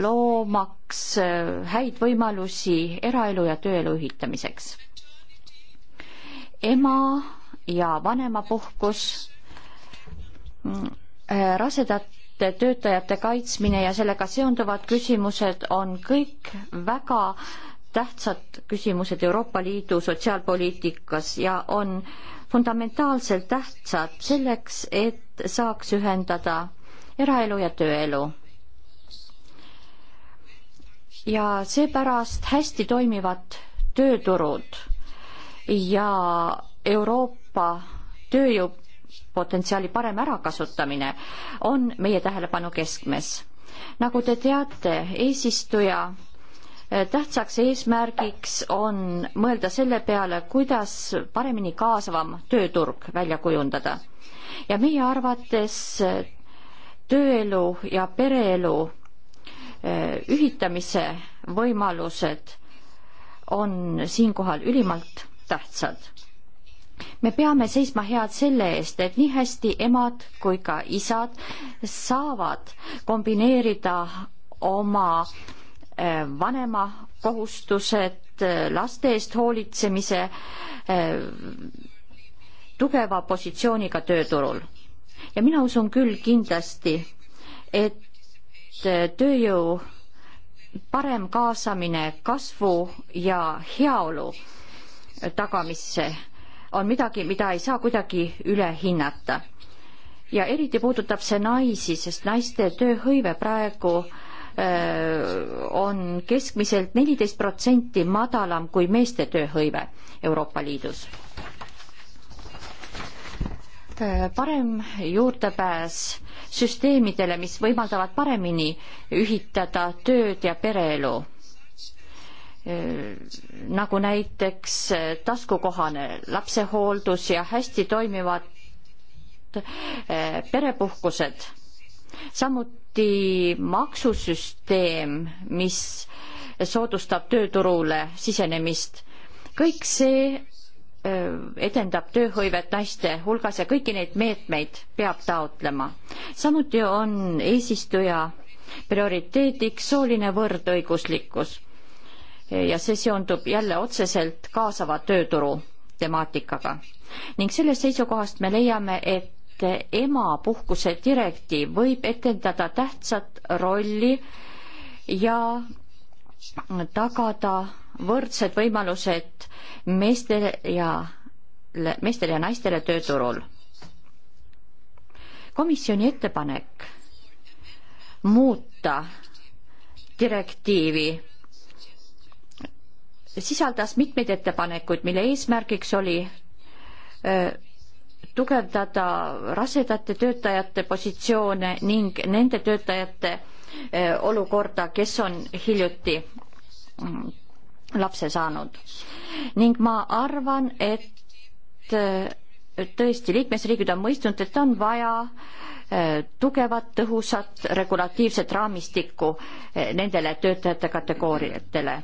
loomaks äh, häid võimalusi eraelu ja tööelu ühitamiseks. ema ja vanemapuhkus, mm, äh, rasedate töötajate kaitsmine ja sellega seonduvad küsimused on kõik väga tähtsad küsimused Euroopa Liidu sotsiaalpoliitikas ja on fundamentaalselt tähtsad selleks, et saaks ühendada eraelu ja tööelu ja seepärast hästi toimivad tööturud ja Euroopa tööjõupotentsiaali parem ärakasutamine on meie tähelepanu keskmes. nagu te teate, eesistuja eh, tähtsaks eesmärgiks on mõelda selle peale, kuidas paremini kaasavam tööturg välja kujundada. ja meie arvates eh, tööelu ja pereelu Äh, ühitamise võimalused on siinkohal ülimalt tähtsad. me peame seisma head selle eest, et nii hästi emad kui ka isad saavad kombineerida oma äh, vanema kohustused äh, laste eest hoolitsemise tugeva positsiooniga tööturul. ja mina usun küll kindlasti, et tööjõu parem kaasamine kasvu ja heaolu tagamisse on midagi, mida ei saa kuidagi üle hinnata. ja eriti puudutab see naisi, sest naiste tööhõive praegu öö, on keskmiselt neliteist protsenti madalam kui meeste tööhõive Euroopa Liidus Äh, parem juurdepääs süsteemidele, mis võimaldavad paremini ühitada tööd ja pereelu. Äh, nagu näiteks äh, taskukohane lapsehooldus ja hästi toimivad perepuhkused. samuti maksusüsteem, mis soodustab tööturule sisenemist. kõik see edendab tööhõivet naiste hulgas ja kõiki neid meetmeid peab taotlema. samuti on eesistuja prioriteediks sooline võrdõiguslikkus ja see seondub jälle otseselt kaasava tööturu temaatikaga. ning sellest seisukohast me leiame, et emapuhkuse direktiiv võib etendada tähtsat rolli ja tagada võrdsed võimalused meestele ja, meestele ja naistele tööturul. komisjoni ettepanek muuta direktiivi sisaldas mitmeid ettepanekuid, mille eesmärgiks oli öö, tugevdada rasedate töötajate positsioone ning nende töötajate öö, olukorda, kes on hiljuti mm, lapse saanud. ning ma arvan, et äh, tõesti, liikmesriigid on mõistnud, et on vaja äh, tugevat, tõhusat regulatiivset raamistikku äh, nendele töötajate kategooriatele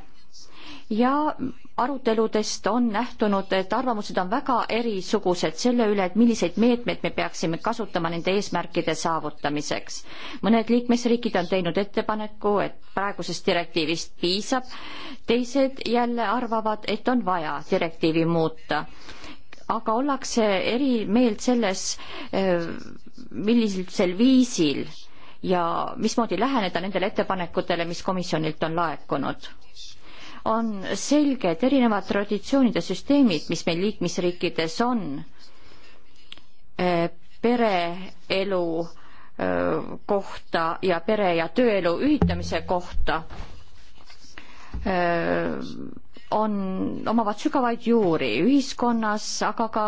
ja aruteludest on nähtunud, et arvamused on väga erisugused selle üle, et milliseid meetmeid me peaksime kasutama nende eesmärkide saavutamiseks. mõned liikmesriigid on teinud ettepaneku, et praegusest direktiivist piisab, teised jälle arvavad, et on vaja direktiivi muuta. aga ollakse eri meelt selles, eh, millisel viisil ja mismoodi läheneda nendele ettepanekutele, mis komisjonilt on laekunud on selge, et erinevad traditsioonid ja süsteemid, mis meil liikmesriikides on, äh, pereelu äh, kohta ja pere- ja tööelu ühitamise kohta, äh, on, omavad sügavaid juuri ühiskonnas, aga ka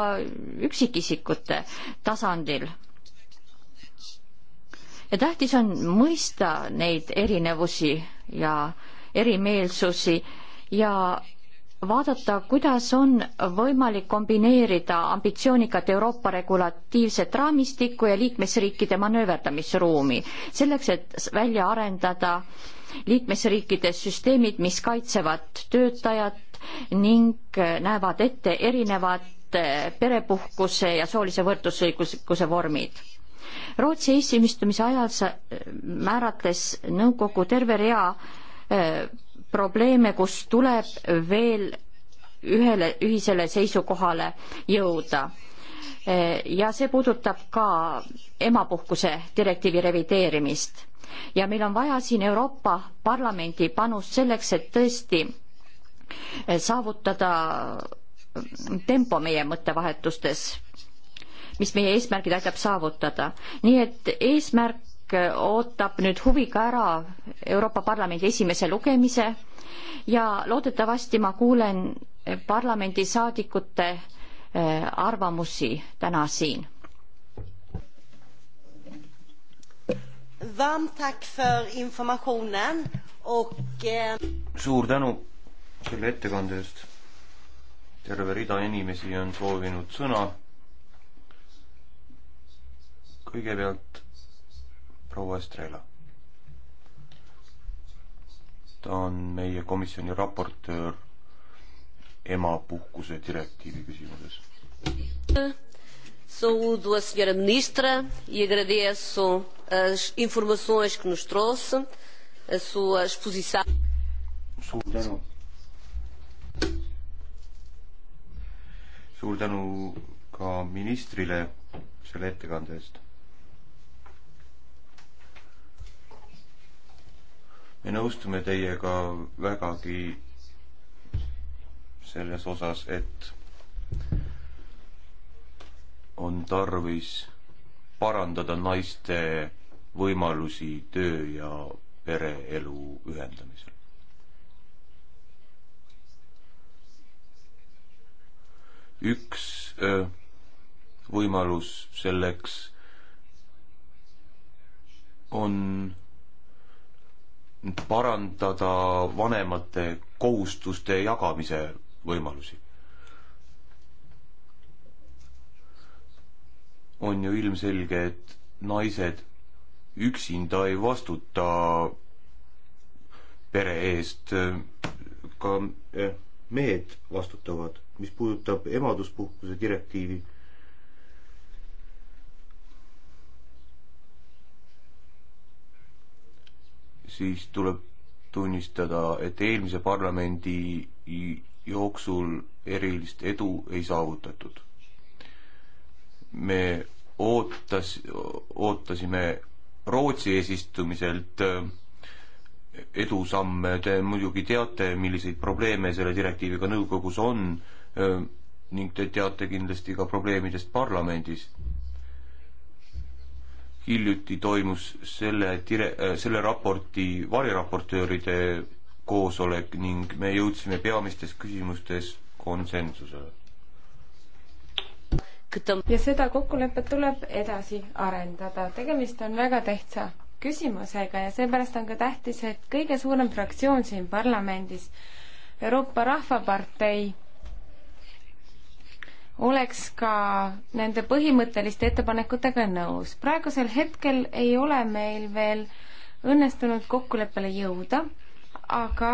üksikisikute tasandil ja tähtis on mõista neid erinevusi ja erimeelsusi ja vaadata, kuidas on võimalik kombineerida ambitsioonikat Euroopa regulatiivset raamistikku ja liikmesriikide manööverdamisruumi, selleks et välja arendada liikmesriikides süsteemid, mis kaitsevad töötajat ning näevad ette erinevad perepuhkuse ja soolise võrdlusõiguslikkuse vormid Rootsi eesistumise ajal määratles nõukogu terve rea eh, probleeme, kus tuleb veel ühele ühisele seisukohale jõuda. ja see puudutab ka emapuhkuse direktiivi revideerimist ja meil on vaja siin Euroopa Parlamendi panust selleks, et tõesti saavutada tempo meie mõttevahetustes, mis meie eesmärgid aitab saavutada. nii et eesmärk ootab nüüd huviga ära Euroopa Parlamendi esimese lugemise ja loodetavasti ma kuulen parlamendi saadikute eh, arvamusi täna siin. Eh, suur tänu selle ettekande eest. terve rida inimesi on soovinud sõna. kõigepealt proua Estrela. ta on meie komisjoni raportöör emapuhkuse direktiivi küsimuses. Saúdo a senhora ministra e agradeço as informações que nos trouxe, a sua exposição. Suur tänu. Suur tänu ka ministrile selle ettekande eest. me nõustume teiega vägagi selles osas, et on tarvis parandada naiste võimalusi töö ja pereelu ühendamisel. üks öö, äh, võimalus selleks on parandada vanemate kohustuste jagamise võimalusi. on ju ilmselge, et naised üksinda ei vastuta pere eest, ka mehed vastutavad. mis puudutab emaduspuhkuse direktiivi siis tuleb tunnistada, et eelmise parlamendi jooksul erilist edu ei saavutatud. me ootas, ootasime Rootsi eesistumiselt äh, edusamme, te muidugi teate, milliseid probleeme selle direktiiviga nõukogus on äh, ning te teate kindlasti ka probleemidest parlamendis hiljuti toimus selle dire-, äh, selle raporti variraportööride koosolek ning me jõudsime peamistes küsimustes konsensusele. ja seda kokkulepet tuleb edasi arendada, tegemist on väga tähtsa küsimusega ja seepärast on ka tähtis, et kõige suurem fraktsioon siin parlamendis, Euroopa Rahvapartei oleks ka nende põhimõtteliste ettepanekutega nõus. praegusel hetkel ei ole meil veel õnnestunud kokkuleppele jõuda, aga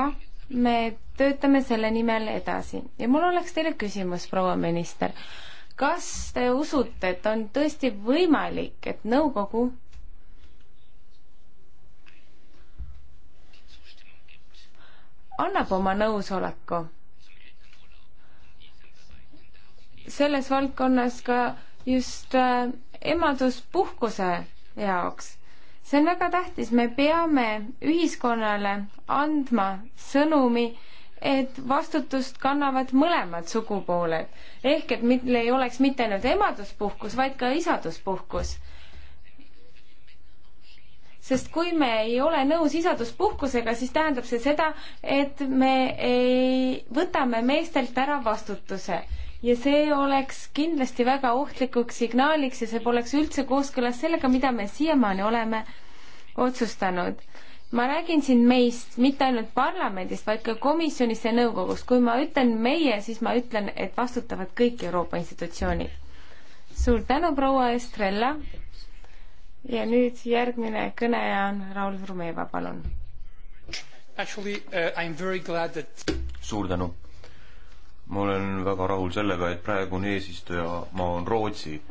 me töötame selle nimel edasi ja mul oleks teile küsimus, proua minister. kas te usute, et on tõesti võimalik, et nõukogu annab oma nõusoleku selles valdkonnas ka just äh, emaduspuhkuse jaoks. see on väga tähtis, me peame ühiskonnale andma sõnumi, et vastutust kannavad mõlemad sugupooled. ehk et meil ei oleks mitte ainult emaduspuhkus, vaid ka isaduspuhkus. sest kui me ei ole nõus isaduspuhkusega, siis tähendab see seda, et me ei, võtame meestelt ära vastutuse ja see oleks kindlasti väga ohtlikuks signaaliks ja see poleks üldse kooskõlas sellega, mida me siiamaani oleme otsustanud. ma räägin siin meist, mitte ainult parlamendist, vaid ka komisjonist ja nõukogust. kui ma ütlen meie, siis ma ütlen, et vastutavad kõik Euroopa institutsioonid. suur tänu, proua Estrella. ja nüüd järgmine kõneja on Raul Rumeva, palun. Actually uh, I am very glad that suur tänu ma olen väga rahul sellega, et praegune eesistujamaa on Rootsi.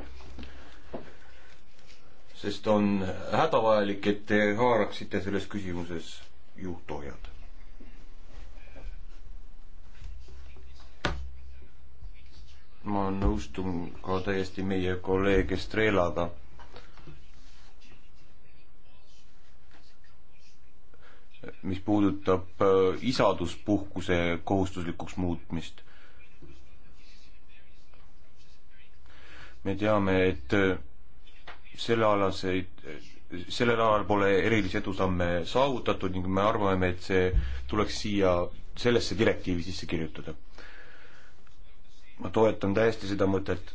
sest on hädavajalik, et te haaraksite selles küsimuses juhtohjad. ma nõustun ka täiesti meie kolleeg Estrelaga. mis puudutab äh, isaduspuhkuse kohustuslikuks muutmist me teame, et äh, sellealaseid, äh, sellel alal pole erilisi edusamme saavutatud ning me arvame, et see tuleks siia, sellesse direktiivi sisse kirjutada. ma toetan täiesti seda mõtet.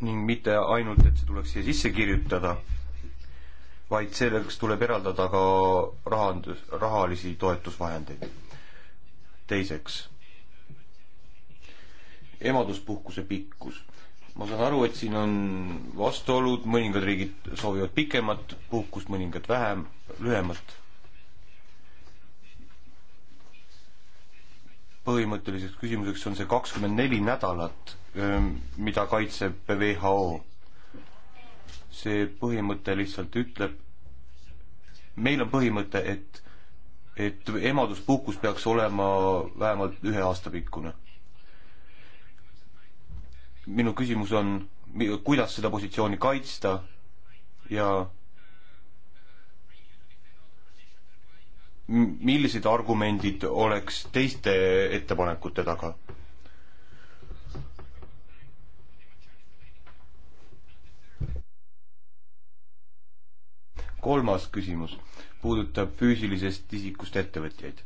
ning mitte ainult, et see tuleks siia sisse kirjutada vaid selleks tuleb eraldada ka rahandus, rahalisi toetusvahendeid. teiseks, emaduspuhkuse pikkus. ma saan aru, et siin on vastuolud, mõningad riigid soovivad pikemat puhkust, mõningad vähem, lühemat. põhimõtteliseks küsimuseks on see kakskümmend neli nädalat, mida kaitseb WHO see põhimõte lihtsalt ütleb, meil on põhimõte, et, et emaduspuhkus peaks olema vähemalt ühe aasta pikkune. minu küsimus on, kuidas seda positsiooni kaitsta ja millised argumendid oleks teiste ettepanekute taga? kolmas küsimus puudutab füüsilisest isikust ettevõtjaid.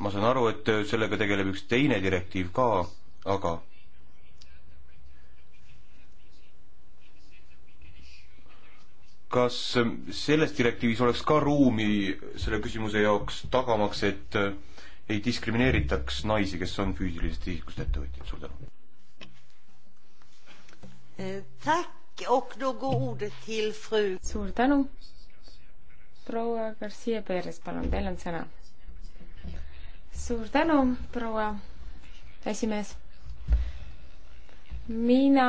ma saan aru, et sellega tegeleb üks teine direktiiv ka, aga kas selles direktiivis oleks ka ruumi selle küsimuse jaoks tagamaks, et ei diskrimineeritaks naisi, kes on füüsilisest isikust ettevõtjad, suur tänu? Eh, och då går ordet till fru. suur tänu. proua Garcia Perez, palun, teil on sõna. suur tänu, proua esimees. mina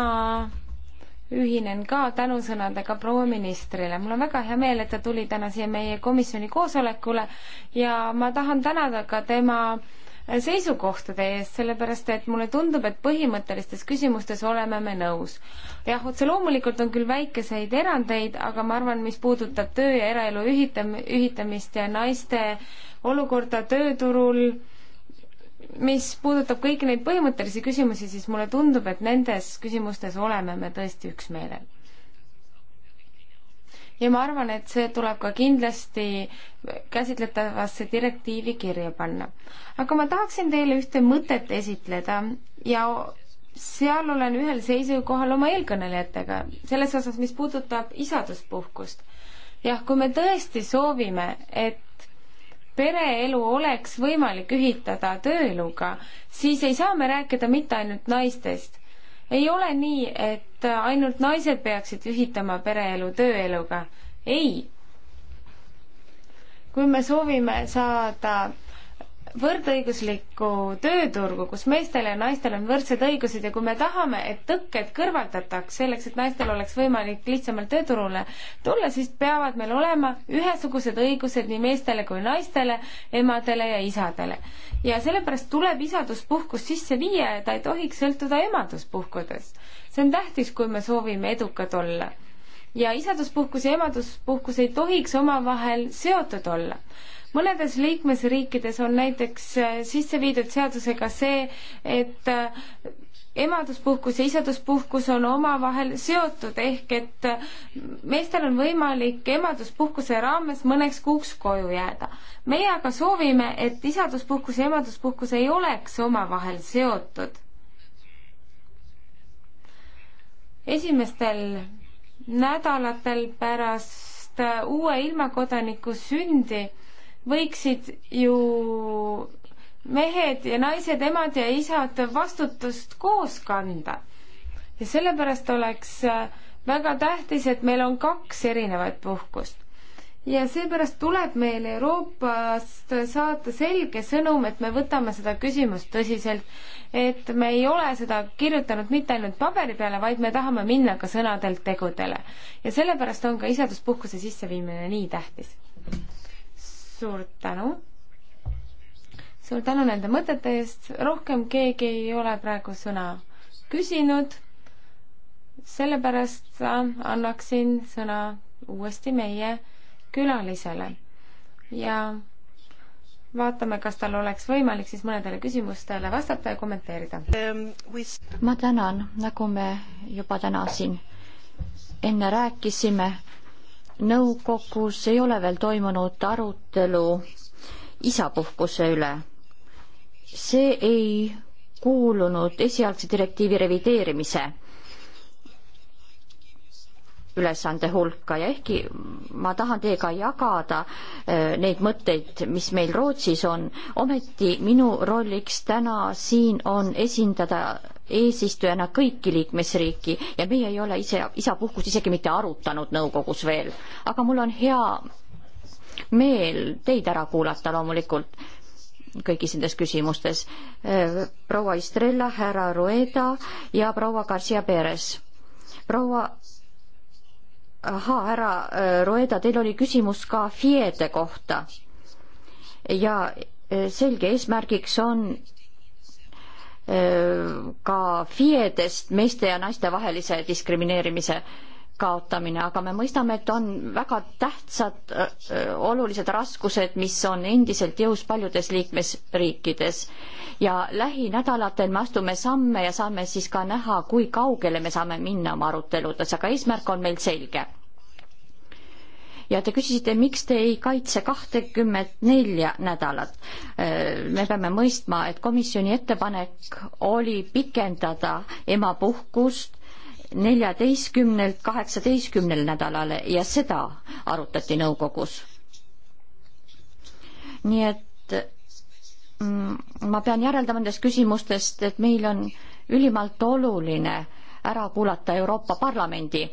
ühinen ka tänusõnadega proua ministrile. mul on väga hea meel, et ta tuli täna siia meie komisjoni koosolekule ja ma tahan tänada ka tema äh, seisukohtade eest, sellepärast et mulle tundub, et põhimõttelistes küsimustes oleme me nõus. jah, otse loomulikult on küll väikeseid erandeid, aga ma arvan, mis puudutab töö ja eraelu ühitam-, ühitamist ja naiste olukorda tööturul, mis puudutab kõiki neid põhimõttelisi küsimusi, siis mulle tundub, et nendes küsimustes oleme me tõesti üksmeelel ja ma arvan, et see tuleb ka kindlasti käsitletavasse direktiivi kirja panna. aga ma tahaksin teile ühte mõtet esitleda ja seal olen ühel seisukohal oma eelkõnelejatega, selles osas, mis puudutab isaduspuhkust. jah, kui me tõesti soovime, et pereelu oleks võimalik ühitada tööeluga, siis ei saa me rääkida mitte ainult naistest, ei ole nii, et ainult naised peaksid ühitama pereelu tööeluga. ei. kui me soovime saada võrdõiguslikku tööturgu, kus meestel ja naistel on võrdsed õigused ja kui me tahame, et tõkked kõrvaldataks selleks, et naistel oleks võimalik lihtsamalt tööturule tulla, siis peavad meil olema ühesugused õigused nii meestele kui naistele, emadele ja isadele. ja sellepärast tuleb isaduspuhkus sisse viia ja ta ei tohiks sõltuda emaduspuhkudest. see on tähtis, kui me soovime edukad olla. ja isaduspuhkus ja emaduspuhkus ei tohiks omavahel seotud olla mõnedes liikmesriikides on näiteks äh, sisse viidud seadusega see, et äh, emaduspuhkus ja isaduspuhkus on omavahel seotud, ehk et äh, meestel on võimalik emaduspuhkuse raames mõneks kuuks koju jääda. meie aga soovime, et isaduspuhkus ja emaduspuhkus ei oleks omavahel seotud. esimestel nädalatel pärast uue ilmakodaniku sündi võiksid ju mehed ja naised, emad ja isad vastutust koos kanda. ja sellepärast oleks äh, väga tähtis, et meil on kaks erinevat puhkust. ja seepärast tuleb meil Euroopast saata selge sõnum, et me võtame seda küsimust tõsiselt, et me ei ole seda kirjutanud mitte ainult paberi peale, vaid me tahame minna ka sõnadelt tegudele. ja sellepärast on ka isaduspuhkuse sisseviimine nii tähtis suur tänu! suur tänu nende mõtete eest, rohkem keegi ei ole praegu sõna küsinud, sellepärast annaksin sõna uuesti meie külalisele ja vaatame, kas tal oleks võimalik siis mõnedele küsimustele vastata ja kommenteerida. ma tänan, nagu me juba täna siin enne rääkisime, nõukogus ei ole veel toimunud arutelu isapuhkuse üle. see ei kuulunud esialgse direktiivi revideerimise ülesande hulka ja ehkki ma tahan teiega jagada eh, neid mõtteid, mis meil Rootsis on, ometi minu rolliks täna siin on esindada eesistujana kõiki liikmesriiki ja meie ei ole ise isapuhkust isegi mitte arutanud nõukogus veel, aga mul on hea meel teid ära kuulata loomulikult kõigis nendes küsimustes. Äh, proua Estrella, härra Rueda ja proua Garcia Perez. proua ahaa, härra äh, Rueda, teil oli küsimus ka FIE-de kohta. ja äh, selge eesmärgiks on ka FIE-dest meeste ja naiste vahelise diskrimineerimise kaotamine, aga me mõistame, et on väga tähtsad äh, äh, olulised raskused, mis on endiselt jõus paljudes liikmesriikides. ja lähinädalatel me astume samme ja saame siis ka näha, kui kaugele me saame minna oma aruteludes, aga eesmärk on meil selge ja te küsisite, miks te ei kaitse kahtekümmet nelja nädalat. Äh, me peame mõistma, et komisjoni ettepanek oli pikendada emapuhkust neljateistkümnelt kaheksateistkümnele nädalale ja seda arutati nõukogus. nii et mm, ma pean järeldama nendest küsimustest, et meil on ülimalt oluline ära kuulata Euroopa Parlamendi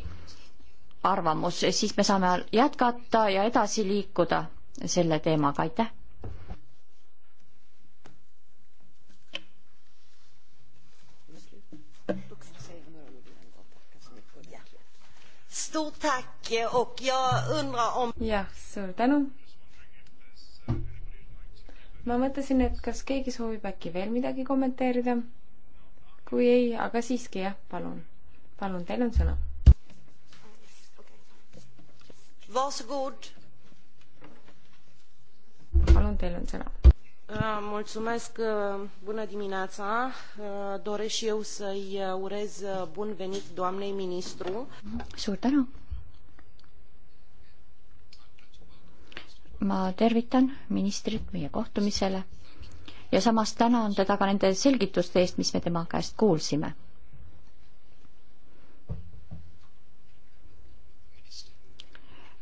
arvamus, siis me saame jätkata ja edasi liikuda selle teemaga, aitäh! Stort tack och jag undrar om... jah, suur tänu. ma mõtlesin, et kas keegi soovib äkki veel midagi kommenteerida? kui ei, aga siiski jah, palun. palun, teil on sõna Varsågod. Palun, teil on sõna. Äh, mulțumesc, äh, bună dimineața. Äh, doresc și eu să-i urez bun venit doamnei ministru. Suur tänu. Ma tervitan ministrit meie kohtumisele ja samas tänan teda ka nende selgituste eest, mis me tema käest kuulsime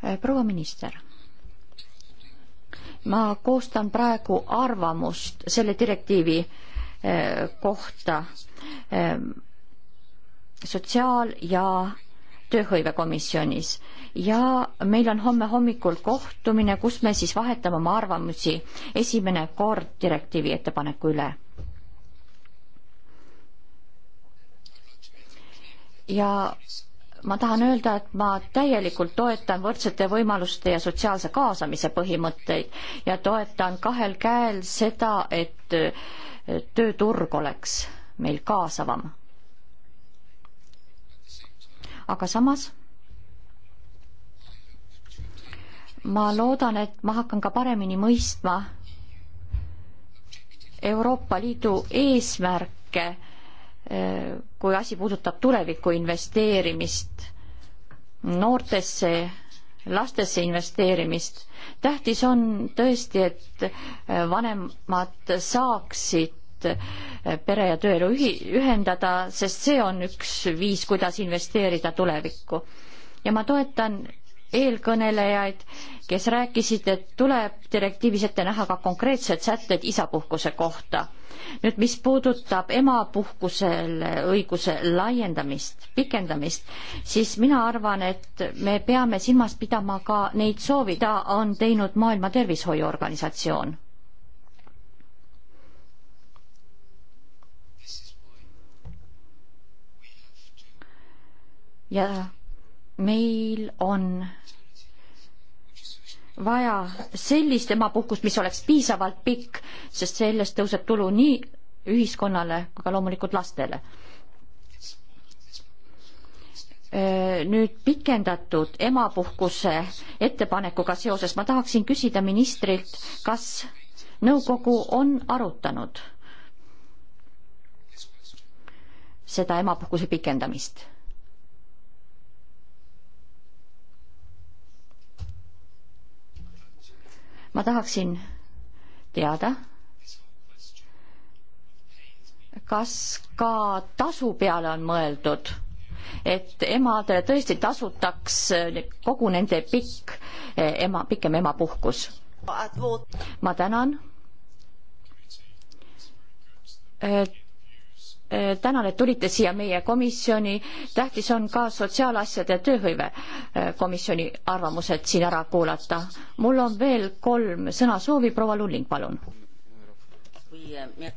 Eh, proua minister, ma koostan praegu arvamust selle direktiivi eh, kohta eh, sotsiaal- ja tööhõivekomisjonis ja meil on homme hommikul kohtumine, kus me siis vahetame oma arvamusi esimene kord direktiivi ettepaneku üle. ja ma tahan öelda, et ma täielikult toetan võrdsete võimaluste ja sotsiaalse kaasamise põhimõtteid ja toetan kahel käel seda, et tööturg oleks meil kaasavam. aga samas ma loodan, et ma hakkan ka paremini mõistma Euroopa Liidu eesmärke kui asi puudutab tulevikku investeerimist, noortesse, lastesse investeerimist. tähtis on tõesti, et äh, vanemad saaksid äh, pere ja tööelu ühi-, ühendada, sest see on üks viis, kuidas investeerida tulevikku. ja ma toetan eelkõnelejaid, kes rääkisid, et tuleb direktiivis ette näha ka konkreetsed sätted isapuhkuse kohta. nüüd, mis puudutab emapuhkusele õiguse laiendamist, pikendamist, siis mina arvan, et me peame silmas pidama ka neid soovi, mida on teinud Maailma Tervishoiuorganisatsioon ja meil on vaja sellist emapuhkust, mis oleks piisavalt pikk, sest sellest tõuseb tulu nii ühiskonnale kui ka loomulikult lastele. Äh, nüüd pikendatud emapuhkuse ettepanekuga seoses ma tahaksin küsida ministrilt, kas nõukogu on arutanud seda emapuhkuse pikendamist ma tahaksin teada, kas ka tasu peale on mõeldud, et emadele tõesti tasutaks kogu nende pikk ema, pikem emapuhkus? ma tänan Äh, tänan, et tulite siia meie komisjoni. tähtis on ka sotsiaalasjade tööhõive äh, komisjoni arvamused siin ära kuulata. mul on veel kolm sõnasoovi, proua Lulling, palun. Euh,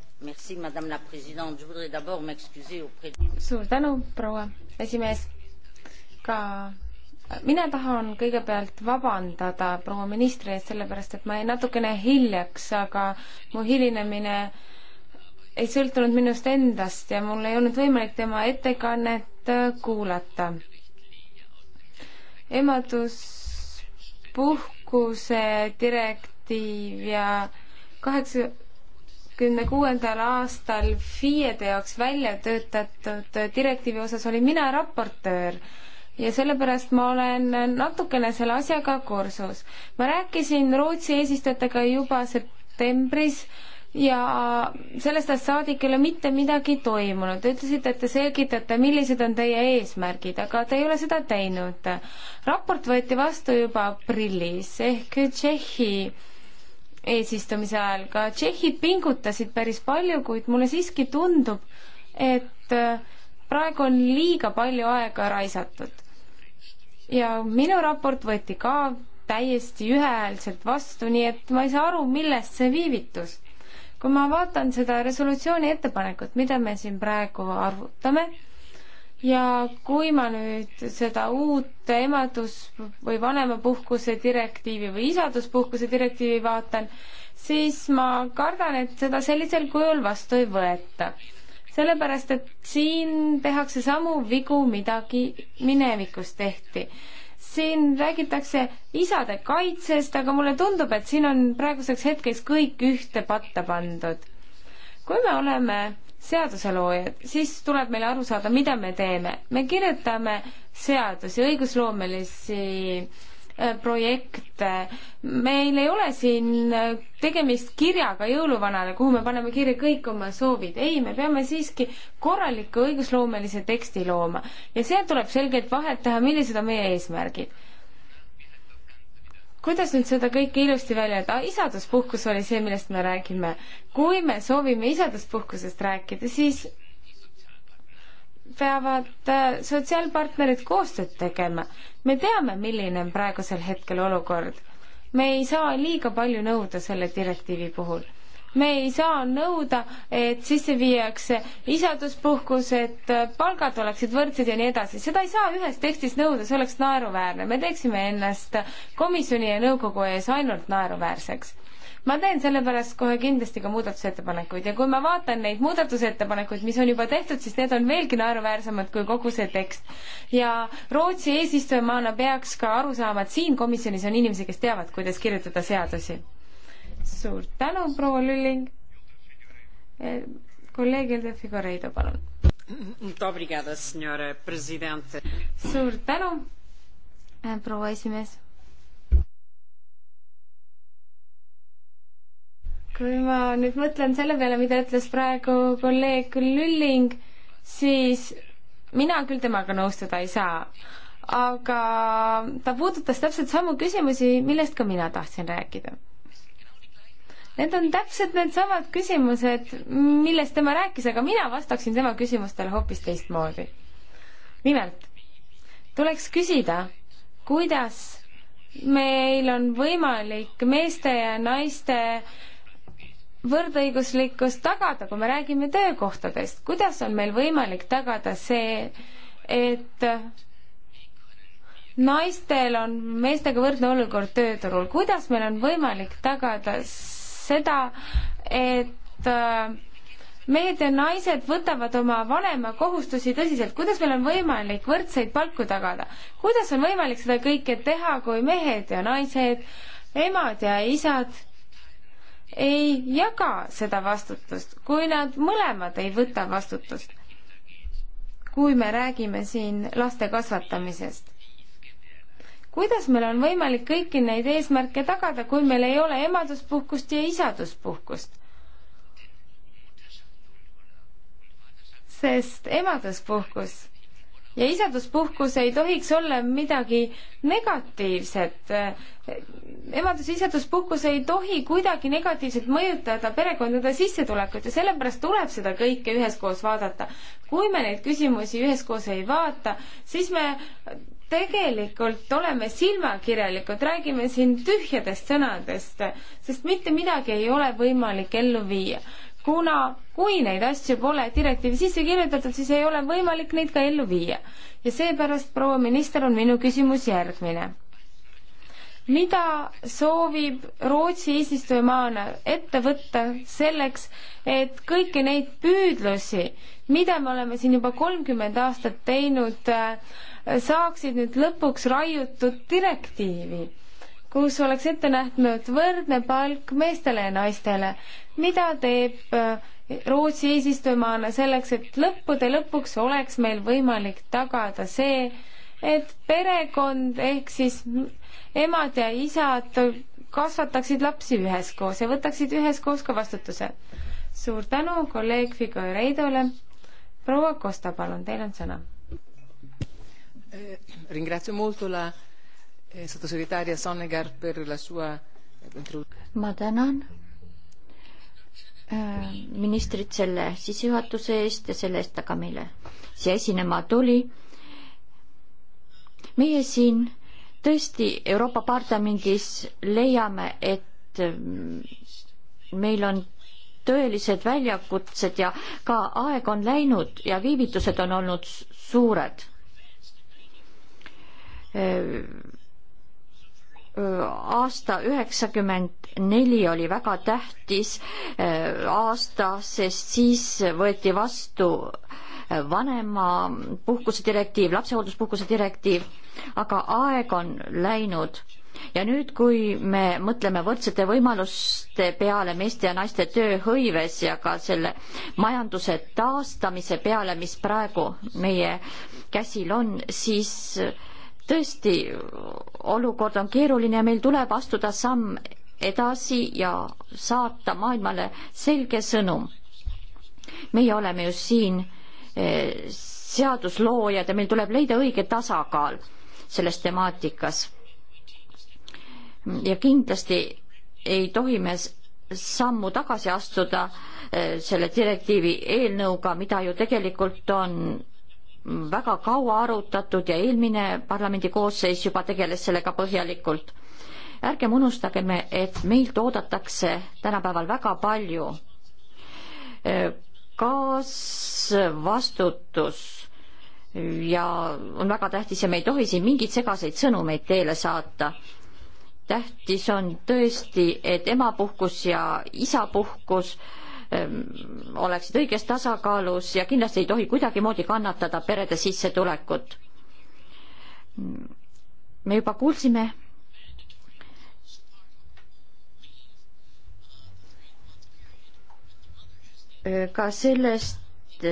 suur tänu, proua esimees. ka mina tahan kõigepealt vabandada proua ministri ees, sellepärast et ma jäin natukene hiljaks, aga mu hilinemine äh, ei sõltunud minust endast ja mul ei olnud võimalik tema ettekannet äh, kuulata. emaduspuhkuse direktiiv ja kaheksakümne kuuendal aastal FIE-de jaoks välja töötatud direktiivi osas olin mina raportöör ja sellepärast ma olen natukene selle asjaga kursus. ma rääkisin Rootsi eesistujatega juba septembris, ja sellest ajast saadik ei ole mitte midagi toimunud. Te ütlesite, et te selgitate, millised on teie eesmärgid, aga te ei ole seda teinud. raport võeti vastu juba aprillis ehk Tšehhi eesistumise ajal. ka tšehhid pingutasid päris palju, kuid mulle siiski tundub, et praegu on liiga palju aega raisatud. ja minu raport võeti ka täiesti ühehäälselt vastu, nii et ma ei saa aru, millest see viivitus kui ma vaatan seda resolutsiooni ettepanekut, mida me siin praegu arvutame, ja kui ma nüüd seda uut emadus- või vanemapuhkuse direktiivi või isaduspuhkuse direktiivi vaatan, siis ma kardan, et seda sellisel kujul vastu ei võeta. sellepärast, et siin tehakse samu vigu, midagi minevikus tehti siin räägitakse isade kaitsest, aga mulle tundub, et siin on praeguseks hetkeks kõik ühte patta pandud. kui me oleme seaduseloojad, siis tuleb meil aru saada, mida me teeme. me kirjutame seadusi, õigusloomelisi äh, projekte. meil ei ole siin tegemist kirjaga jõuluvanale, kuhu me paneme kirja kõik oma soovid. ei, me peame siiski korraliku õigusloomelise teksti looma ja seal tuleb selgelt vahet teha, millised on meie eesmärgid kuidas nüüd seda kõike ilusti välja öelda, isaduspuhkus oli see, millest me räägime. kui me soovime isaduspuhkusest rääkida, siis peavad äh, sotsiaalpartnerid koostööd tegema. me teame, milline on praegusel hetkel olukord. me ei saa liiga palju nõuda selle direktiivi puhul me ei saa nõuda, et sisse viiakse isaduspuhkus, et äh, palgad oleksid võrdsed ja nii edasi, seda ei saa ühes tekstis nõuda, see oleks naeruväärne, me teeksime ennast komisjoni ja nõukogu ees ainult naeruväärseks ma teen sellepärast kohe kindlasti ka muudatusettepanekuid ja kui ma vaatan neid muudatusettepanekuid, mis on juba tehtud, siis need on veelgi naeruväärsemad kui kogu see tekst. ja Rootsi eesistujamaana peaks ka aru saama, et siin komisjonis on inimesi, kes teavad, kuidas kirjutada seadusi. suur tänu, proua Lülling. Eh, kolleeg Elde Figureido, palun. suur tänu, eh, proua esimees kui ma nüüd mõtlen selle peale, mida ütles praegu kolleeg Lülling, siis mina küll temaga nõustuda ei saa. aga ta puudutas täpselt samu küsimusi, millest ka mina tahtsin rääkida. Need on täpselt needsamad küsimused, millest tema rääkis, aga mina vastaksin tema küsimustele hoopis teistmoodi. nimelt, tuleks küsida, kuidas meil on võimalik meeste ja naiste äh, võrdõiguslikkus tagada, kui me räägime töökohtadest, kuidas on meil võimalik tagada see, et naistel on meestega võrdne olukord tööturul, kuidas meil on võimalik tagada seda, et äh, mehed ja naised võtavad oma vanema kohustusi tõsiselt, kuidas meil on võimalik võrdseid palku tagada, kuidas on võimalik seda kõike teha, kui mehed ja naised, emad ja isad ei jaga seda vastutust, kui nad mõlemad ei võta vastutust. kui me räägime siin laste kasvatamisest. kuidas meil on võimalik kõiki neid eesmärke tagada, kui meil ei ole emaduspuhkust ja isaduspuhkust? sest emaduspuhkus ja isaduspuhkus ei tohiks olla midagi negatiivset. emadus- ja isaduspuhkus ei tohi kuidagi negatiivselt mõjutada perekondade sissetulekut ja sellepärast tuleb seda kõike üheskoos vaadata. kui me neid küsimusi üheskoos ei vaata, siis me tegelikult oleme silmakirjalikud, räägime siin tühjadest sõnadest, sest mitte midagi ei ole võimalik ellu viia kuna kui neid asju pole direktiivi sisse kirjutatud, siis ei ole võimalik neid ka ellu viia. ja seepärast, proua minister, on minu küsimus järgmine. mida soovib Rootsi eesistujamaana ette võtta selleks, et kõiki neid püüdlusi, mida me oleme siin juba kolmkümmend aastat teinud, äh, saaksid nüüd lõpuks raiutud direktiivi kus oleks ette nähtud võrdne palk meestele ja naistele mida teeb äh, Rootsi eesistujamaana selleks, et lõppude lõpuks oleks meil võimalik tagada see, et perekond ehk siis emad ja isad kasvataksid lapsi üheskoos ja võtaksid üheskoos ka vastutuse. suur tänu kolleeg Figo Reidole. proua Kosta, palun, teil on sõna. Eh, ringrazio molto la eh, sottosegretaria Sonnegar per la sua eh, ma tänan Äh, ministrit selle sissejuhatuse eest ja selle eest ta ka meile siia esinema tuli. meie siin tõesti Euroopa Parlamendis leiame, et äh, meil on tõelised väljakutsed ja ka aeg on läinud ja viivitused on olnud suured äh, aasta üheksakümmend neli oli väga tähtis aasta, sest siis võeti vastu vanemapuhkuse direktiiv, lapsehoolduspuhkuse direktiiv, aga aeg on läinud ja nüüd, kui me mõtleme võrdsete võimaluste peale meeste ja naiste tööhõives ja ka selle majanduse taastamise peale, mis praegu meie käsil on, siis tõesti olukord on keeruline ja meil tuleb astuda samm edasi ja saata maailmale selge sõnum. meie oleme ju siin eh, seadusloojad ja meil tuleb leida õige tasakaal selles temaatikas. ja kindlasti ei tohi me sammu tagasi astuda eh, selle direktiivi eelnõuga, mida ju tegelikult on väga kaua arutatud ja eelmine parlamendi koosseis juba tegeles sellega põhjalikult. ärgem unustagem, et meilt oodatakse tänapäeval väga palju. E, kaasvastutus ja on väga tähtis ja me ei tohi siin mingeid segaseid sõnumeid teele saata. tähtis on tõesti, et emapuhkus ja isapuhkus äh, Ähm, oleksid õiges tasakaalus ja kindlasti ei tohi kuidagimoodi kannatada perede sissetulekut. me juba kuulsime äh, ka sellest,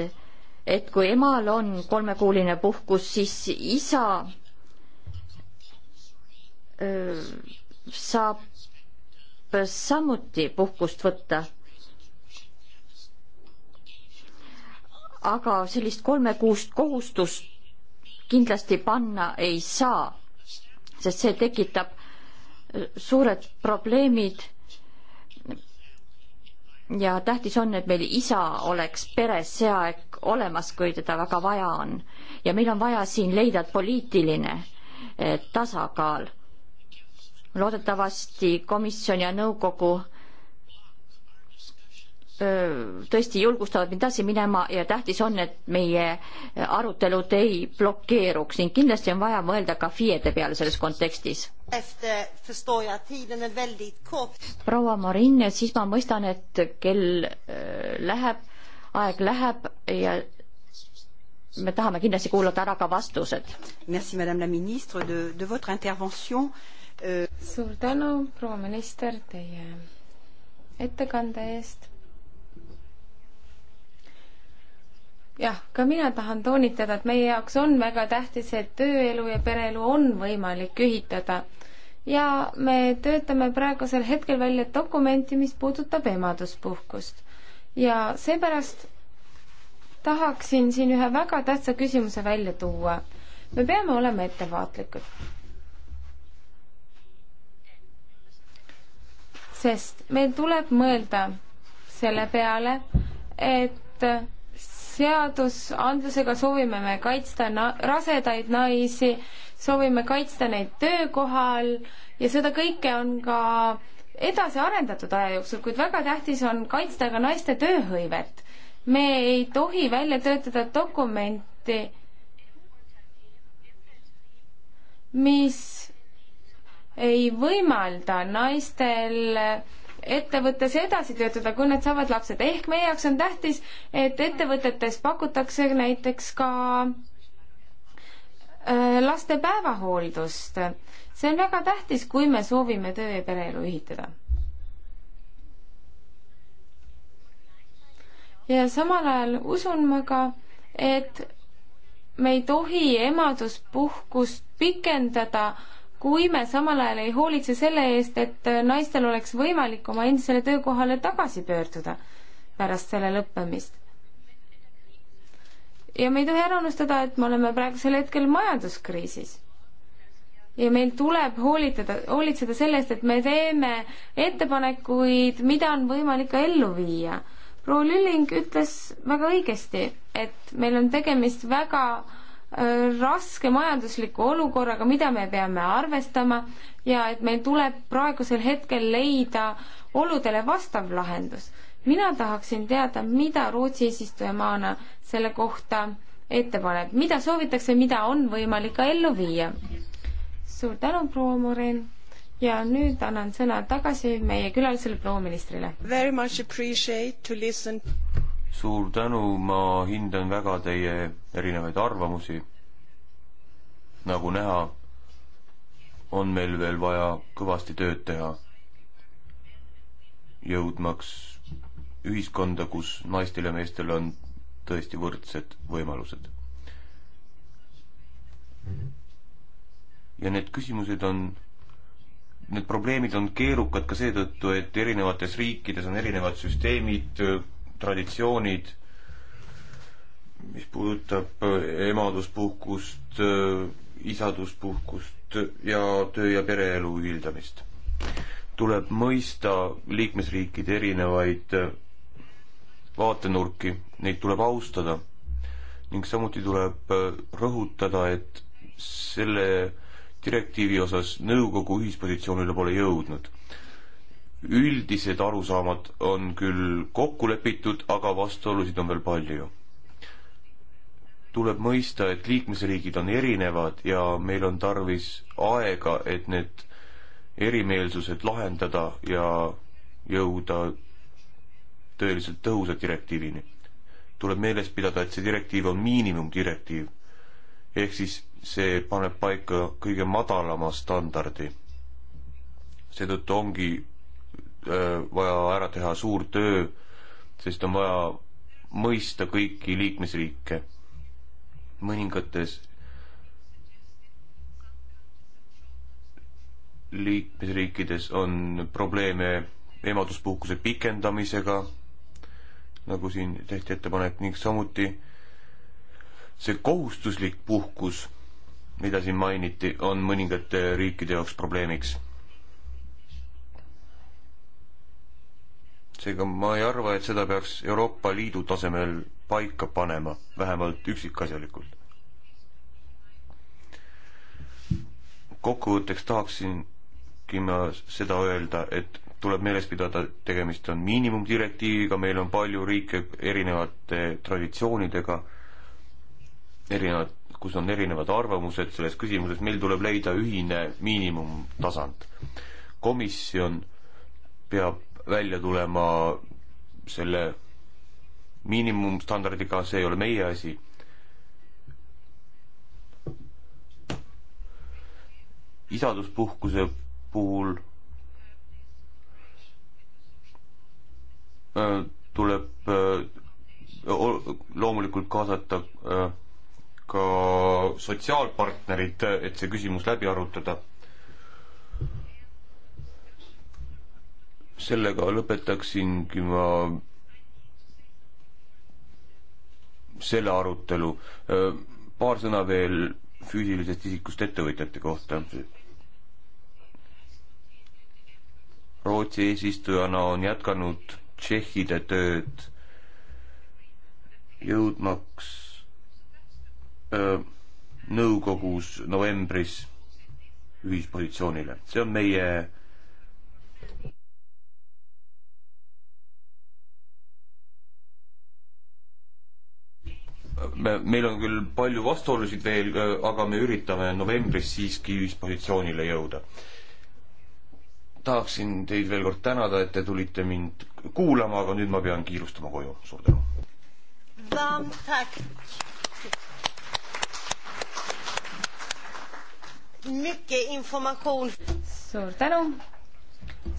et kui emal on kolmekuuline puhkus, siis isa äh, saab samuti puhkust võtta aga sellist kolme kuust kohustust kindlasti panna ei saa, sest see tekitab äh, suured probleemid. ja tähtis on, et meil isa oleks peres see aeg olemas, kui teda väga vaja on ja meil on vaja siin leida poliitiline äh, tasakaal. loodetavasti komisjon ja nõukogu tõesti julgustavad mind edasi minema ja tähtis on, et meie arutelud ei blokeeruks ning kindlasti on vaja mõelda ka FIE-de peale selles kontekstis. proua Marin, siis ma mõistan, et kell läheb, aeg läheb ja me tahame kindlasti kuulata ära ka vastused. Merci, madame la ministre de, de votre intervention. suur tänu, proua minister, teie ettekande eest jah, ka mina tahan toonitada, et meie jaoks on väga tähtis, et tööelu ja pereelu on võimalik ühitada. ja me töötame praegusel hetkel välja dokumenti, mis puudutab emaduspuhkust. ja seepärast tahaksin siin ühe väga tähtsa küsimuse välja tuua. me peame olema ettevaatlikud. sest meil tuleb mõelda selle peale, et seadusandlusega soovime me kaitsta na-, rasedaid naisi, soovime kaitsta neid töökohal ja seda kõike on ka edasi arendatud aja jooksul, kuid väga tähtis on kaitsta ka naiste tööhõivet. me ei tohi välja töötada dokumenti, mis ei võimalda naistel ettevõttes edasi töötada, kui nad saavad lapsed. ehk meie jaoks on tähtis, et ettevõtetes pakutakse näiteks ka äh, laste päevahooldust. see on väga tähtis, kui me soovime töö ja pereelu ühitada. ja samal ajal usun ma ka, et me ei tohi emaduspuhkust pikendada äh, kui me samal ajal ei hoolitse selle eest, et äh, naistel oleks võimalik oma endisele töökohale tagasi pöörduda pärast selle lõppemist. ja me ei tohi ära unustada, et me oleme praegusel hetkel majanduskriisis. ja meil tuleb hoolitada, hoolitseda selle eest, et me teeme ettepanekuid, mida on võimalik ka ellu viia. proua Lilling ütles väga õigesti, et meil on tegemist väga raske majandusliku olukorraga, mida me peame arvestama ja et meil tuleb praegusel hetkel leida oludele vastav lahendus. mina tahaksin teada, mida Rootsi eesistujamaana selle kohta ette paneb, mida soovitakse, mida on võimalik ka ellu viia. suur tänu, proua Moren ja nüüd annan sõna tagasi meie külalisele proua ministrile. Very much appreciate to listen suur tänu, ma hindan väga teie erinevaid arvamusi. nagu näha, on meil veel vaja kõvasti tööd teha, jõudmaks ühiskonda, kus naistel ja meestel on tõesti võrdsed võimalused. ja need küsimused on need probleemid on keerukad ka seetõttu, et erinevates riikides on erinevad süsteemid, traditsioonid, mis puudutab eh, emaduspuhkust, eh, isaduspuhkust ja töö- ja pereelu ühildamist. tuleb mõista liikmesriikide erinevaid eh, vaatenurki, neid tuleb austada ning samuti tuleb rõhutada, et selle direktiivi osas nõukogu ühispositsioonile pole jõudnud üldised arusaamad on küll kokku lepitud, aga vastuolusid on veel palju. tuleb mõista, et liikmesriigid on erinevad ja meil on tarvis aega, et need erimeelsused lahendada ja jõuda tõeliselt tõhusa direktiivini. tuleb meeles pidada, et see direktiiv on miinimumdirektiiv. ehk siis see paneb paika kõige madalama standardi. seetõttu ongi Äh, vaja ära teha suur töö, sest on vaja mõista kõiki liikmesriike. mõningates liikmesriikides on probleeme emaduspuhkuse pikendamisega, nagu siin tehti ettepanek, ning samuti see kohustuslik puhkus, mida siin mainiti, on mõningate riikide jaoks probleemiks seega ma ei arva, et seda peaks Euroopa Liidu tasemel paika panema, vähemalt üksikasjalikult. kokkuvõtteks tahaksingi ma seda öelda, et tuleb meeles pidada, et tegemist on miinimumdirektiiviga, meil on palju riike erinevate traditsioonidega, erinevad, kus on erinevad arvamused selles küsimuses, meil tuleb leida ühine miinimumtasand. komisjon peab välja tulema selle miinimumstandardiga, see ei ole meie asi. isaduspuhkuse puhul äh, tuleb äh, loomulikult kaasata äh, ka sotsiaalpartnerid, et see küsimus läbi arutada sellega lõpetaksingi ma selle arutelu. paar sõna veel füüsilisest isikust ettevõtjate kohta. Rootsi eesistujana on jätkanud tšehhide tööd jõudmaks öö, nõukogus novembris ühispositsioonile. see on meie me, meil on küll palju vastuolusid veel, aga me üritame novembris siiski ühispositsioonile jõuda. tahaksin teid veel kord tänada, et te tulite mind kuulama, aga nüüd ma pean kiirustama koju. suur tänu. suur tänu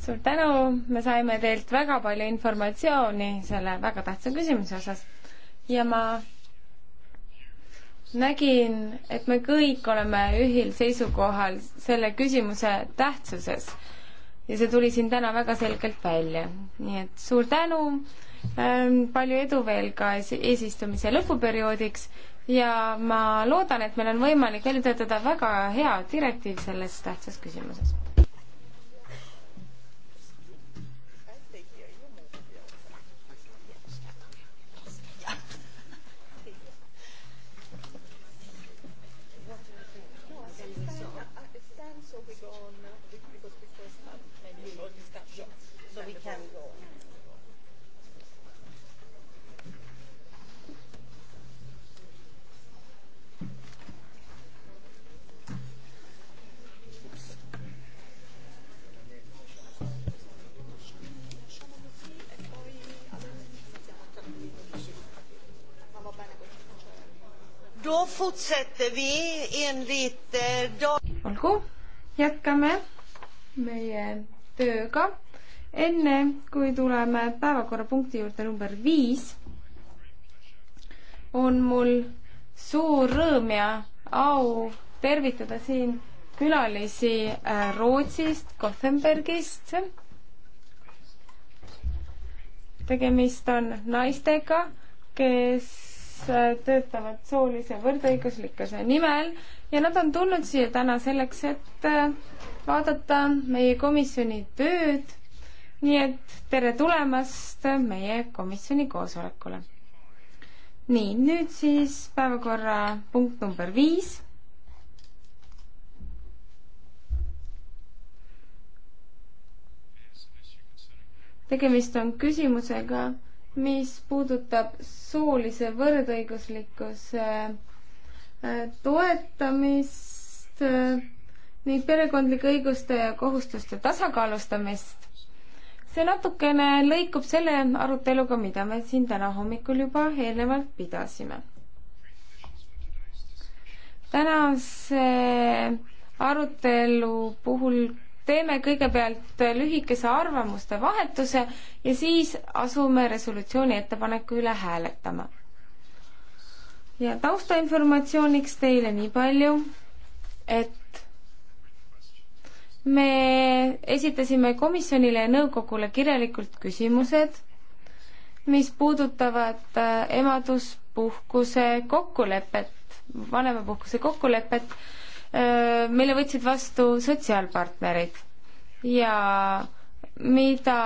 suur tänu, me saime teilt väga palju informatsiooni selle väga tähtsa küsimuse osas ja ma nägin, et me kõik oleme ühil seisukohal selle küsimuse tähtsuses ja see tuli siin täna väga selgelt välja. nii et suur tänu, ähm, palju edu veel ka eesistumise lõpuperioodiks ja ma loodan, et meil on võimalik välja töötada väga hea direktiiv selles tähtsas küsimuses fortsätter vi enligt eh, dag... olgu, jätkame meie tööga. enne kui tuleme päevakorrapunkti juurde number viis, on mul suur rõõm ja au tervitada siin külalisi äh, Rootsist, Gothenburgist. tegemist on naistega, kes töötavad soolise võrdõiguslikkuse nimel ja nad on tulnud siia täna selleks, et äh, vaadata meie komisjoni tööd. nii et tere tulemast meie komisjoni koosolekule. nii, nüüd siis päevakorrapunkt number viis tegemist on küsimusega, mis puudutab soolise võrdõiguslikkuse äh, toetamist äh, ning perekondlike õiguste ja kohustuste tasakaalustamist. see natukene lõikub selle aruteluga, mida me siin täna hommikul juba eelnevalt pidasime. tänase arutelu puhul teeme kõigepealt lühikese arvamuste vahetuse ja siis asume resolutsiooni ettepaneku üle hääletama. ja taustainformatsiooniks teile nii palju, et me esitasime komisjonile ja nõukogule kirjalikult küsimused, mis puudutavad äh, emaduspuhkuse kokkulepet, vanemapuhkuse kokkulepet mille võtsid vastu sotsiaalpartnerid ja mida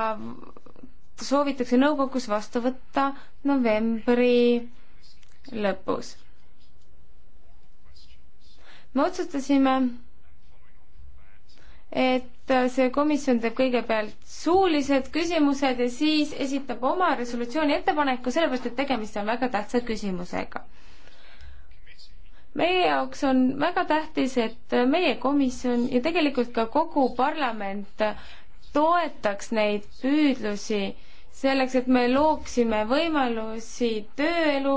soovitakse nõukogus vastu võtta novembri lõpus. me otsustasime, et see komisjon teeb kõigepealt suulised küsimused ja siis esitab oma resolutsiooni ettepaneku, sellepärast et tegemist on väga tähtsa küsimusega meie jaoks on väga tähtis, et meie komisjon ja tegelikult ka kogu parlament toetaks neid püüdlusi selleks, et me looksime võimalusi tööelu,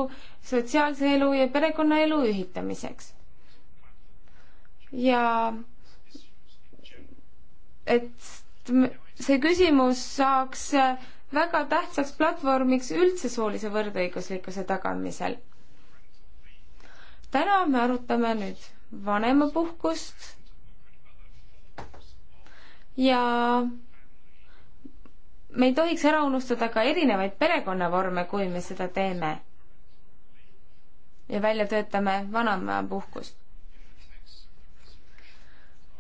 sotsiaalse elu ja perekonnaelu ühitamiseks. ja et see küsimus saaks väga tähtsaks platvormiks üldse soolise võrdõiguslikkuse tagamisel täna me arutame nüüd vanemapuhkust ja me ei tohiks ära unustada ka erinevaid perekonnavorme, kui me seda teeme ja välja töötame vanemapuhkust.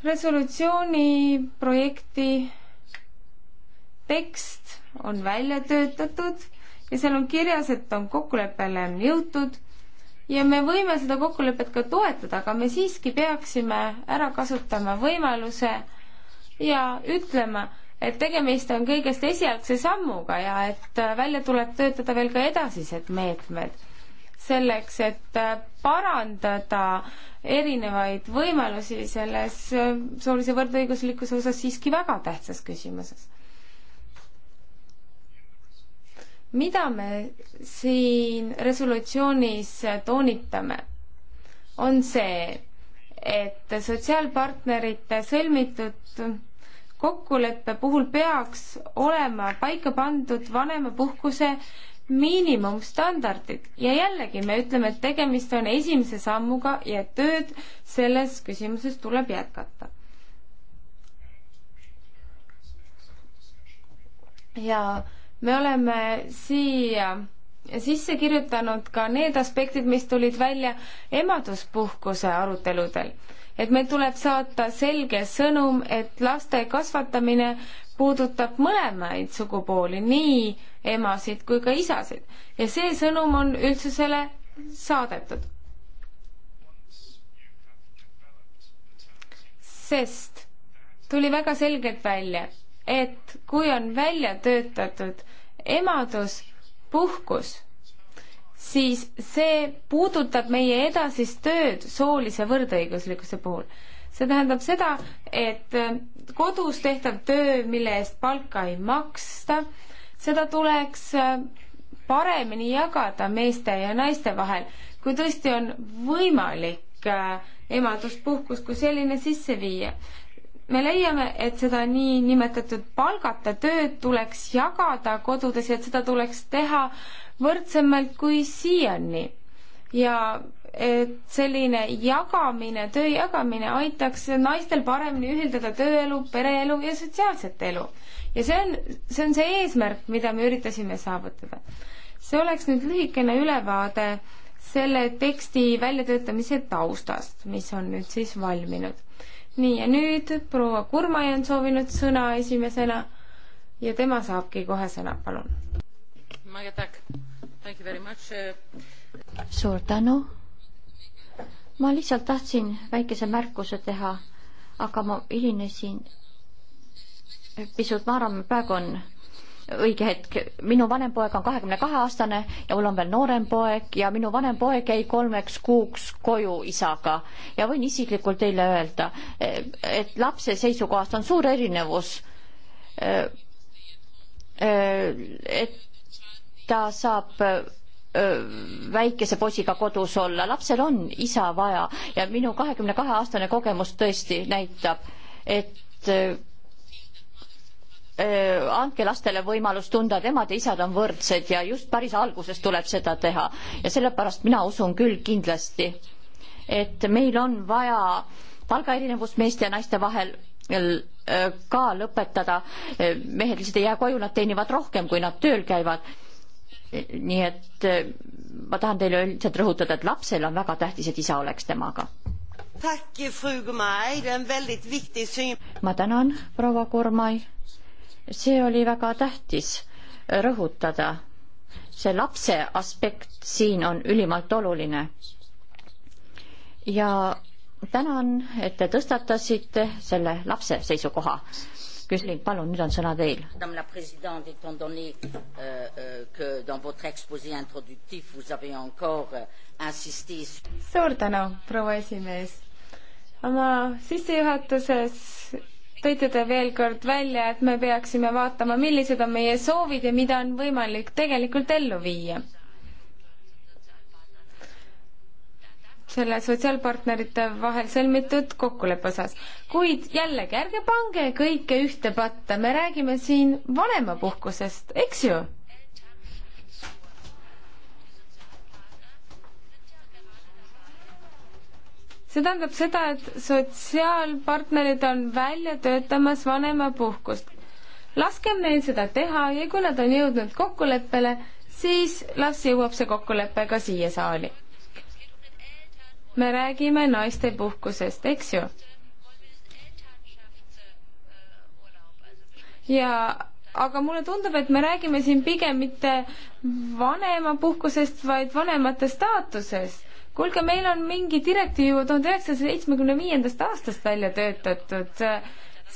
resolutsiooni projekti tekst on välja töötatud ja seal on kirjas, et on kokkuleppele jõutud ja me võime seda kokkulepet ka toetada, aga me siiski peaksime ära kasutama võimaluse ja ütlema, et tegemist on kõigest esialgse sammuga ja et äh, välja tuleb töötada veel ka edasised meetmed selleks, et äh, parandada erinevaid võimalusi selles äh, soolise võrdõiguslikkuse osas siiski väga tähtsas küsimuses. mida me siin resolutsioonis toonitame, on see, et sotsiaalpartnerite sõlmitud kokkuleppe puhul peaks olema paika pandud vanemapuhkuse miinimumstandardid ja jällegi me ütleme, et tegemist on esimese sammuga ja tööd selles küsimuses tuleb jätkata. ja me oleme siia sisse kirjutanud ka need aspektid, mis tulid välja emaduspuhkuse aruteludel. et meil tuleb saata selge sõnum, et laste kasvatamine puudutab mõlemaid sugupooli, nii emasid kui ka isasid. ja see sõnum on üldsusele saadetud. sest tuli väga selgelt välja, et kui on välja töötatud emaduspuhkus, siis see puudutab meie edasist tööd soolise võrdõiguslikkuse puhul. see tähendab seda, et äh, kodus tehtav töö, mille eest palka ei maksta, seda tuleks äh, paremini jagada meeste ja naiste vahel, kui tõesti on võimalik äh, emaduspuhkus kui selline sisse viia me leiame, et seda niinimetatud palgata tööd tuleks jagada kodudes ja et seda tuleks teha võrdsemalt kui siiani. ja et selline jagamine, töö jagamine aitaks naistel paremini ühildada tööelu, pereelu ja sotsiaalset elu. ja see on, see on see eesmärk, mida me üritasime saavutada. see oleks nüüd lühikene ülevaade selle teksti väljatöötamise taustast, mis on nüüd siis valminud nii, ja nüüd proua Kurmai on soovinud sõna esimesena ja tema saabki kohe sõna, palun. suur tänu. ma lihtsalt tahtsin väikese märkuse teha, aga ma hilinesin pisut, ma arvan, praegu on õige hetk. minu vanem poeg on kahekümne kahe aastane ja mul on veel noorem poeg ja minu vanem poeg jäi kolmeks kuuks koju isaga ja võin isiklikult teile öelda, et lapse seisukohast on suur erinevus. et ta saab väikese poisiga kodus olla, lapsel on isa vaja ja minu kahekümne kahe aastane kogemus tõesti näitab, et Äh, andke lastele võimalus tunda, et emad ja isad on võrdsed ja just päris alguses tuleb seda teha. ja sellepärast mina usun küll kindlasti, et meil on vaja palgaerinevus meeste ja naiste vahel äh, ka lõpetada. Äh, mehed lihtsalt ei jää koju, nad teenivad rohkem, kui nad tööl käivad. nii et ma tahan teile üldiselt rõhutada, et lapsel on väga tähtis, et isa oleks temaga. ma tänan, proua Kurmai see oli väga tähtis rõhutada. see lapse aspekt siin on ülimalt oluline. ja tänan, et te tõstatasite selle lapse seisukoha. Küslin, palun, nüüd on sõna teil. Madame la présidente, étant donné euh, euh, que dans votre exposé introductif vous avez encore euh, insisté suur tänu, proua esimees. oma sissejuhatuses tõite te veel kord välja, et me peaksime vaatama, millised on meie soovid ja mida on võimalik tegelikult ellu viia. selle sotsiaalpartnerite vahel sõlmitud kokkuleppe osas. kuid jällegi, ärge pange kõike ühte patta, me räägime siin vanemapuhkusest, eks ju see tähendab seda, et sotsiaalpartnerid on välja töötamas vanemapuhkust. laskem neil seda teha ja kui nad on jõudnud kokkuleppele, siis las jõuab see kokkulepe ka siia saali. me räägime naistepuhkusest, eks ju? ja aga mulle tundub, et me räägime siin pigem mitte vanemapuhkusest, vaid vanemate staatusest kuulge, meil on mingi direktiiv tuhande üheksasaja seitsmekümne viiendast aastast välja töötatud äh,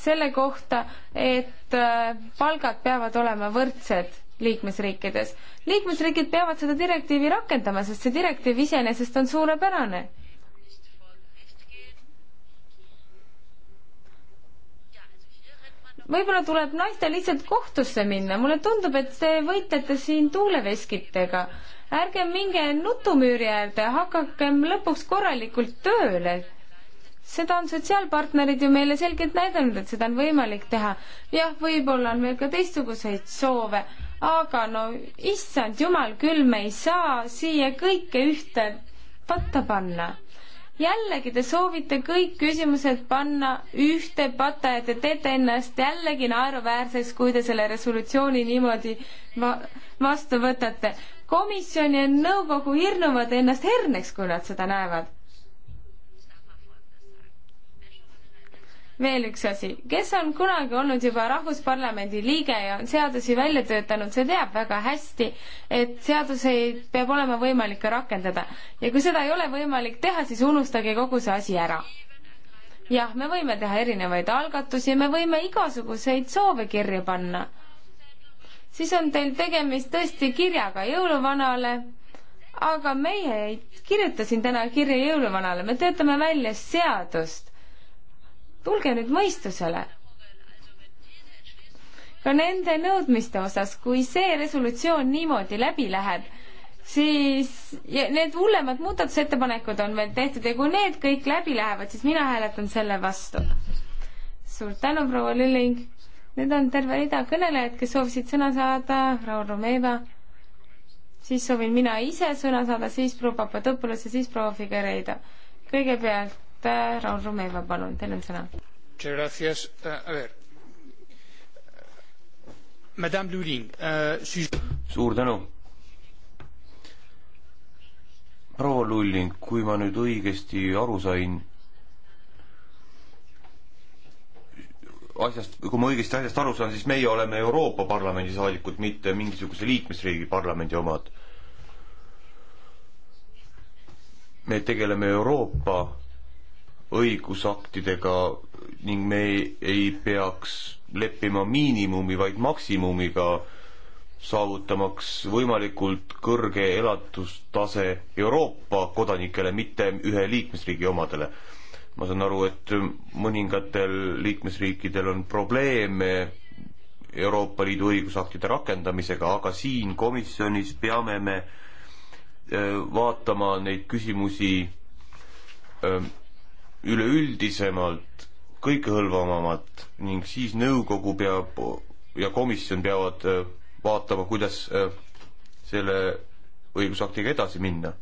selle kohta, et äh, palgad peavad olema võrdsed liikmesriikides. liikmesriigid peavad seda direktiivi rakendama, sest see direktiiv iseenesest on suurepärane. võib-olla tuleb naistel lihtsalt kohtusse minna, mulle tundub, et te võitlete siin tuuleveskitega ärge minge nutumüüri äärde, hakakem lõpuks korralikult tööle. seda on sotsiaalpartnerid ju meile selgelt näidanud, et seda on võimalik teha. jah, võib-olla on meil ka teistsuguseid soove, aga no issand jumal küll, me ei saa siia kõike ühte patta panna jällegi te soovite kõik küsimused panna ühte patta ja te teete ennast jällegi naeruväärseks, kui te selle resolutsiooni niimoodi va vastu võtate komisjon ja nõukogu hirnuvad ennast herneks, kui nad seda näevad. veel üks asi, kes on kunagi olnud juba Rahvusparlamendi liige ja on seadusi välja töötanud, see teab väga hästi, et seaduseid peab olema võimalik ka rakendada. ja kui seda ei ole võimalik teha, siis unustage kogu see asi ära jah, me võime teha erinevaid algatusi, me võime igasuguseid soove kirja panna siis on teil tegemist tõesti kirjaga jõuluvanale, aga meie ei kirjuta siin täna kirja jõuluvanale, me töötame välja seadust. tulge nüüd mõistusele. ka nende nõudmiste osas, kui see resolutsioon niimoodi läbi läheb, siis need hullemad muudatusettepanekud on veel tehtud ja kui need kõik läbi lähevad, siis mina hääletan selle vastu. suur tänu, proua Lilling nüüd on terve rida kõnelejaid, kes soovisid sõna saada, Raul Romeva, siis soovin mina ise sõna saada, siis proua Papadopoulos ja siis proua Figueiredo. kõigepealt äh, Raul Romeva, palun, teil on sõna. Eh, eh, suur tänu. proua Lulling, kui ma nüüd õigesti aru sain asjast, kui ma õigesti asjast aru saan, siis meie oleme Euroopa Parlamendi saadikud, mitte mingisuguse liikmesriigi parlamendi omad. me tegeleme Euroopa õigusaktidega ning me ei, ei peaks leppima miinimumi, vaid maksimumiga, saavutamaks võimalikult kõrge elatustase Euroopa kodanikele, mitte ühe liikmesriigi omadele ma saan aru, et mõningatel liikmesriikidel on probleeme Euroopa Liidu õigusaktide rakendamisega, aga siin komisjonis peame me e, vaatama neid küsimusi e, üleüldisemalt, kõikehõlvamamalt ning siis nõukogu peab ja komisjon peavad e, vaatama, kuidas selle õigusaktiga edasi minna.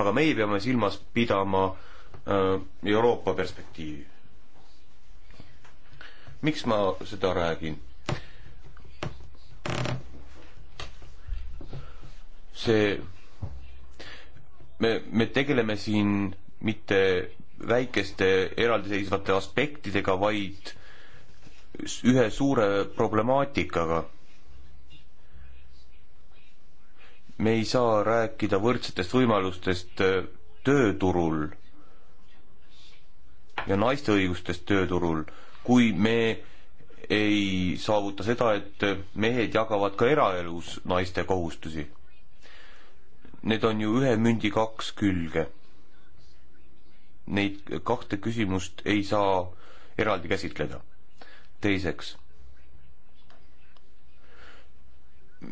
aga meie peame silmas pidama äh, Äh, Euroopa perspektiivi. miks ma seda räägin? see, me, me tegeleme siin mitte väikeste eraldiseisvate aspektidega, vaid ühe suure problemaatikaga. me ei saa rääkida võrdsetest võimalustest äh, tööturul ja naiste õigustest tööturul, kui me ei saavuta seda, et mehed jagavad ka eraelus naiste kohustusi. Need on ju ühe mündi kaks külge. Neid kahte küsimust ei saa eraldi käsitleda. teiseks,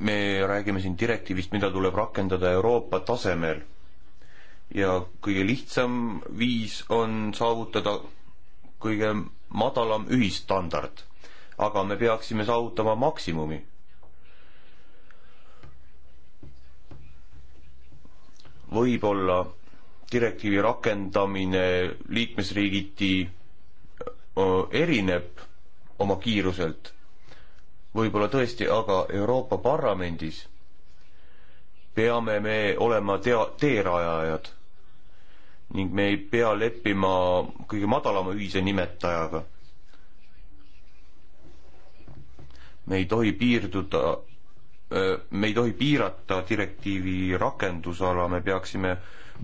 me räägime siin direktiivist, mida tuleb rakendada Euroopa tasemel ja kõige lihtsam viis on saavutada kõige madalam ühisstandard, aga me peaksime saavutama maksimumi. võib-olla direktiivi rakendamine liikmesriigiti erineb oma kiiruselt, võib-olla tõesti, aga Euroopa Parlamendis peame me olema tea-, teerajajad ning me ei pea leppima kõige madalama ühise nimetajaga. me ei tohi piirduda, me ei tohi piirata direktiivi rakendusala, me peaksime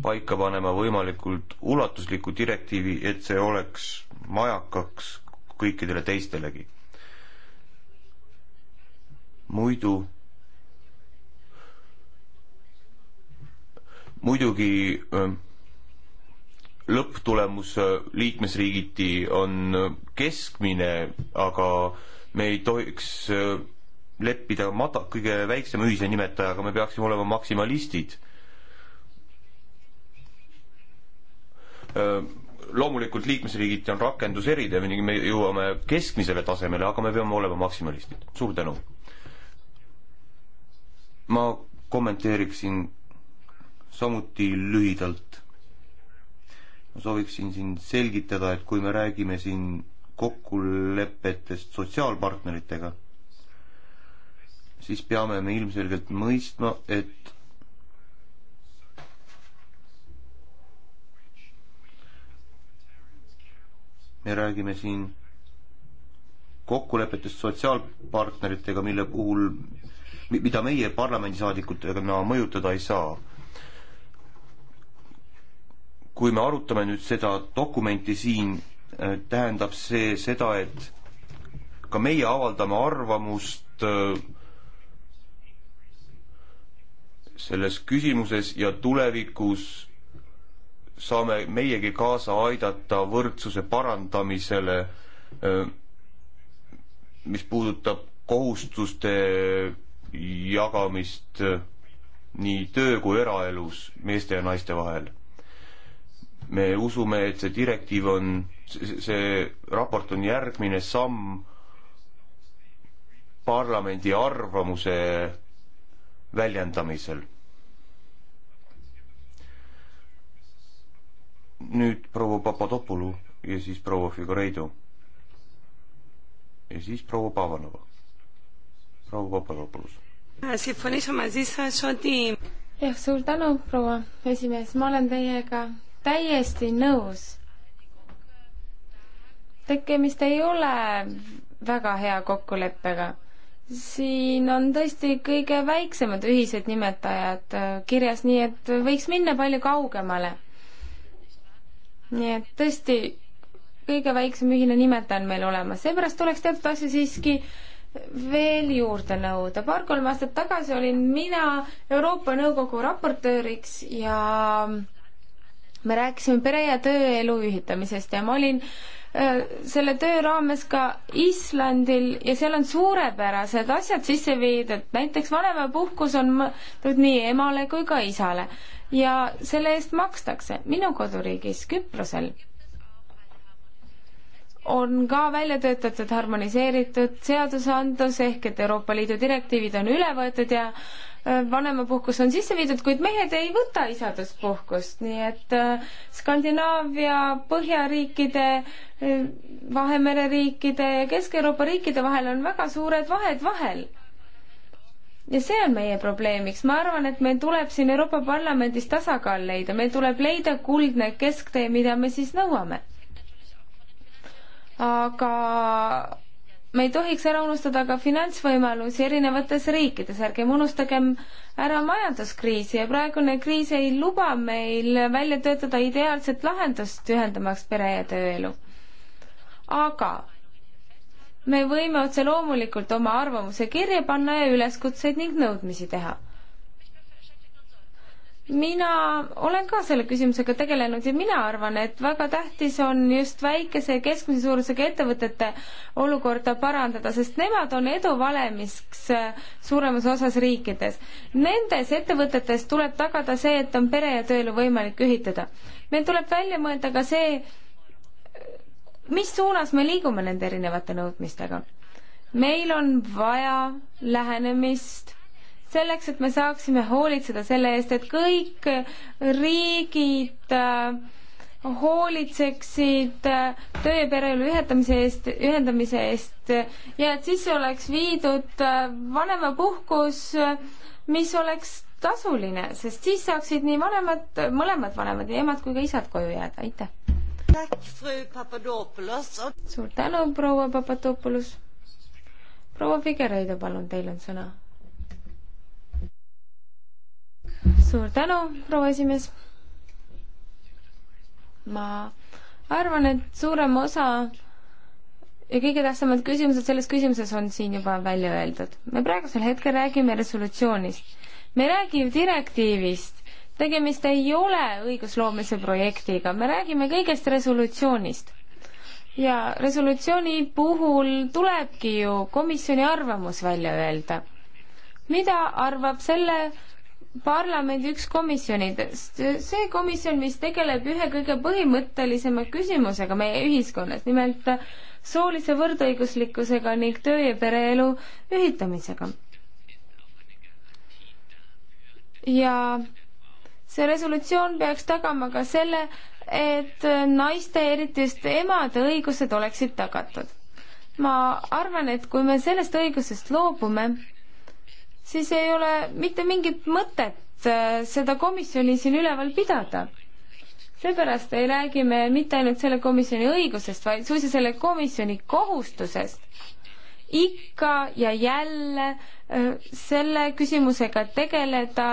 paika panema võimalikult ulatusliku direktiivi, et see oleks majakaks kõikidele teistelegi. muidu muidugi lõpptulemus äh, liikmesriigiti on äh, keskmine, aga me ei tohiks äh, leppida mada-, kõige väiksema ühise nimetajaga, me peaksime olema maksimalistid. loomulikult liikmesriigiti on rakendus erinev ning me jõuame keskmisele tasemele, aga me peame olema maksimalistid. suur tänu. ma kommenteeriksin samuti lühidalt ma sooviksin siin selgitada, et kui me räägime siin kokkulepetest sotsiaalpartneritega, siis peame me ilmselgelt mõistma, et me räägime siin kokkulepetest sotsiaalpartneritega, mille puhul, mida meie parlamendisaadikutega mõjutada ei saa kui me arutame nüüd seda dokumenti siin, äh, tähendab see seda, et ka meie avaldame arvamust äh, selles küsimuses ja tulevikus saame meiegi kaasa aidata võrdsuse parandamisele, äh, mis puudutab kohustuste jagamist nii töö kui eraelus meeste ja naiste vahel me usume, et see direktiiv on, see raport on järgmine samm parlamendi arvamuse väljendamisel. nüüd proua Papadopoulou ja siis proua Figureidu. ja siis proua Pavanova. proua Papadopoulos. Ah, jah, suur tänu, proua esimees, ma olen teiega täiesti nõus. tegemist ei ole väga hea kokkuleppega. siin on tõesti kõige väiksemad ühised nimetajad äh, kirjas, nii et võiks minna palju kaugemale. nii et tõesti, kõige väiksem ühine nimetaja on meil olemas, seepärast tuleks teatud asju siiski veel juurde nõuda. paar-kolm aastat tagasi olin mina Euroopa Nõukogu raportööriks ja me rääkisime pere- ja tööelu ühitamisest ja ma olin äh, selle töö raames ka Islandil ja seal on suurepärased asjad sisse viidud, näiteks vanemapuhkus on mõeldud nii emale kui ka isale ja selle eest makstakse. minu koduriigis Küprosel on ka välja töötatud harmoniseeritud seadusandlus ehk et Euroopa Liidu direktiivid on üle võetud ja vanemapuhkus on sisse viidud, kuid mehed ei võta isaduspuhkust, nii et äh, Skandinaavia põhjariikide, äh, Vahemere riikide ja Kesk-Euroopa riikide vahel on väga suured vahed vahel. ja see on meie probleemiks, ma arvan, et meil tuleb siin Euroopa Parlamendis tasakaal leida, meil tuleb leida kuldne kesktee, mida me siis nõuame. aga me ei tohiks ära unustada ka finantsvõimalusi erinevates riikides, ärgem unustagem ära majanduskriisi ja praegune kriis ei luba meil välja töötada ideaalset lahendust ühendamaks pere ja tööelu. aga me võime otse loomulikult oma arvamuse kirja panna ja üleskutseid ning nõudmisi teha mina olen ka selle küsimusega tegelenud ja mina arvan, et väga tähtis on just väikese ja keskmise suurusega ettevõtete olukorda parandada, sest nemad on eduvalemiks äh, suuremas osas riikides. Nendes ettevõtetes tuleb tagada see, et on pere ja tööelu võimalik ühitada. meil tuleb välja mõelda ka see, mis suunas me liigume nende erinevate nõudmistega. meil on vaja lähenemist selleks, et me saaksime hoolitseda selle eest, et kõik riigid äh, hoolitseksid äh, töö ja pereelu ühendamise eest, ühendamise eest ja et sisse oleks viidud äh, vanemapuhkus, mis oleks tasuline, sest siis saaksid nii vanemad, mõlemad vanemad, nii emad kui ka isad koju jääda, aitäh. suur tänu, proua Papadopoulos. proua Figueiredo, palun, teil on sõna suur tänu, proua esimees. ma arvan, et suurem osa ja kõige tähtsamad küsimused selles küsimuses on siin juba välja öeldud. me praegusel hetkel räägime resolutsioonist. me räägime direktiivist. tegemist ei ole õigusloomelise projektiga, me räägime kõigest resolutsioonist. ja resolutsiooni puhul tulebki ju komisjoni arvamus välja öelda. mida arvab selle parlamendi üks komisjonidest, see komisjon, mis tegeleb ühe kõige põhimõttelisema küsimusega meie ühiskonnas, nimelt soolise võrdõiguslikkusega ning töö ja pereelu ühitamisega. ja see resolutsioon peaks tagama ka selle, et naiste, eriti just emade õigused oleksid tagatud. ma arvan, et kui me sellest õigusest loobume, siis ei ole mitte mingit mõtet äh, seda komisjoni siin üleval pidada. seepärast ei räägi me mitte ainult selle komisjoni õigusest, vaid suisa selle komisjoni kohustusest ikka ja jälle äh, selle küsimusega tegeleda,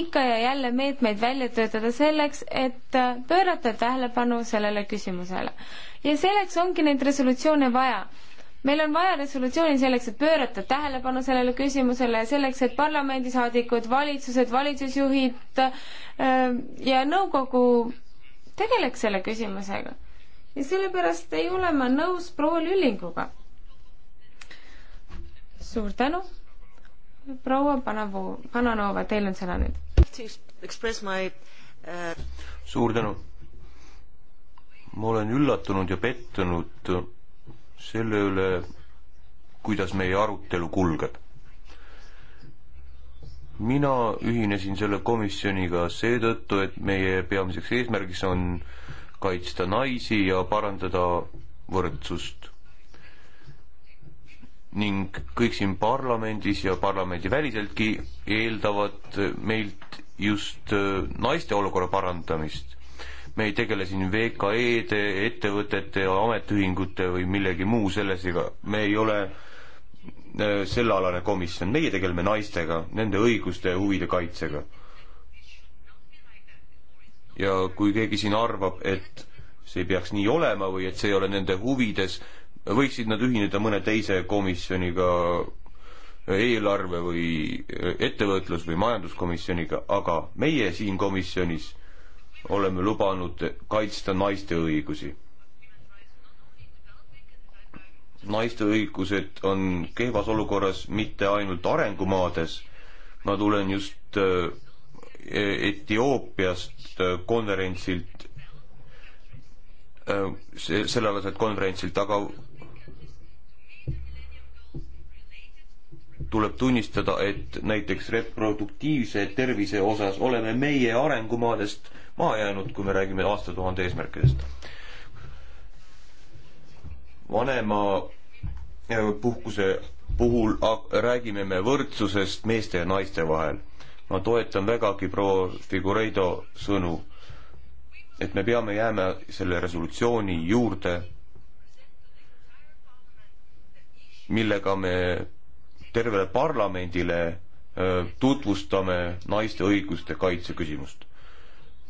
ikka ja jälle meetmeid välja töötada selleks, et äh, pöörata tähelepanu sellele küsimusele. ja selleks ongi neid resolutsioone vaja meil on vaja resolutsiooni selleks, et pöörata tähelepanu sellele küsimusele, selleks, et parlamendisaadikud, valitsused, valitsusjuhid ähm, ja nõukogu tegeleks selle küsimusega. ja sellepärast ei ole ma nõus proua Lüllinguga. suur tänu, proua Panavu, Pananova, teil on sõna nüüd. Äh, suur tänu. ma olen üllatunud ja pettunud selle üle, kuidas meie arutelu kulgeb. mina ühinesin selle komisjoniga seetõttu, et meie peamiseks eesmärgiks on kaitsta naisi ja parandada võrdsust. ning kõik siin parlamendis ja parlamendiväliseltki eeldavad meilt just naiste olukorra parandamist me ei tegele siin VKE-de, ettevõtete, ametiühingute või millegi muu sellisega, me ei ole äh, sellealane komisjon, meie tegeleme naistega, nende õiguste ja huvide kaitsega. ja kui keegi siin arvab, et see ei peaks nii olema või et see ei ole nende huvides, võiksid nad ühineda mõne teise komisjoniga, äh, eelarve või äh, ettevõtlus- või majanduskomisjoniga, aga meie siin komisjonis oleme lubanud kaitsta naiste õigusi. naiste õigused on kehvas olukorras mitte ainult arengumaades, ma tulen just äh, Etioopiast äh, konverentsilt, äh, sellealaselt konverentsilt, aga tuleb tunnistada, et näiteks reproduktiivse tervise osas oleme meie arengumaadest maha jäänud, kui me räägime aastatuhande eesmärkidest. vanema äh, puhkuse puhul äh, räägime me võrdsusest meeste ja naiste vahel. ma toetan vägagi proua Figureido sõnu, et me peame jääma selle resolutsiooni juurde, millega me tervele parlamendile äh, tutvustame naiste õiguste kaitse küsimust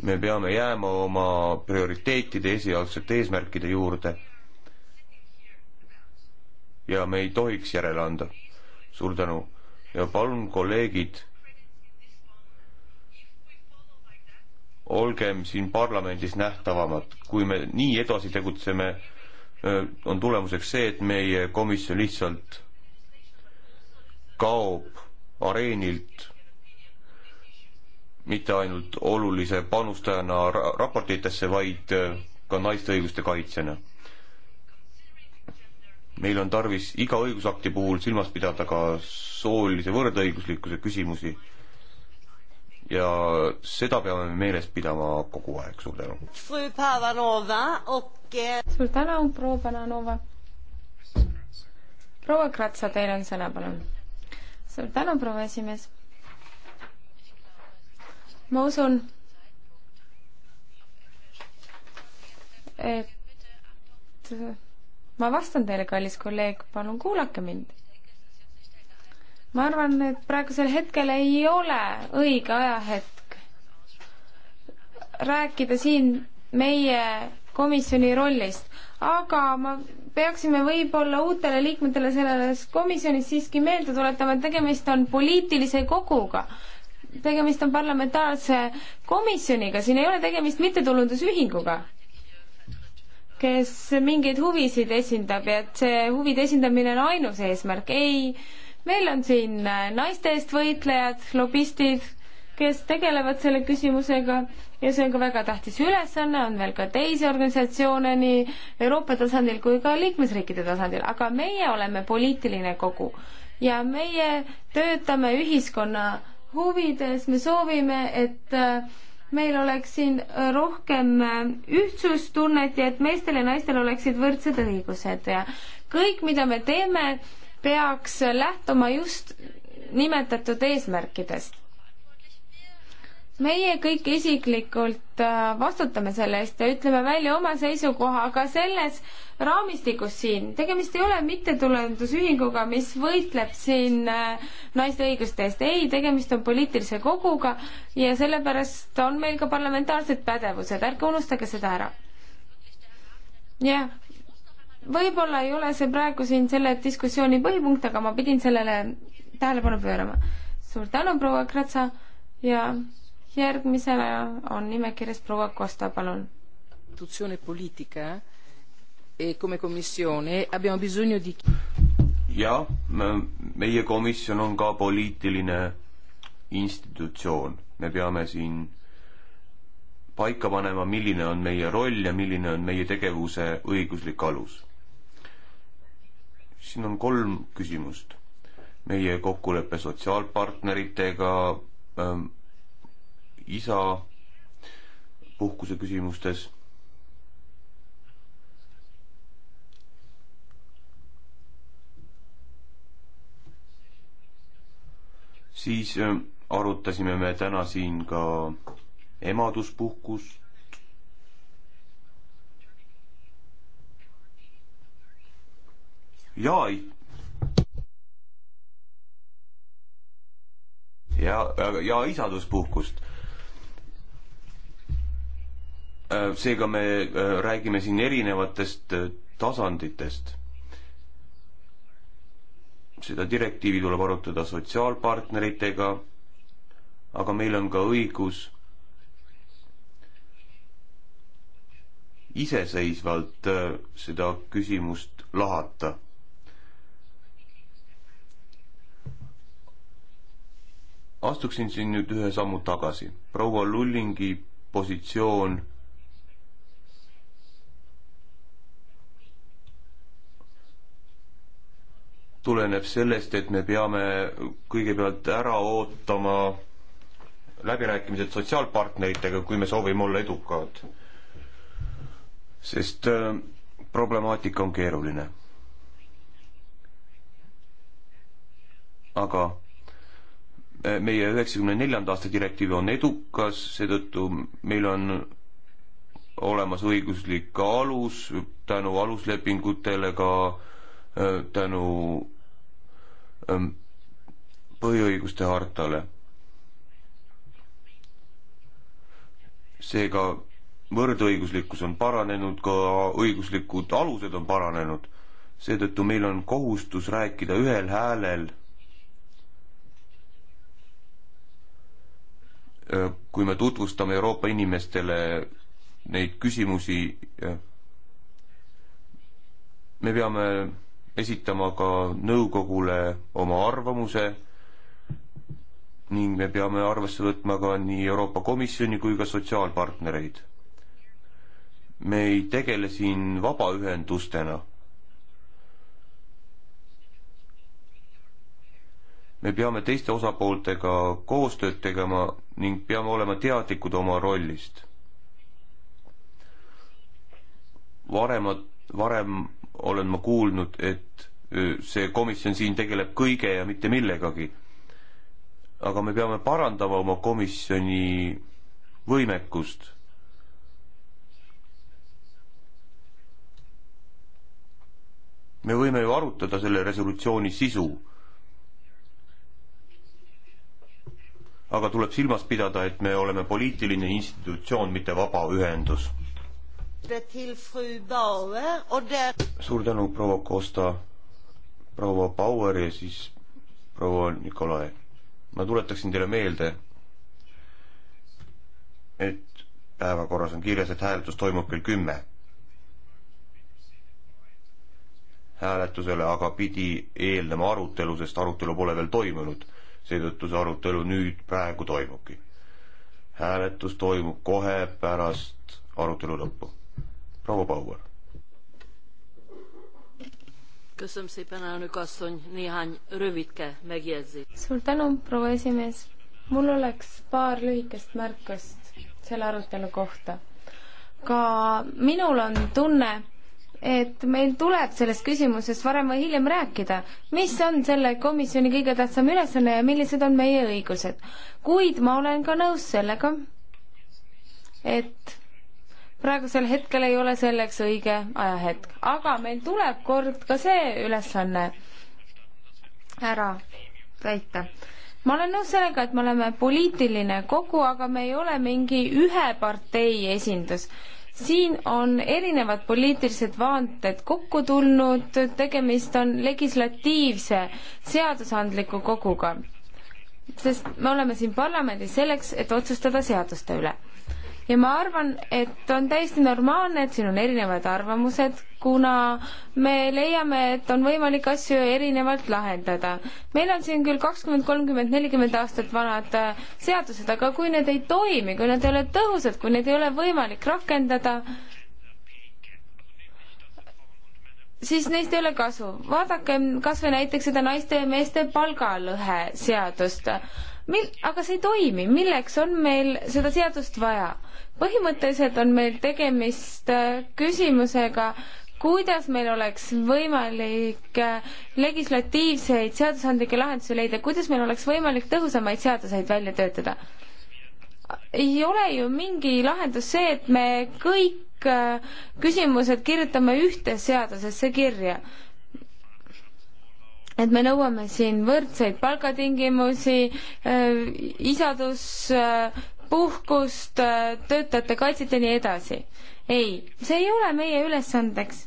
me peame jääma oma prioriteetide esialgsete eesmärkide juurde. ja me ei tohiks järele anda. suur tänu ja palun, kolleegid, olgem siin parlamendis nähtavamad, kui me nii edasi tegutseme, on tulemuseks see, et meie komisjon lihtsalt kaob areenilt mitte ainult olulise panustajana ra raportitesse, vaid äh, ka naiste õiguste kaitsjana. meil on tarvis iga õigusakti puhul silmas pidada ka soolise võrdõiguslikkuse küsimusi ja seda peame meeles pidama kogu aeg, suur tänu. suur tänu, proua Pananova. proua Kratsa, teil on sõna, palun. suur tänu, proua esimees ma usun, et ma vastan teile, kallis kolleeg, palun kuulake mind. ma arvan, et praegusel hetkel ei ole õige ajahetk rääkida siin meie komisjoni rollist, aga ma peaksime võib-olla uutele liikmetele selles komisjonis siiski meelde tuletama, et tegemist on poliitilise koguga tegemist on parlamentaarse komisjoniga, siin ei ole tegemist mittetulundusühinguga, kes mingeid huvisid esindab ja et see huvide esindamine on ainus eesmärk, ei, meil on siin äh, naiste eest võitlejad, lobistid, kes tegelevad selle küsimusega ja see on ka väga tähtis ülesanne, on veel ka teisi organisatsioone nii Euroopa tasandil kui ka liikmesriikide tasandil, aga meie oleme poliitiline kogu ja meie töötame ühiskonna huvides, me soovime, et äh, meil oleks siin rohkem äh, ühtsustunnet ja et meestel ja naistel oleksid võrdsed õigused ja kõik, mida me teeme, peaks lähtuma just nimetatud eesmärkidest meie kõik isiklikult äh, vastutame selle eest ja ütleme välja oma seisukoha, aga selles raamistikus siin, tegemist ei ole mittetulundusühinguga, mis võitleb siin äh, naiste õiguste eest, ei, tegemist on poliitilise koguga ja sellepärast on meil ka parlamentaarsed pädevused, ärge unustage seda ära. jah, võib-olla ei ole see praegu siin selle diskussiooni põhipunkt, aga ma pidin sellele tähelepanu pöörama. suur tänu, proua Kratsa ja järgmisena on nimekirjas proua Costa, palun. Eh, jah, meie komisjon on ka poliitiline institutsioon, me peame siin paika panema, milline on meie roll ja milline on meie tegevuse õiguslik alus. siin on kolm küsimust. meie kokkulepe sotsiaalpartneritega ähm,, isa puhkuse küsimustes. siis äh, arutasime me täna siin ka emaduspuhkust. ja ja, ja isaduspuhkust. Äh, seega me äh, räägime siin erinevatest äh, tasanditest. seda direktiivi tuleb arutada sotsiaalpartneritega, aga meil on ka õigus iseseisvalt seda küsimust lahata. astuksin siin nüüd ühe sammu tagasi. proua Lullingi positsioon tuleneb sellest, et me peame kõigepealt ära ootama läbirääkimised sotsiaalpartneritega, kui me soovime olla edukad. sest äh, problemaatika on keeruline. aga äh, meie üheksakümne neljanda aasta direktiiv on edukas, seetõttu meil on olemas õiguslik alus tänu aluslepingutele ka äh, tänu Ähm, põhiõiguste hartale. seega võrdõiguslikkus on paranenud, ka õiguslikud alused on paranenud. seetõttu meil on kohustus rääkida ühel häälel. Äh, kui me tutvustame Euroopa inimestele neid küsimusi, äh, me peame esitama ka nõukogule oma arvamuse ning me peame arvesse võtma ka nii Euroopa Komisjoni kui ka sotsiaalpartnereid. me ei tegele siin vabaühendustena. me peame teiste osapooltega koostööd tegema ning peame olema teadlikud oma rollist. varemad, varem olen ma kuulnud, et see komisjon siin tegeleb kõige ja mitte millegagi. aga me peame parandama oma komisjoni võimekust. me võime ju arutada selle resolutsiooni sisu. aga tuleb silmas pidada, et me oleme poliitiline institutsioon, mitte vabaühendus suur tänu, proua Costa, proua Bauer ja siis proua Nikolai. ma tuletaksin teile meelde, et päevakorras on kirjas, et hääletus toimub kell kümme. hääletusele aga pidi eelnema arutelu, sest arutelu pole veel toimunud. seetõttu see arutelu nüüd praegu toimubki. hääletus toimub kohe pärast arutelu lõppu proua Bauer. köszönöm szépen, elnök asszony, néhány rövidke megjegyzés. suur tänu, proua esimees. mul oleks paar lühikest märkust selle arutelu kohta. ka minul on tunne, et meil tuleb sellest küsimusest varem või hiljem rääkida. mis on selle komisjoni kõige tähtsam ülesanne ja millised on meie õigused? kuid ma olen ka nõus sellega, et praegusel hetkel ei ole selleks õige ajahetk, aga meil tuleb kord ka see ülesanne ära täita ma olen nõus sellega, et me oleme poliitiline kogu, aga me ei ole mingi ühe partei esindus. siin on erinevad poliitilised vaated kokku tulnud, tegemist on legislatiivse seadusandliku koguga. sest me oleme siin parlamendis selleks, et otsustada seaduste üle ja ma arvan, et on täiesti normaalne, et siin on erinevad arvamused, kuna me leiame, et on võimalik asju erinevalt lahendada. meil on siin küll kakskümmend, kolmkümmend, nelikümmend aastat vanad äh, seadused, aga kui need ei toimi, kui nad ei ole tõhusad, kui neid ei ole võimalik rakendada, siis neist ei ole kasu. vaadakem kas või näiteks seda naiste ja meeste palgalõhe seadust mil-, aga see ei toimi, milleks on meil seda seadust vaja? põhimõtteliselt on meil tegemist äh, küsimusega, kuidas meil oleks võimalik äh, legislatiivseid seadusandlikke lahendusi leida, kuidas meil oleks võimalik tõhusamaid seaduseid välja töötada? ei ole ju mingi lahendus see, et me kõik äh, küsimused kirjutame ühte seadusesse kirja et me nõuame siin võrdseid palgatingimusi, äh, isaduspuhkust, äh, töötajate kaitset ja nii edasi. ei, see ei ole meie ülesandeks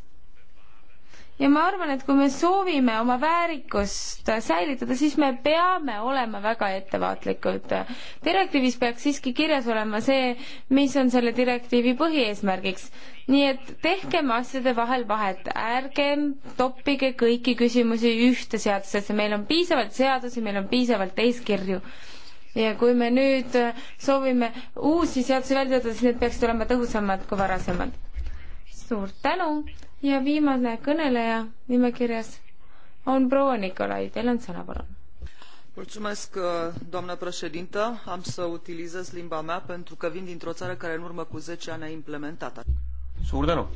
ja ma arvan, et kui me soovime oma väärikust säilitada, siis me peame olema väga ettevaatlikud. direktiivis peaks siiski kirjas olema see, mis on selle direktiivi põhieesmärgiks. nii et tehkem asjade vahel vahet, ärgem toppige kõiki küsimusi ühte seadusesse, meil on piisavalt seadusi, meil on piisavalt eeskirju ja kui me nüüd soovime uusi seadusi välja töötada, siis need peaksid olema tõhusamad kui varasemad. suur tänu ja viimane kõneleja nimekirjas on proua Nikolai, teil on sõna, palun. Mulțumesc, uh, doamnă președintă. Am să utilizez limba mea pentru că vin dintr-o țară care în urmă cu 10 ani a implementat. Suur tänu!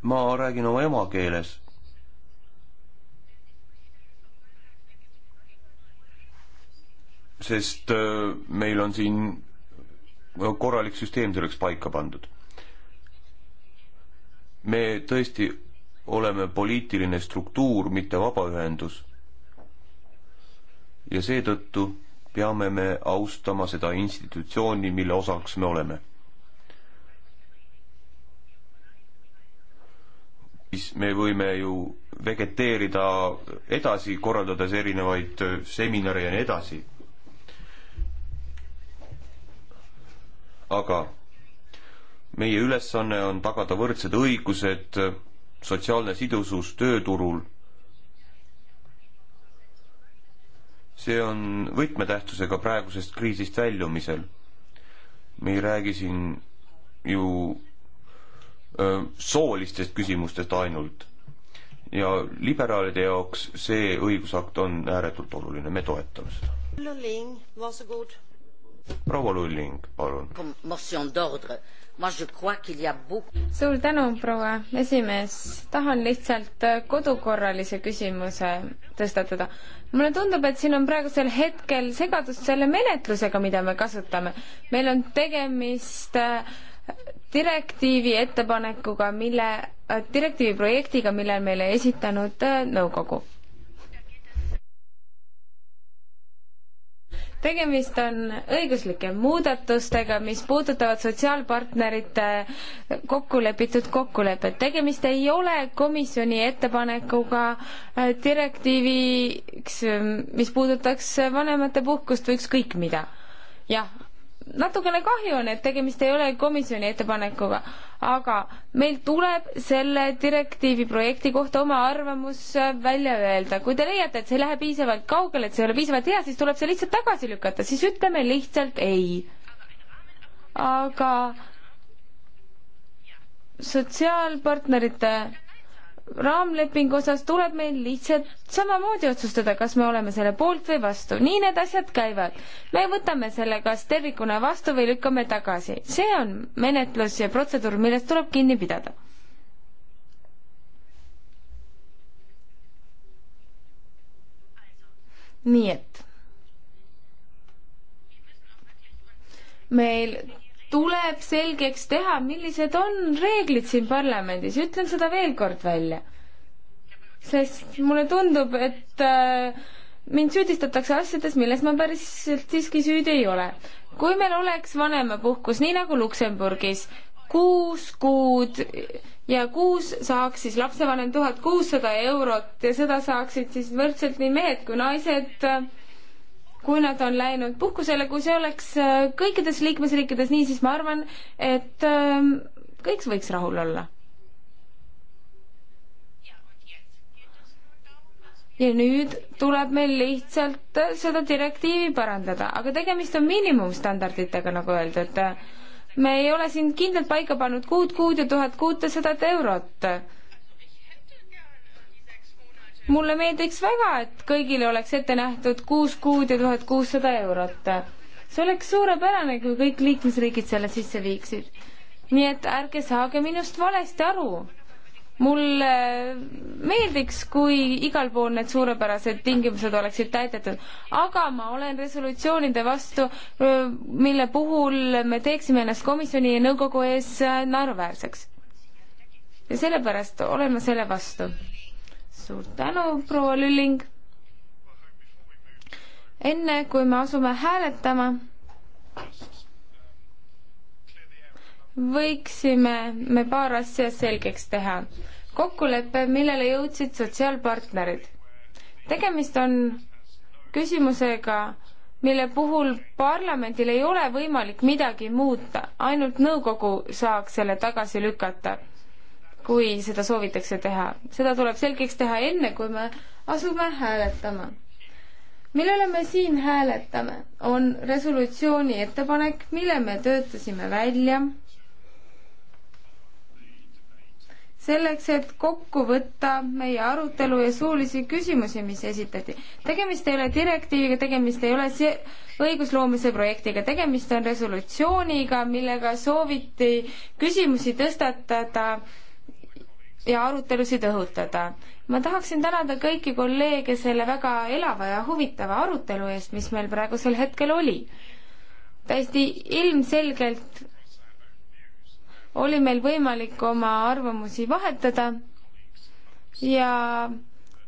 ma räägin oma emakeeles. sest uh, meil on siin korralik süsteem selleks paika pandud me tõesti oleme poliitiline struktuur, mitte vabaühendus. ja seetõttu peame me austama seda institutsiooni, mille osaks me oleme. siis me võime ju vegeteerida edasi, korraldades erinevaid seminare ja nii edasi. aga meie ülesanne on tagada võrdsed õigused, sotsiaalne sidusus tööturul. see on võtmetähtsusega praegusest kriisist väljumisel. me ei räägi siin ju öö, soolistest küsimustest ainult. ja liberaalide jaoks see õigusakt on ääretult oluline, me toetame seda. proua Lulling, palun suur tänu, proua esimees. tahan lihtsalt äh, kodukorralise küsimuse tõstatada. mulle tundub, et siin on praegusel hetkel segadust selle menetlusega, mida me kasutame. meil on tegemist äh, direktiivi ettepanekuga, mille, äh, direktiivi projektiga, mille meile esitanud nõukogu tegemist on õiguslike muudatustega, mis puudutavad sotsiaalpartnerite kokku lepitud kokkulepet. tegemist ei ole komisjoni ettepanekuga äh, direktiiviks, mis puudutaks vanemate puhkust või ükskõik mida. jah, natukene kahju on, et tegemist ei ole komisjoni ettepanekuga, aga meil tuleb selle direktiivi projekti kohta oma arvamus välja öelda. kui te leiate, et see ei lähe piisavalt kaugele, et see ei ole piisavalt hea, siis tuleb see lihtsalt tagasi lükata, siis ütleme lihtsalt ei. aga sotsiaalpartnerite raamlepingu osas tuleb meil lihtsalt samamoodi otsustada, kas me oleme selle poolt või vastu. nii need asjad käivad. me võtame selle kas tervikuna vastu või lükkame tagasi. see on menetlus ja protseduur, millest tuleb kinni pidada nii et meil tuleb selgeks teha, millised on reeglid siin parlamendis, ütlen seda veel kord välja. sest mulle tundub, et äh, mind süüdistatakse asjades, milles ma päriselt siiski süüdi ei ole. kui meil oleks vanemapuhkus, nii nagu Luksemburgis, kuus kuud ja kuus saaks siis lapsevanem tuhat kuussada eurot ja seda saaksid siis võrdselt nii mehed kui naised äh, kui nad on läinud puhkusele, kui see oleks äh, kõikides liikmesriikides nii, siis ma arvan, et ähm, kõik võiks rahul olla. ja nüüd tuleb meil lihtsalt äh, seda direktiivi parandada, aga tegemist on miinimumstandarditega, nagu öeldud. me ei ole siin kindlalt paika pannud kuud, kuud ja tuhat kuutesada eurot mulle meeldiks väga, et kõigile oleks ette nähtud kuus kuud ja tuhat kuussada eurot. see oleks suurepärane, kui kõik liikmesriigid selle sisse viiksid. nii et ärge saage minust valesti aru. mulle meeldiks, kui igal pool need suurepärased tingimused oleksid täidetud, aga ma olen resolutsioonide vastu, mille puhul me teeksime ennast komisjoni ja nõukogu ees naeruväärseks. ja sellepärast olen ma selle vastu suur tänu, proua Lülling. enne kui me asume hääletama, võiksime me paar asja selgeks teha. kokkulepe, millele jõudsid sotsiaalpartnerid. tegemist on küsimusega, mille puhul parlamendil ei ole võimalik midagi muuta, ainult nõukogu saaks selle tagasi lükata kui seda soovitakse teha. seda tuleb selgeks teha enne, kui me asume hääletama. millele me siin hääletame, on resolutsiooni ettepanek, mille me töötasime välja selleks, et kokku võtta meie arutelu ja suulisi küsimusi, mis esitati. tegemist ei ole direktiiviga, tegemist ei ole see õigusloomise projektiga, tegemist on resolutsiooniga, millega sooviti küsimusi tõstatada ja arutelusid õhutada. ma tahaksin tänada kõiki kolleege selle väga elava ja huvitava arutelu eest, mis meil praegusel hetkel oli. täiesti ilmselgelt oli meil võimalik oma arvamusi vahetada ja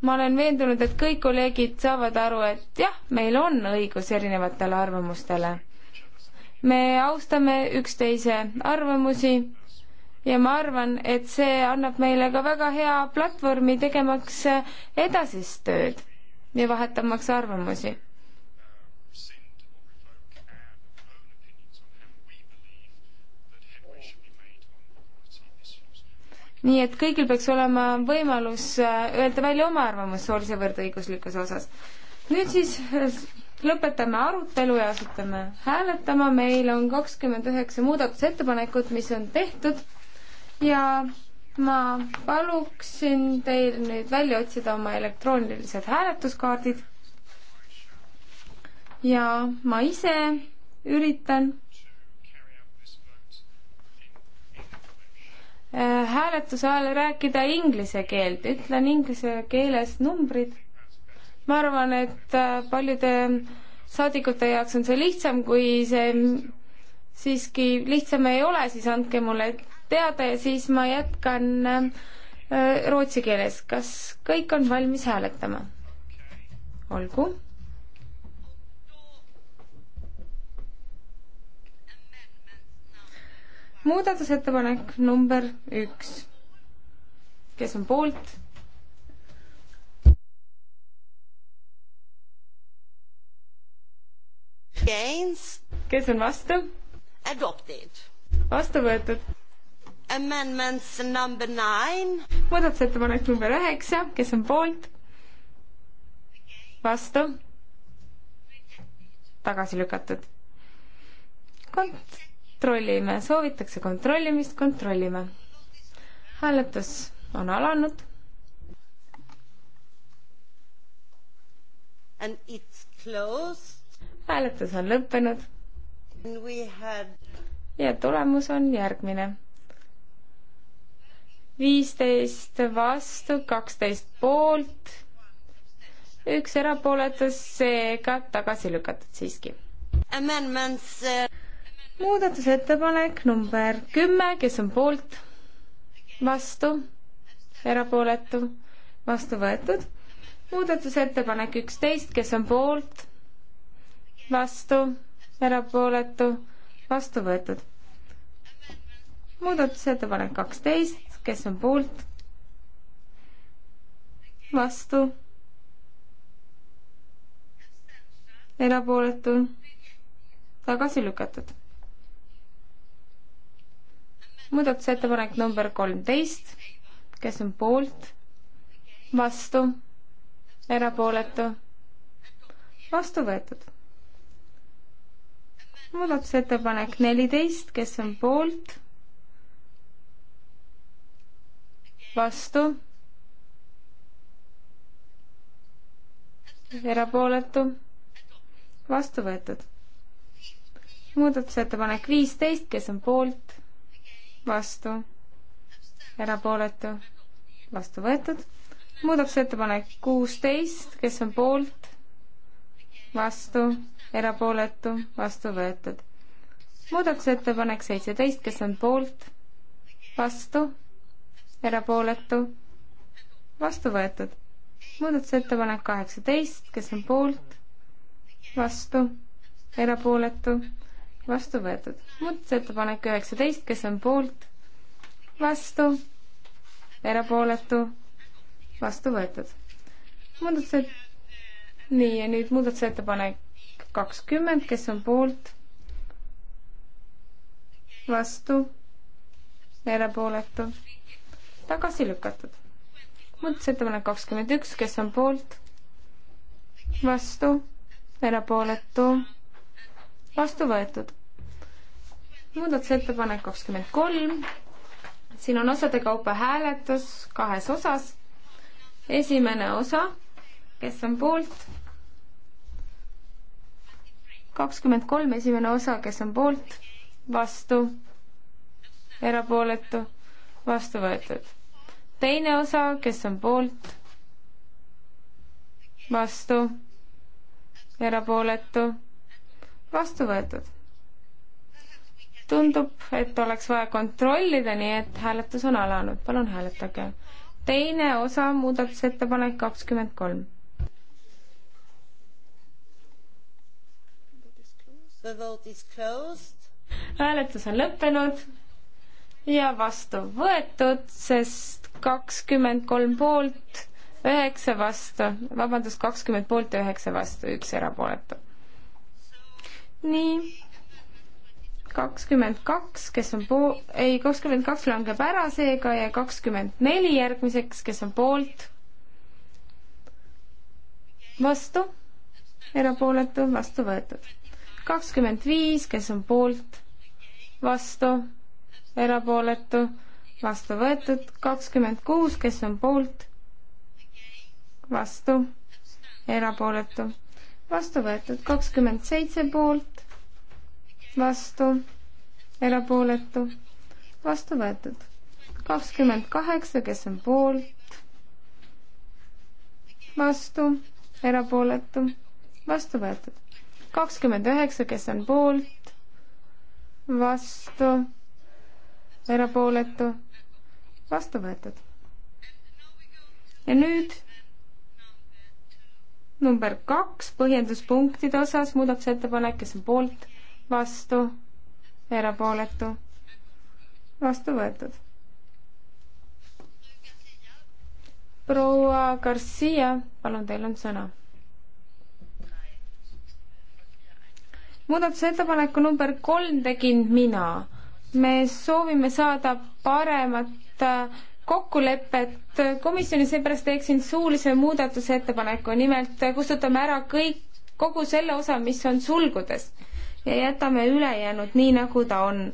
ma olen veendunud, et kõik kolleegid saavad aru, et jah, meil on õigus erinevatele arvamustele. me austame üksteise arvamusi ja ma arvan, et see annab meile ka väga hea platvormi tegemaks äh, edasist tööd ja vahetamaks arvamusi. nii et kõigil peaks olema võimalus äh, öelda välja oma arvamus soolise võrdõiguslikkuse osas. nüüd siis äh, lõpetame arutelu ja asutame hääletama. meil on kakskümmend üheksa muudatusettepanekut, mis on tehtud ja ma paluksin teil nüüd välja otsida oma elektroonilised hääletuskaardid. ja ma ise üritan äh, hääletuse ajal rääkida inglise keelt, ütlen inglise keeles numbrid. ma arvan, et äh, paljude saadikute jaoks on see lihtsam, kui see siiski lihtsam ei ole, siis andke mulle teada ja siis ma jätkan äh, rootsi keeles. kas kõik on valmis hääletama? olgu muudatusettepanek number üks. kes on poolt? kes on vastu? vastu võetud Amendments number nine. muudatusettepanek number üheksa, kes on poolt? vastu? tagasi lükatud. kontrollime, soovitakse kontrollimist, kontrollime. hääletus on alanud. And it's closed. hääletus on lõppenud. Had... ja tulemus on järgmine viisteist vastu, kaksteist poolt, üks erapooletus, seega tagasi lükatud siiski. Äh, muudatusettepanek number kümme, kes on poolt, vastu, erapooletu, vastu võetud. muudatusettepanek üksteist, kes on poolt, vastu, erapooletu, vastu võetud. muudatusettepanek kaksteist, kes on poolt? vastu? erapooletu? tagasi lükatud. muudatusettepanek number kolmteist, kes on poolt? vastu? erapooletu? vastu võetud. muudatusettepanek neliteist, kes on poolt? vastu, erapooletu, vastu võetud. muudatusettepanek viisteist, kes on poolt, vastu, erapooletu, vastu võetud. muudatusettepanek kuusteist, kes on poolt, vastu, erapooletu, vastu võetud. muudatusettepanek seitseteist, kes on poolt, vastu erapooletu, vastu võetud. muudatusettepanek kaheksateist, kes on poolt, vastu, erapooletu, vastu võetud. muudatusettepanek üheksateist, kes on poolt, vastu, erapooletu, vastu võetud. muudatused, nii ja nüüd muudatusettepanek kakskümmend, kes on poolt, vastu, erapooletu, tagasi lükatud. muudatusettepanek kakskümmend üks, kes on poolt, vastu, erapooletu, vastu võetud. muudatusettepanek kakskümmend kolm, siin on osade kaupa hääletus kahes osas. esimene osa, kes on poolt, kakskümmend kolm, esimene osa, kes on poolt, vastu, erapooletu, vastu võetud teine osa, kes on poolt, vastu, erapooletu, vastu võetud. tundub, et oleks vaja kontrollida, nii et hääletus on alanud, palun hääletage. teine osa, muudatusettepanek kakskümmend kolm. hääletus on lõppenud ja vastu võetud, sest kakskümmend kolm poolt, üheksa vastu, vabandust, kakskümmend poolt ja üheksa vastu, üks erapooletu. nii, kakskümmend kaks, kes on poo-, ei, kakskümmend kaks langeb ära seega ja kakskümmend neli järgmiseks, kes on poolt, vastu, erapooletu, vastu võetud. kakskümmend viis, kes on poolt, vastu, erapooletu vastu võetud, kakskümmend kuus, kes on poolt, vastu, erapooletu, vastu võetud, kakskümmend seitse poolt, vastu, erapooletu, vastu võetud, kakskümmend kaheksa, kes on poolt, vastu, erapooletu, vastu võetud, kakskümmend üheksa, kes on poolt, vastu, erapooletu vastu võetud. ja nüüd number kaks põhjenduspunktide osas muudatusettepanek, kes on poolt, vastu, erapooletu, vastu võetud. proua Garcia, palun, teil on sõna. muudatusettepaneku number kolm tegin mina. me soovime saada paremat Äh, kokkulepet komisjoni, seepärast teeksin suulise muudatusettepaneku, nimelt äh, kustutame ära kõik, kogu selle osa, mis on sulgudes ja jätame ülejäänud nii, nagu ta on.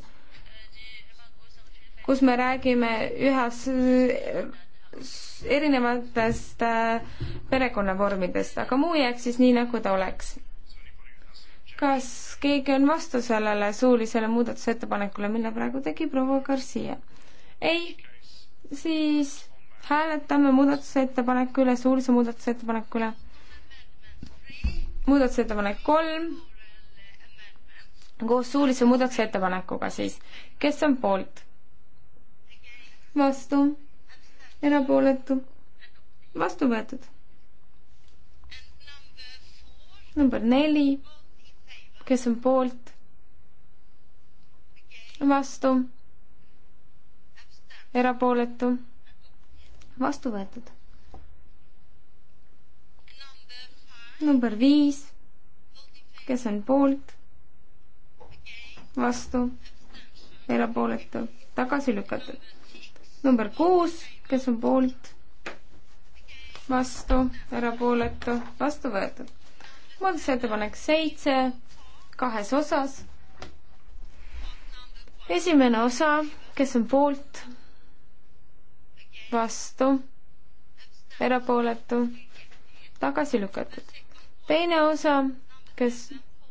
kus me räägime ühes erinevatest äh, perekonnavormidest, aga muu jääks siis nii, nagu ta oleks. kas keegi on vastu sellele suulisele muudatusettepanekule, mille praegu tegi proua Garcia? ei siis hääletame muudatusettepaneku üle, suurise muudatusettepaneku üle. muudatusettepanek kolm koos suulise muudatusettepanekuga siis. kes on poolt? vastu? erapooletu? vastu võetud. number neli. kes on poolt? vastu? erapooletu, vastu võetud. number viis, kes on poolt, vastu, erapooletu, tagasi lükatud. number kuus, kes on poolt, vastu, erapooletu, vastu võetud. muudatusettepanek seitse, kahes osas. esimene osa, kes on poolt, vastu, erapooletu, tagasi lükatud. teine osa, kes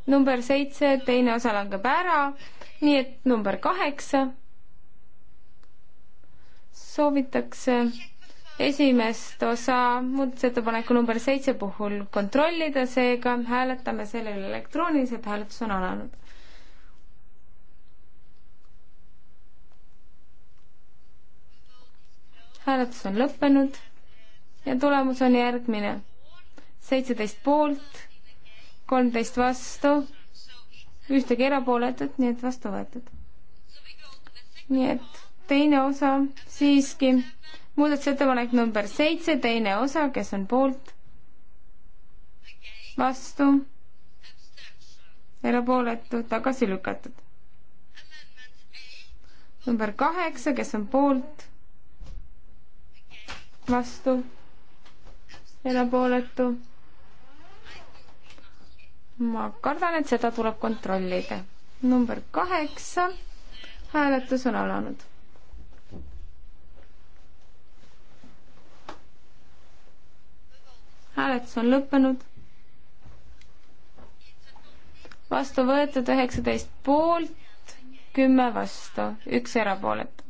number seitse, teine osa langeb ära, nii et number kaheksa soovitakse esimest osa muudatusettepaneku number seitse puhul kontrollida, seega hääletame selle üle elektrooniliselt, hääletus on alanud. hääletus on lõppenud ja tulemus on järgmine. seitseteist poolt, kolmteist vastu, ühtegi erapooletut, nii et vastu võetud. nii et teine osa siiski, muudatusettepanek number seitse, teine osa, kes on poolt, vastu, erapooletu, tagasi lükatud. number kaheksa, kes on poolt vastu, erapooletu. ma kardan, et seda tuleb kontrollida. number kaheksa, hääletus on alanud hääletus on lõppenud. vastu võetud üheksateist poolt, kümme vastu, üks erapooletu.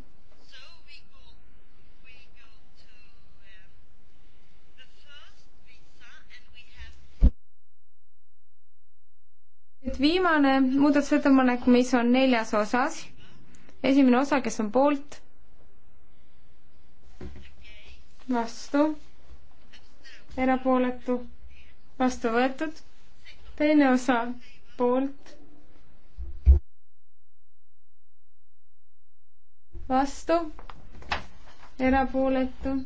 et viimane muudatusettepanek, mis on neljas osas, esimene osa, kes on poolt, vastu, erapooletu, vastu võetud, teine osa poolt, vastu, erapooletu,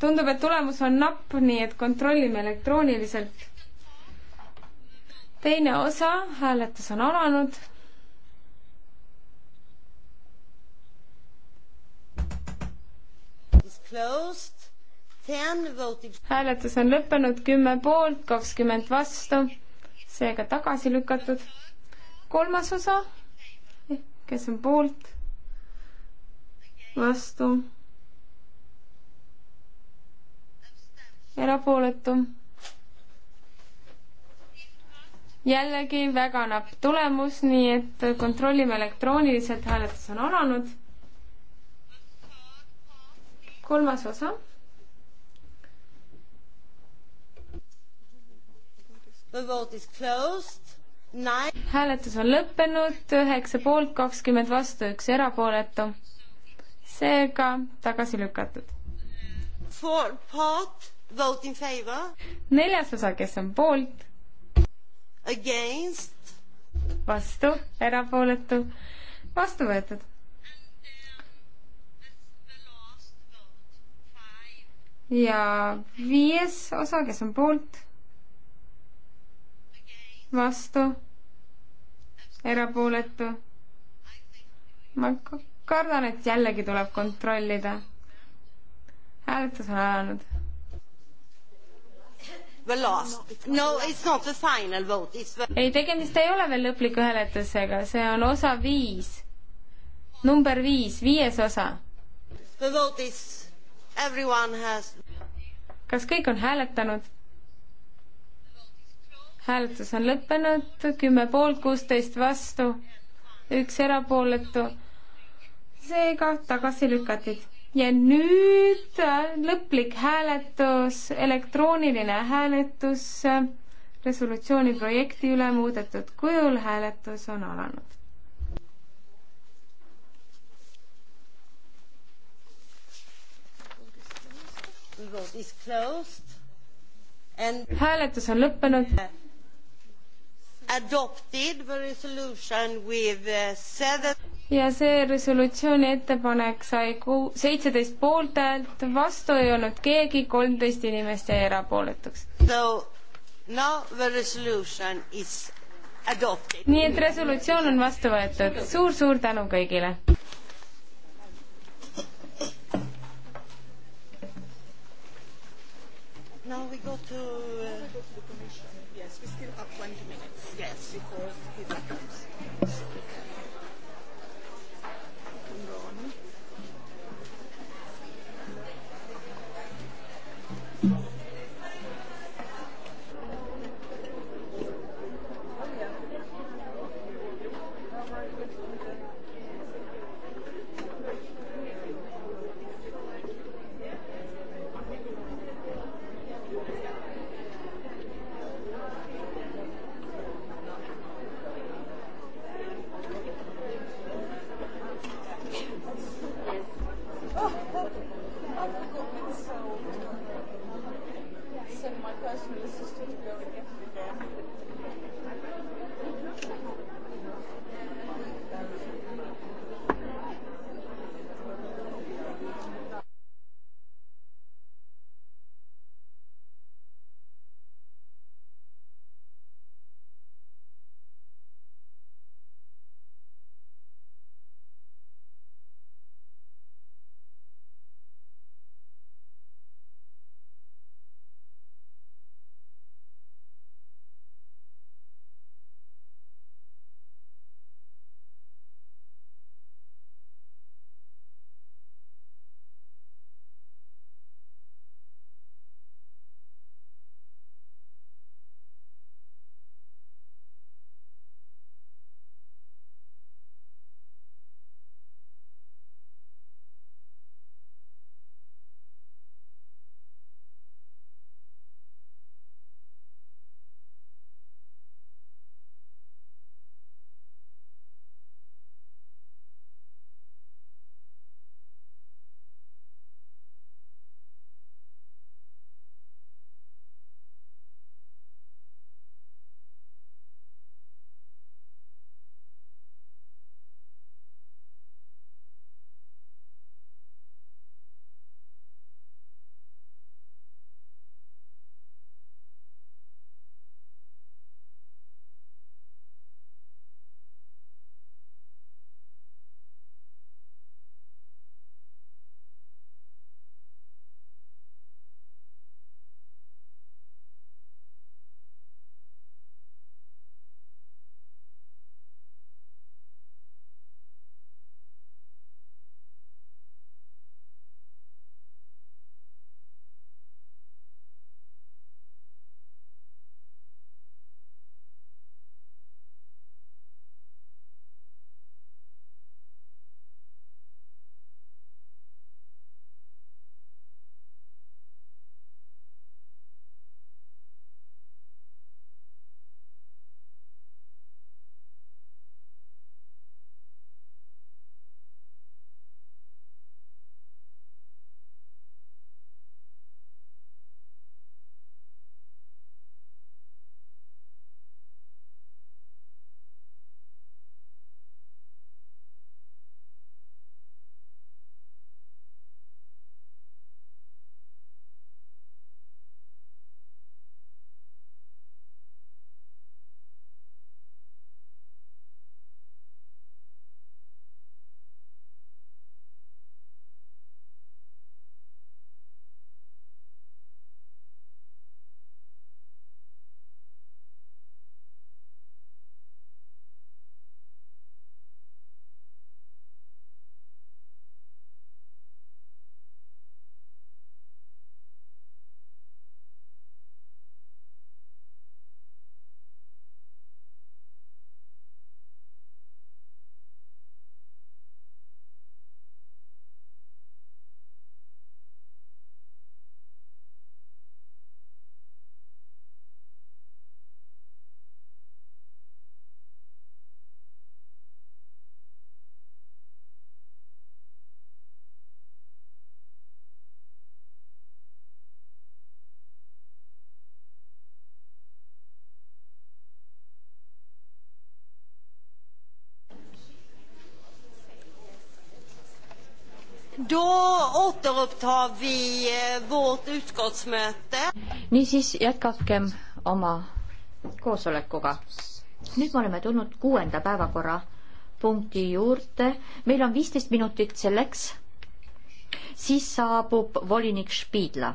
tundub, et tulemus on napp, nii et kontrollime elektrooniliselt teine osa, hääletus on alanud. hääletus on lõppenud, kümme poolt, kakskümmend vastu, seega tagasi lükatud. kolmas osa, eh, kes on poolt, vastu, erapooletu jällegi väga napp tulemus, nii et kontrollime elektrooniliselt, hääletus on alanud. kolmas osa. hääletus on lõppenud, üheksa poolt, kakskümmend vastu, üks erapooletu. seega tagasi lükatud. neljas osa, kes on poolt Against. vastu, erapooletu, vastu võetud. ja viies osa, kes on poolt, vastu, erapooletu. ma kardan, et jällegi tuleb kontrollida. hääletus on alanud the oh, last. no it's not the final vote, it's the ei, tegemist ei ole veel lõpliku hääletusega, see on osa viis. number viis, viies osa. The vote is everyone has kas kõik on hääletanud? hääletus on lõppenud, kümme poolt, kuusteist vastu, üks erapooletu. seega tagasi lükatud ja nüüd äh, lõplik hääletus, elektrooniline hääletus äh, resolutsiooni projekti üle muudetud kujul, hääletus on alanud. And... hääletus on lõppenud. Adopted the resolution with uh, seven ja see resolutsiooni ettepanek sai ku-, seitseteist poolthäält, vastu ei olnud keegi, kolmteist inimest jäi erapooletuks. nii et resolutsioon on vastu võetud suur,. suur-suur tänu kõigile! Now we go to uh... Då återupptar vi eh, vårt utskottsmöte. niisiis jätkakem oma koosolekuga. nüüd me oleme tulnud kuuenda päevakorrapunkti juurde. meil on viisteist minutit selleks. siis saabub volinik Spiidla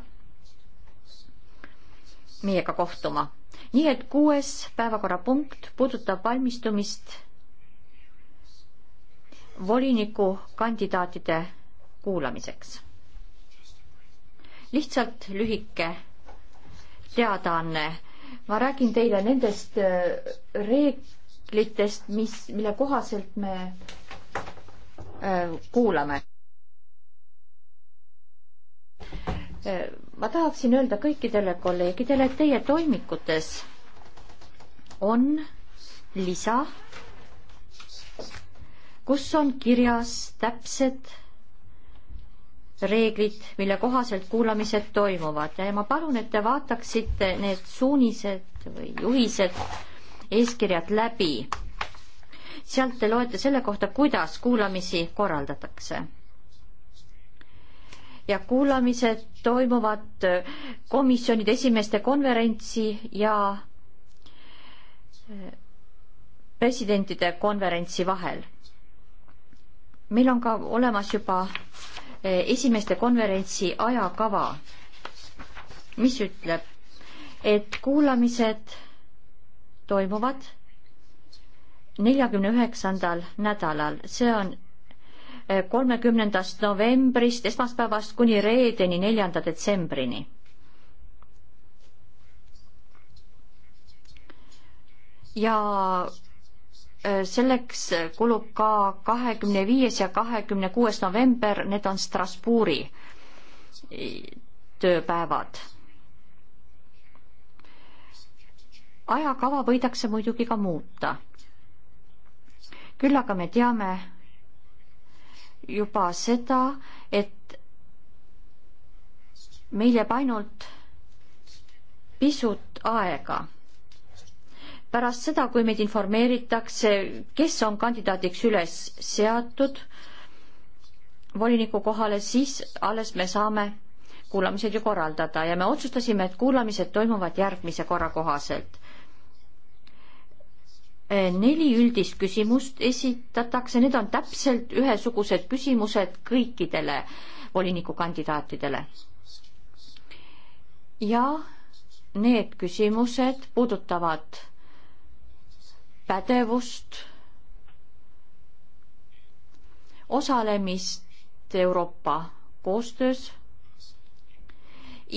meiega kohtuma. nii et kuues päevakorrapunkt puudutab valmistumist volinikukandidaatide kuulamiseks. lihtsalt lühike teadaanne. ma räägin teile nendest äh, reeglitest, mis, mille kohaselt me äh, kuulame. Äh, ma tahaksin öelda kõikidele kolleegidele, et teie toimikutes on lisa, kus on kirjas täpsed reeglid, mille kohaselt kuulamised toimuvad ja ma palun, et te vaataksite need suunised või juhised, eeskirjad läbi. sealt te loete selle kohta, kuidas kuulamisi korraldatakse. ja kuulamised toimuvad komisjonide esimeeste konverentsi ja äh, presidentide konverentsi vahel. meil on ka olemas juba Eh, esimeste konverentsi ajakava, mis ütleb, et kuulamised toimuvad neljakümne üheksandal nädalal, see on eh, kolmekümnendast novembrist, esmaspäevast kuni reedeni, neljanda detsembrini. ja Äh, selleks kulub ka kahekümne viies ja kahekümne kuues november, need on Strasbourgi äh, tööpäevad. ajakava võidakse muidugi ka muuta. küll aga me teame juba seda, et meil jääb ainult pisut aega pärast seda, kui meid informeeritakse, kes on kandidaadiks üles seatud voliniku kohale, siis alles me saame kuulamised ju korraldada ja me otsustasime, et kuulamised toimuvad järgmise korra kohaselt. neli üldist küsimust esitatakse, need on täpselt ühesugused küsimused kõikidele volinikukandidaatidele. ja need küsimused puudutavad pädevust, osalemist Euroopa koostöös,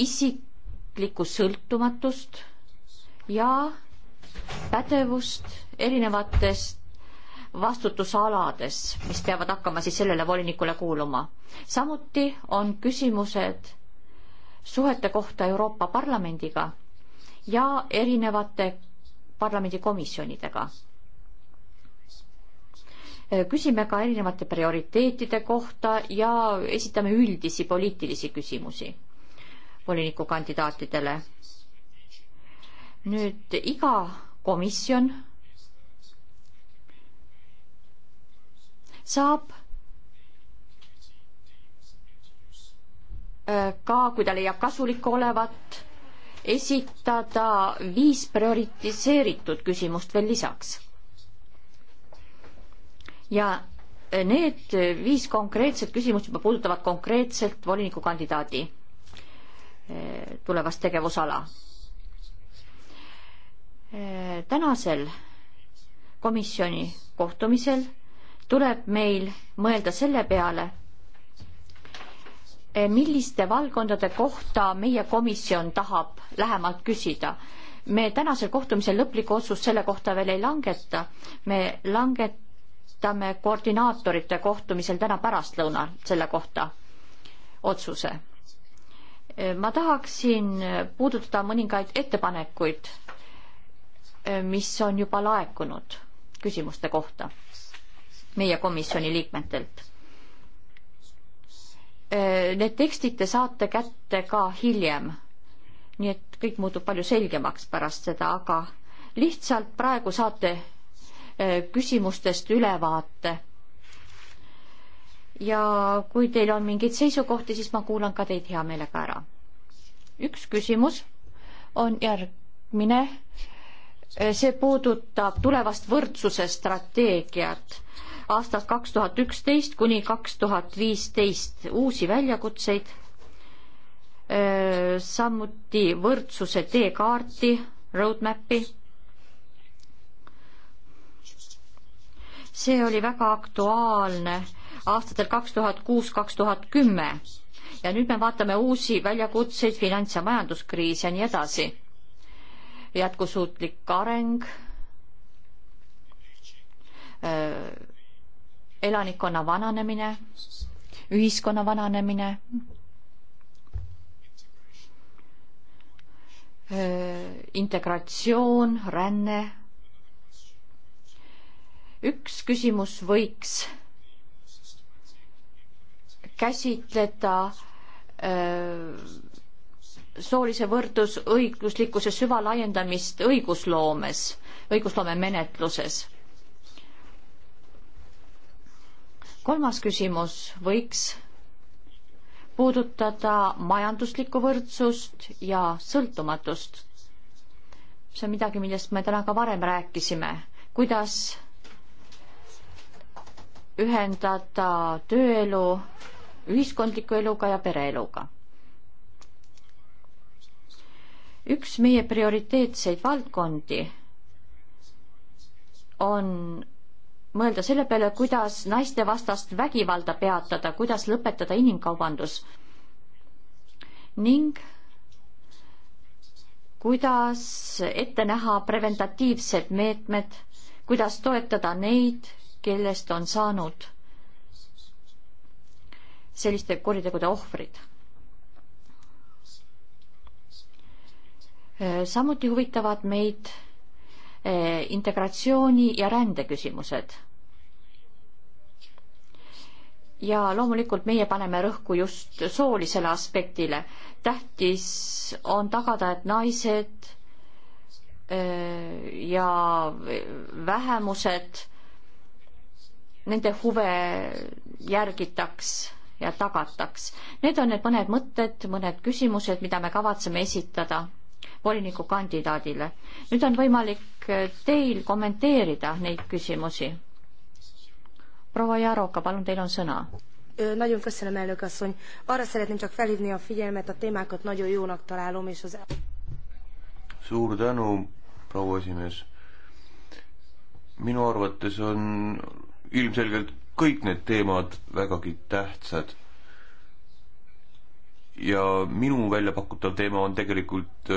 isiklikku sõltumatust ja pädevust erinevatest vastutusalades, mis peavad hakkama siis sellele volinikule kuuluma. samuti on küsimused suhete kohta Euroopa Parlamendiga ja erinevate parlamendikomisjonidega. küsime ka erinevate prioriteetide kohta ja esitame üldisi poliitilisi küsimusi volinikukandidaatidele. nüüd iga komisjon saab äh, ka, kui ta leiab kasulikku olevat, esitada viis prioritiseeritud küsimust veel lisaks. ja need viis konkreetset küsimust juba puudutavad konkreetselt volinikukandidaadi eh, tulevast tegevusala. Eh, tänasel komisjoni kohtumisel tuleb meil mõelda selle peale, Eh, milliste valdkondade kohta meie komisjon tahab lähemalt küsida. me tänasel kohtumisel lõplikku otsust selle kohta veel ei langeta, me langetame koordinaatorite kohtumisel täna pärastlõunal selle kohta otsuse. Eh, ma tahaksin puudutada mõningaid ettepanekuid, eh, mis on juba laekunud küsimuste kohta meie komisjoni liikmetelt Äh, need tekstid te saate kätte ka hiljem. nii et kõik muutub palju selgemaks pärast seda, aga lihtsalt praegu saate äh, küsimustest ülevaate. ja kui teil on mingeid seisukohti, siis ma kuulan ka teid hea meelega ära. üks küsimus on järgmine. Äh, see puudutab tulevast võrdsuse strateegiat aastast kaks tuhat üksteist kuni kaks tuhat viisteist uusi väljakutseid, samuti võrdsuse teekaarti, roadmap'i. see oli väga aktuaalne aastatel kaks tuhat kuus, kaks tuhat kümme ja nüüd me vaatame uusi väljakutseid, finants- ja majanduskriis ja nii edasi. jätkusuutlik areng elanikkonna vananemine, ühiskonna vananemine, integratsioon, ränne. üks küsimus võiks käsitleda soolise võrdusõiguslikkuse süvalaiendamist õigusloomes, õigusloome menetluses kolmas küsimus võiks puudutada majanduslikku võrdsust ja sõltumatust. see on midagi, millest me täna ka varem rääkisime, kuidas ühendada tööelu ühiskondliku eluga ja pereeluga. üks meie prioriteetseid valdkondi on mõelda selle peale, kuidas naistevastast vägivalda peatada, kuidas lõpetada inimkaubandus ning kuidas ette näha preventatiivsed meetmed, kuidas toetada neid, kellest on saanud selliste kuritegude ohvrid. samuti huvitavad meid Eh, integratsiooni ja rände küsimused. ja loomulikult meie paneme rõhku just soolisele aspektile. tähtis on tagada, et naised eh, ja vähemused, nende huve järgitaks ja tagataks. Need on need mõned mõtted, mõned küsimused, mida me kavatseme esitada volinikukandidaadile. nüüd on võimalik teil kommenteerida neid küsimusi? proua Jaroka, palun, teil on sõna. Nagyon köszönöm, elnök asszony. Arra szeretném csak felhívni a figyelmet, a témákat nagyon jónak találom, és az... Suur tänu, proua esimees. Minu arvates on ilmselgelt kõik need teemad vägagi tähtsad. Ja minu välja pakutav teema on tegelikult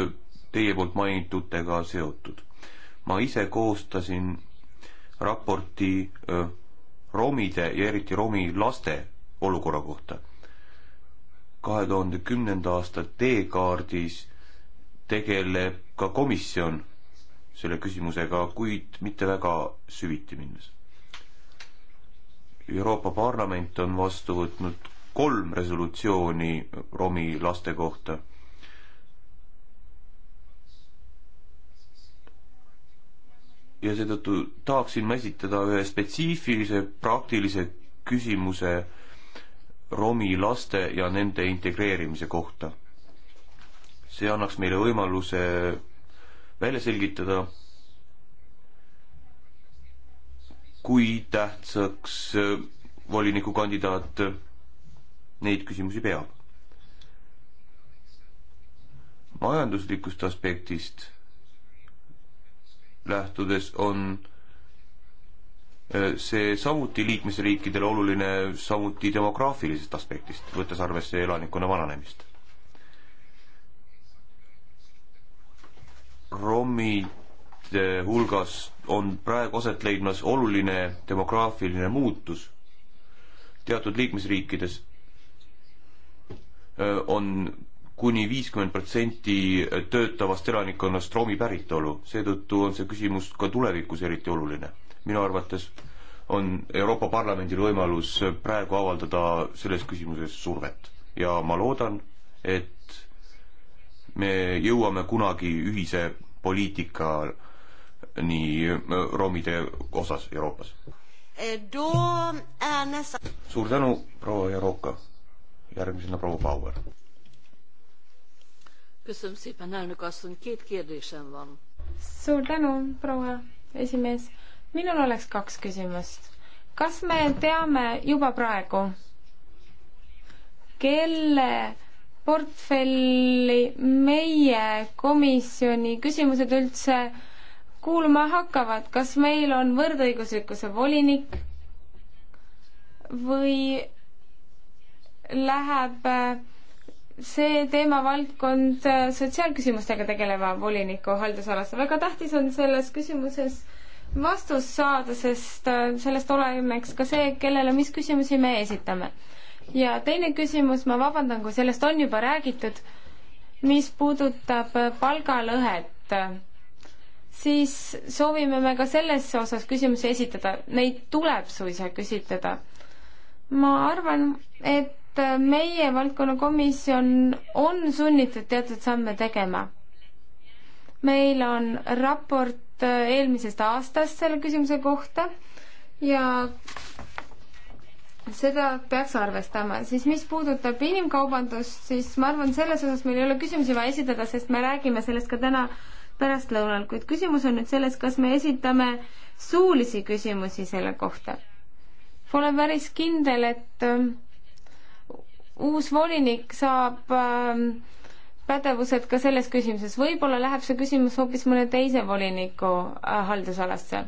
teie poolt mainitutega seotud ma ise koostasin raporti romide ja eriti romi laste olukorra kohta. kahe tuhande kümnenda aasta teekaardis tegeleb ka komisjon selle küsimusega, kuid mitte väga süviti minnes. Euroopa Parlament on vastu võtnud kolm resolutsiooni romi laste kohta ja seetõttu tahaksin ma esitada ühe spetsiifilise praktilise küsimuse romi laste ja nende integreerimise kohta. see annaks meile võimaluse välja selgitada, kui tähtsaks volinikukandidaat neid küsimusi peab. majanduslikust aspektist lähtudes on äh, see samuti liikmesriikidele oluline, samuti demograafilisest aspektist, võttes arvesse elanikkonna vananemist. rommide hulgas on praegu aset leidmas oluline demograafiline muutus teatud liikmesriikides äh, on kuni viiskümmend protsenti töötavast elanikkonnast Romi päritolu, seetõttu on see küsimus ka tulevikus eriti oluline. minu arvates on Euroopa Parlamendil võimalus praegu avaldada selles küsimuses survet ja ma loodan, et me jõuame kunagi ühise poliitikani äh, romide osas Euroopas. Eh, äh, suur tänu, proua Jaroka. järgmisena proua Bauer. Köszönöm szépen, elnök asszony. Két kérdésem van. Suur tänu, proua esimees. Minul oleks kaks küsimust. Kas me teame juba praegu, kelle portfelli meie komisjoni küsimused üldse kuuluma hakkavad? Kas meil on võrdõiguslikkuse volinik või läheb äh, see teemavaldkond äh, sotsiaalküsimustega tegeleva voliniku haldusalasse. väga tähtis on selles küsimuses vastust saada, sest äh, sellest olemeks ka see, kellele mis küsimusi me esitame. ja teine küsimus, ma vabandan, kui sellest on juba räägitud, mis puudutab äh, palgalõhet, siis soovime me ka selles osas küsimusi esitada, neid tuleb suisa küsitleda. ma arvan, et Äh, meie valdkonnakomisjon on sunnitud teatud samme tegema. meil on raport äh, eelmisest aastast selle küsimuse kohta ja seda peaks arvestama, siis mis puudutab inimkaubandust, siis ma arvan, selles osas meil ei ole küsimusi vaja esitada, sest me räägime sellest ka täna pärastlõunal, kuid küsimus on nüüd selles, kas me esitame suulisi küsimusi selle kohta. Pole päris kindel, et ähm, uus volinik saab ähm, pädevused ka selles küsimuses, võib-olla läheb see küsimus hoopis mõne teise voliniku äh, haldusalasse.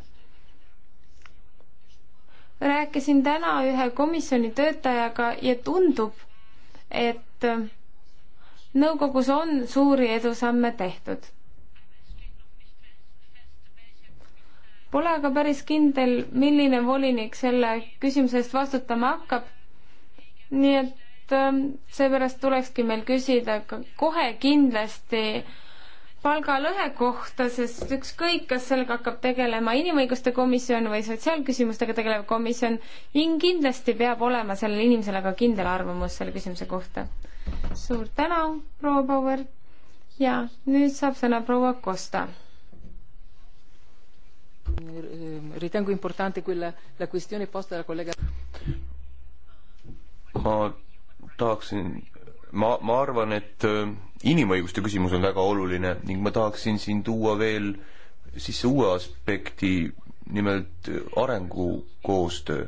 rääkisin täna ühe komisjoni töötajaga ja tundub, et äh, nõukogus on suuri edusamme tehtud Pole aga päris kindel, milline volinik selle küsimuse eest vastutama hakkab. nii et et ähm, seepärast tulekski meil küsida kohe kindlasti palgalõhe kohta, sest ükskõik, kas sellega hakkab tegelema Inimõiguste Komisjon või Sotsiaalküsimustega tegelev komisjon, kindlasti peab olema sellel inimesel aga kindel arvamus selle küsimuse kohta. suur tänu, proua Bauer ja nüüd saab sõna proua Costa. Ritengo importante quella la questione posta dalla collega ma tahaksin, ma, ma arvan, et äh, inimõiguste küsimus on väga oluline ning ma tahaksin siin tuua veel sisse uue aspekti, nimelt äh, arengukoostöö.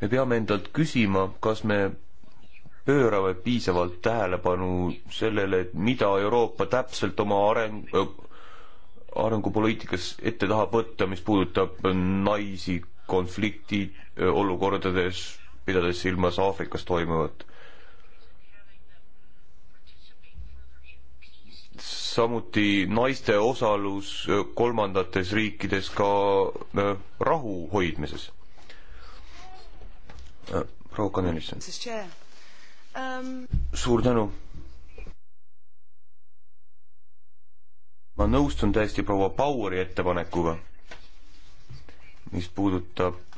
me peame endalt küsima, kas me pöörame piisavalt tähelepanu sellele, et mida Euroopa täpselt oma areng, arengupoliitikas ette tahab võtta, mis puudutab naisi, konflikti olukordades, pidades silmas Aafrikas toimuvat samuti naiste osalus äh, kolmandates riikides ka äh, rahu hoidmises. Äh, proua Kanelisson. Um, suur tänu. ma nõustun täiesti proua Baueri ettepanekuga, mis puudutab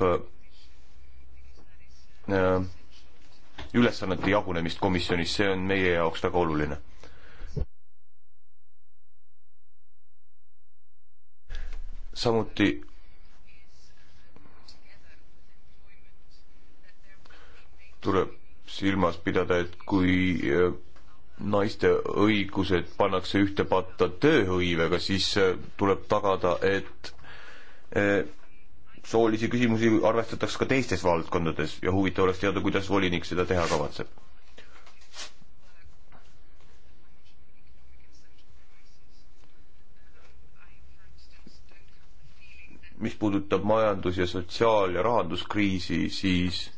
ülesannete jagunemist komisjonis, see on meie jaoks väga oluline samuti tuleb silmas pidada, et kui äh, naiste õigused pannakse ühte patta tööhõivega, siis äh, tuleb tagada, et äh, soolisi küsimusi arvestatakse ka teistes valdkondades ja huvitav oleks teada, kuidas volinik seda teha kavatseb mis puudutab majandus- ja sotsiaal- ja rahanduskriisi, siis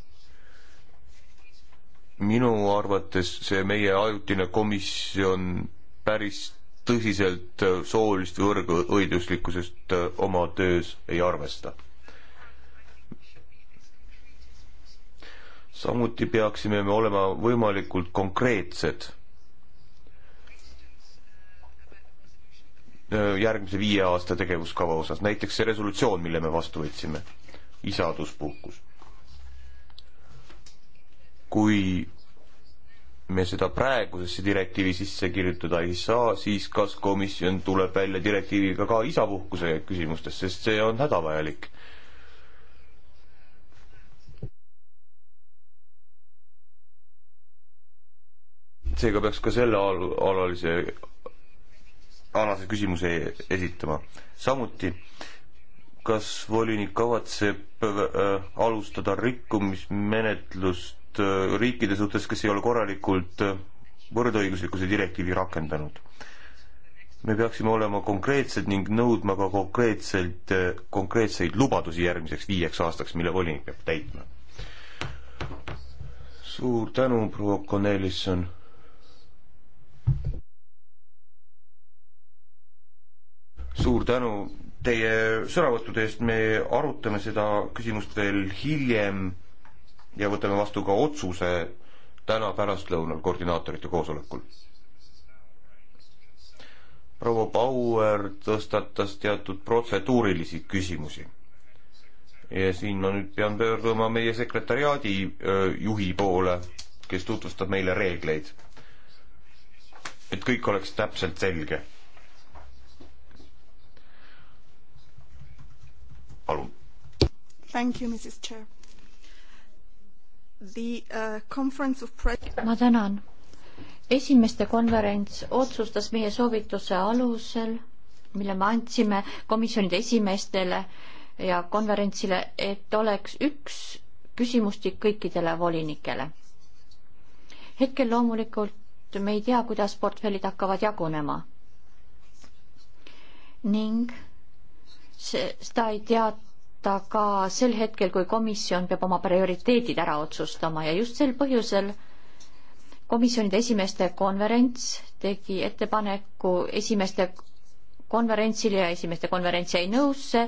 minu arvates see meie ajutine komisjon päris tõsiselt soolist võrguõiduslikkusest äh, oma töös ei arvesta. samuti peaksime me olema võimalikult konkreetsed Äh, järgmise viie aasta tegevuskava osas, näiteks see resolutsioon, mille me vastu võtsime, isaduspuhkus. kui me seda praegusesse direktiivi sisse kirjutada ei saa, siis kas komisjon tuleb välja direktiiviga ka isapuhkuse küsimustes, sest see on hädavajalik seega peaks ka selle al-, alalise alase küsimuse esitama. samuti, kas volinik kavatseb äh, alustada rikkumismenetlust äh, riikide suhtes, kes ei ole korralikult äh, võrdõiguslikkuse direktiivi rakendanud? me peaksime olema konkreetsed ning nõudma ka konkreetselt, äh, konkreetseid lubadusi järgmiseks viieks aastaks, mille volinik peab täitma. suur tänu, proua Cornelisson suur tänu teie sõnavõttude eest, me arutame seda küsimust veel hiljem ja võtame vastu ka otsuse täna pärastlõunal koordinaatorite koosolekul. proua Bauer tõstatas teatud protseduurilisi küsimusi. ja siin ma nüüd pean pöörduma meie sekretäriaadi juhi poole, kes tutvustab meile reegleid. et kõik oleks täpselt selge palun. Uh, ma tänan. esimeste konverents otsustas meie soovituse alusel, mille me andsime komisjonide esimeestele ja konverentsile, et oleks üks küsimustik kõikidele volinikele. hetkel loomulikult me ei tea, kuidas portfellid hakkavad jagunema. ning seda ei teata ka sel hetkel, kui komisjon peab oma prioriteedid ära otsustama ja just sel põhjusel komisjonide esimeeste konverents tegi ettepaneku esimeste konverentsil ja esimeste konverents jäi nõusse,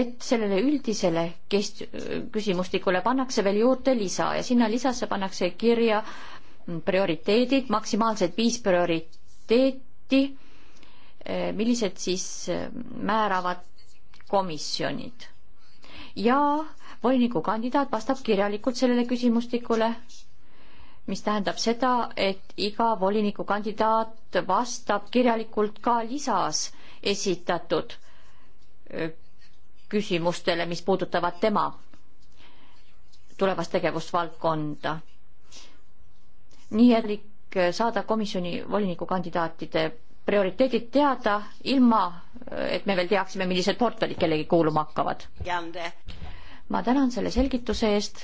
et sellele üldisele kest-, küsimustikule pannakse veel juurde lisa ja sinna lisasse pannakse kirja prioriteedid, maksimaalselt viis prioriteeti Eh, millised siis eh, määravad komisjonid. ja volinikukandidaat vastab kirjalikult sellele küsimustikule, mis tähendab seda, et iga volinikukandidaat vastab kirjalikult ka lisas esitatud eh, küsimustele, mis puudutavad tema tulevast tegevusvaldkonda. nii et saada komisjoni volinikukandidaatide prioriteedid teada, ilma et me veel teaksime, millised portfellid kellegi kuuluma hakkavad. ma tänan selle selgituse eest.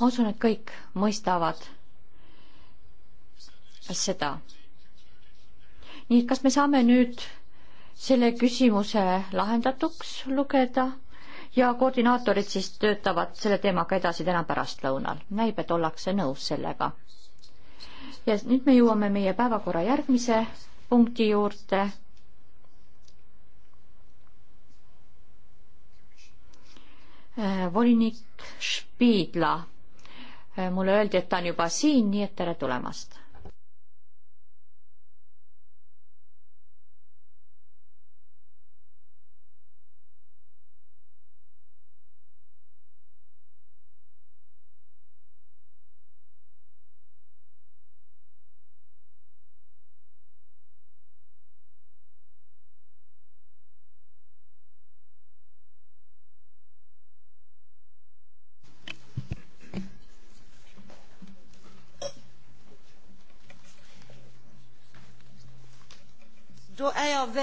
ma usun, et kõik mõistavad seda. nii, kas me saame nüüd selle küsimuse lahendatuks lugeda? ja koordinaatorid siis töötavad selle teemaga edasi täna pärastlõunal. näib, et ollakse nõus sellega ja nüüd me jõuame meie päevakorra järgmise punkti juurde. Äh, volinik Spiidla. Äh, mulle öeldi, et ta on juba siin, nii et tere tulemast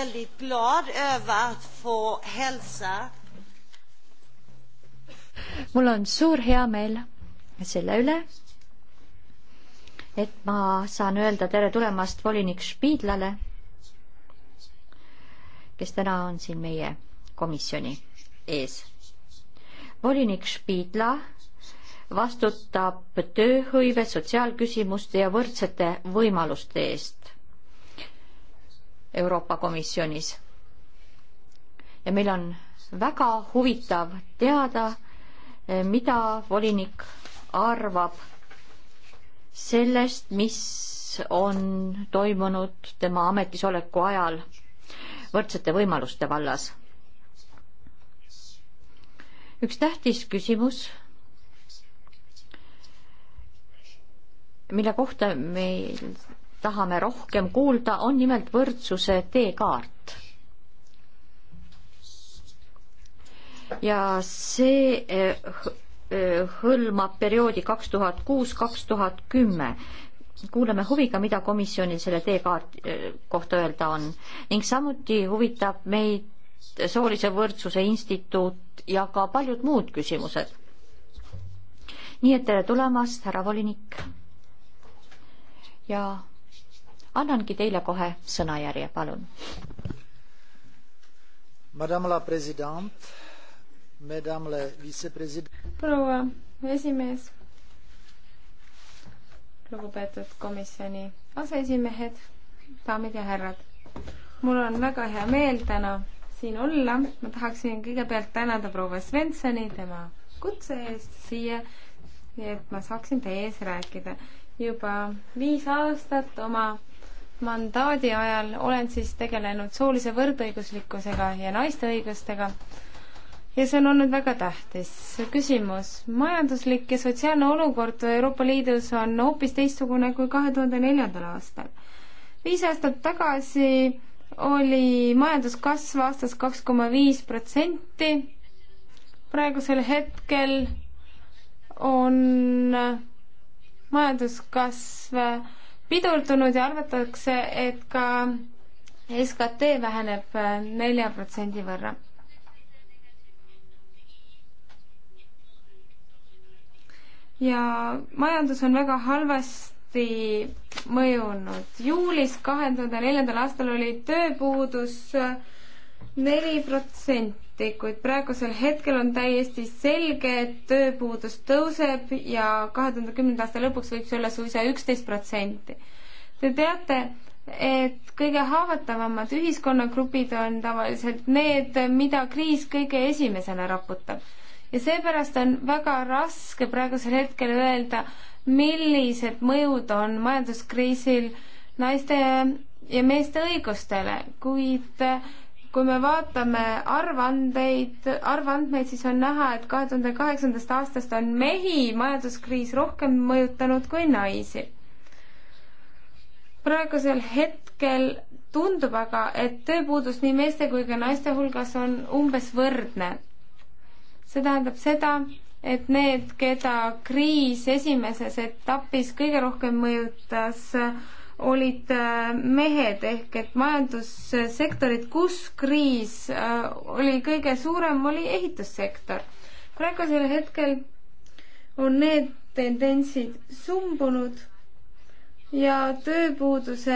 väldigt glad över att få hälsa. mul on suur heameel selle üle, et ma saan öelda tere tulemast volinik Spiidlale, kes täna on siin meie komisjoni ees. volinik Spiidla vastutab tööhõive, sotsiaalküsimuste ja võrdsete võimaluste eest Euroopa Komisjonis. ja meil on väga huvitav teada, eh, mida volinik arvab sellest, mis on toimunud tema ametisoleku ajal võrdsete võimaluste vallas. üks tähtis küsimus, mille kohta meil tahame rohkem kuulda, on nimelt võrdsuse teekaart. ja see eh, eh, hõlmab perioodi kaks tuhat kuus, kaks tuhat kümme. kuuleme huviga, mida komisjonil selle teekaart eh, kohta öelda on ning samuti huvitab meid soolise võrdsuse instituut ja ka paljud muud küsimused. nii et tere tulemast, härra volinik. ja annangi teile kohe sõnajärje, palun. proua esimees, lugupeetud komisjoni aseesimehed, daamid ja härrad. mul on väga hea meel täna siin olla. ma tahaksin kõigepealt tänada proua Svensoni tema kutse eest siia, et ma saaksin teie ees rääkida. juba viis aastat oma mandaadi ajal olen siis tegelenud soolise võrdõiguslikkusega ja naiste õigustega ja see on olnud väga tähtis küsimus. majanduslik ja sotsiaalne olukord Euroopa Liidus on hoopis teistsugune kui kahe tuhande neljandal aastal. viis aastat tagasi oli majanduskasv aastas kaks koma viis protsenti, praegusel hetkel on majanduskasv pidurdunud ja arvatakse, et ka SKT väheneb äh, nelja protsendi võrra. ja majandus on väga halvasti mõjunud. juulis kahe tuhande neljandal aastal oli tööpuudus äh, neli protsenti, kuid praegusel hetkel on täiesti selge, et tööpuudus tõuseb ja kahe tuhande kümnenda aasta lõpuks võib see olla suisa üksteist protsenti. Te teate, et kõige haavatavamad ühiskonnagrupid on tavaliselt need, mida kriis kõige esimesena raputab. ja seepärast on väga raske praegusel hetkel öelda, millised mõjud on majanduskriisil naiste ja meeste õigustele, kuid kui me vaatame arvandeid, arvandmeid, siis on näha, et kahe tuhande kaheksandast aastast on mehi majanduskriis rohkem mõjutanud kui naisi. praegusel hetkel tundub aga, et tööpuudus nii meeste kui ka naiste hulgas on umbes võrdne. see tähendab seda, et need, keda kriis esimeses etapis kõige rohkem mõjutas, olid äh, mehed ehk et majandussektorid, kus kriis äh, oli kõige suurem, oli ehitussektor. praegusel hetkel on need tendentsid sumbunud ja tööpuuduse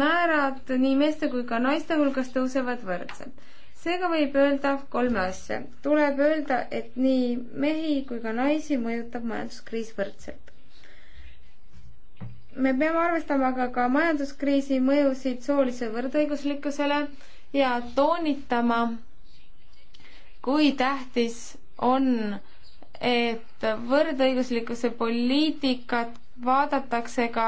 määrad nii meeste kui ka naiste hulgas tõusevad võrdselt. seega võib öelda kolme asja. tuleb öelda, et nii mehi kui ka naisi mõjutab majanduskriis võrdselt me peame arvestama ka, ka majanduskriisi mõjusid soolise võrdõiguslikkusele ja toonitama, kui tähtis on, et võrdõiguslikkuse poliitikat vaadatakse ka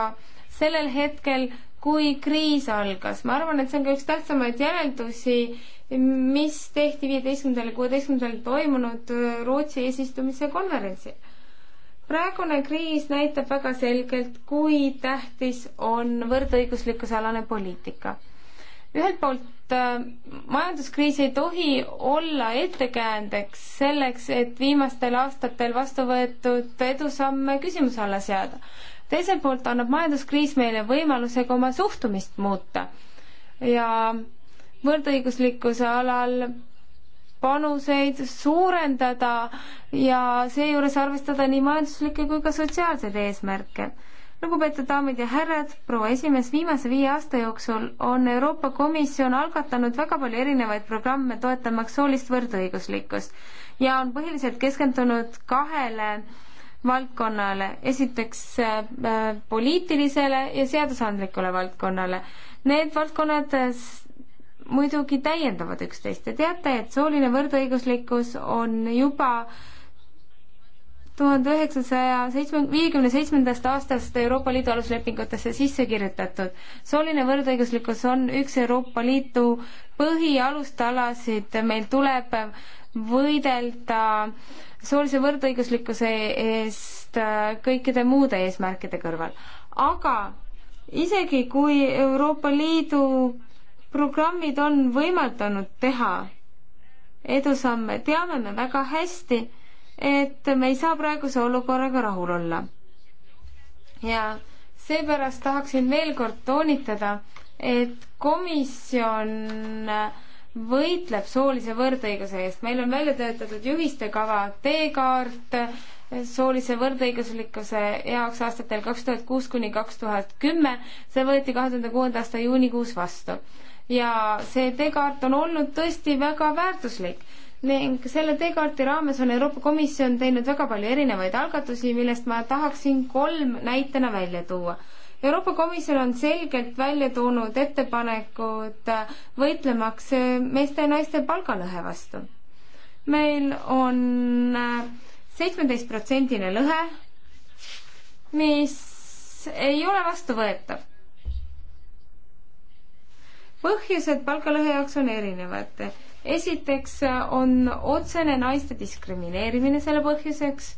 sellel hetkel, kui kriis algas. ma arvan, et see on ka üks tähtsamaid järeldusi, mis tehti viieteistkümnendal ja kuueteistkümnendal toimunud Rootsi eesistumise konverentsil praegune kriis näitab väga selgelt, kui tähtis on võrdõiguslikkusealane poliitika. ühelt poolt äh, majanduskriis ei tohi olla ettekäändeks selleks, et viimastel aastatel vastu võetud edusamme küsimuse alla seada. teiselt poolt annab majanduskriis meile võimaluse ka oma suhtumist muuta ja võrdõiguslikkuse alal panuseid suurendada ja seejuures arvestada nii majanduslikke kui ka sotsiaalseid eesmärke. lugupeetud daamid ja härrad, proua esimees, viimase viie aasta jooksul on Euroopa Komisjon algatanud väga palju erinevaid programme toetamaks soolist võrdõiguslikkust ja on põhiliselt keskendunud kahele valdkonnale, esiteks äh, poliitilisele ja seadusandlikule valdkonnale. Need valdkonnad muidugi täiendavad üksteist. Te teate, et sooline võrdõiguslikkus on juba tuhande üheksasaja seitsme, viiekümne seitsmendast aastast Euroopa Liidu aluslepingutesse sisse kirjutatud. sooline võrdõiguslikkus on üks Euroopa Liidu põhialustalasid, meil tuleb võidelda soolise võrdõiguslikkuse eest kõikide muude eesmärkide kõrval. aga isegi kui Euroopa Liidu programmid on võimaldanud teha edusamme, teame me väga hästi, et me ei saa praeguse olukorraga rahul olla. ja seepärast tahaksin veel kord toonitada, et komisjon võitleb soolise võrdõiguse eest, meil on välja töötatud juhiste kava, teekaart soolise võrdõiguslikkuse jaoks aastatel kaks tuhat kuus kuni kaks tuhat kümme, see võeti kahe tuhande kuuenda aasta juunikuus vastu ja see teekaart on olnud tõesti väga väärtuslik ning selle teekaarti raames on Euroopa Komisjon teinud väga palju erinevaid algatusi, millest ma tahaksin kolm näitena välja tuua. Euroopa Komisjon on selgelt välja toonud ettepanekud võitlemaks meeste ja naiste palgalõhe vastu. meil on seitsmeteistprotsendine lõhe, mis ei ole vastuvõetav põhjused palgalõhe jaoks on erinevad. esiteks äh, on otsene naiste diskrimineerimine selle põhjuseks.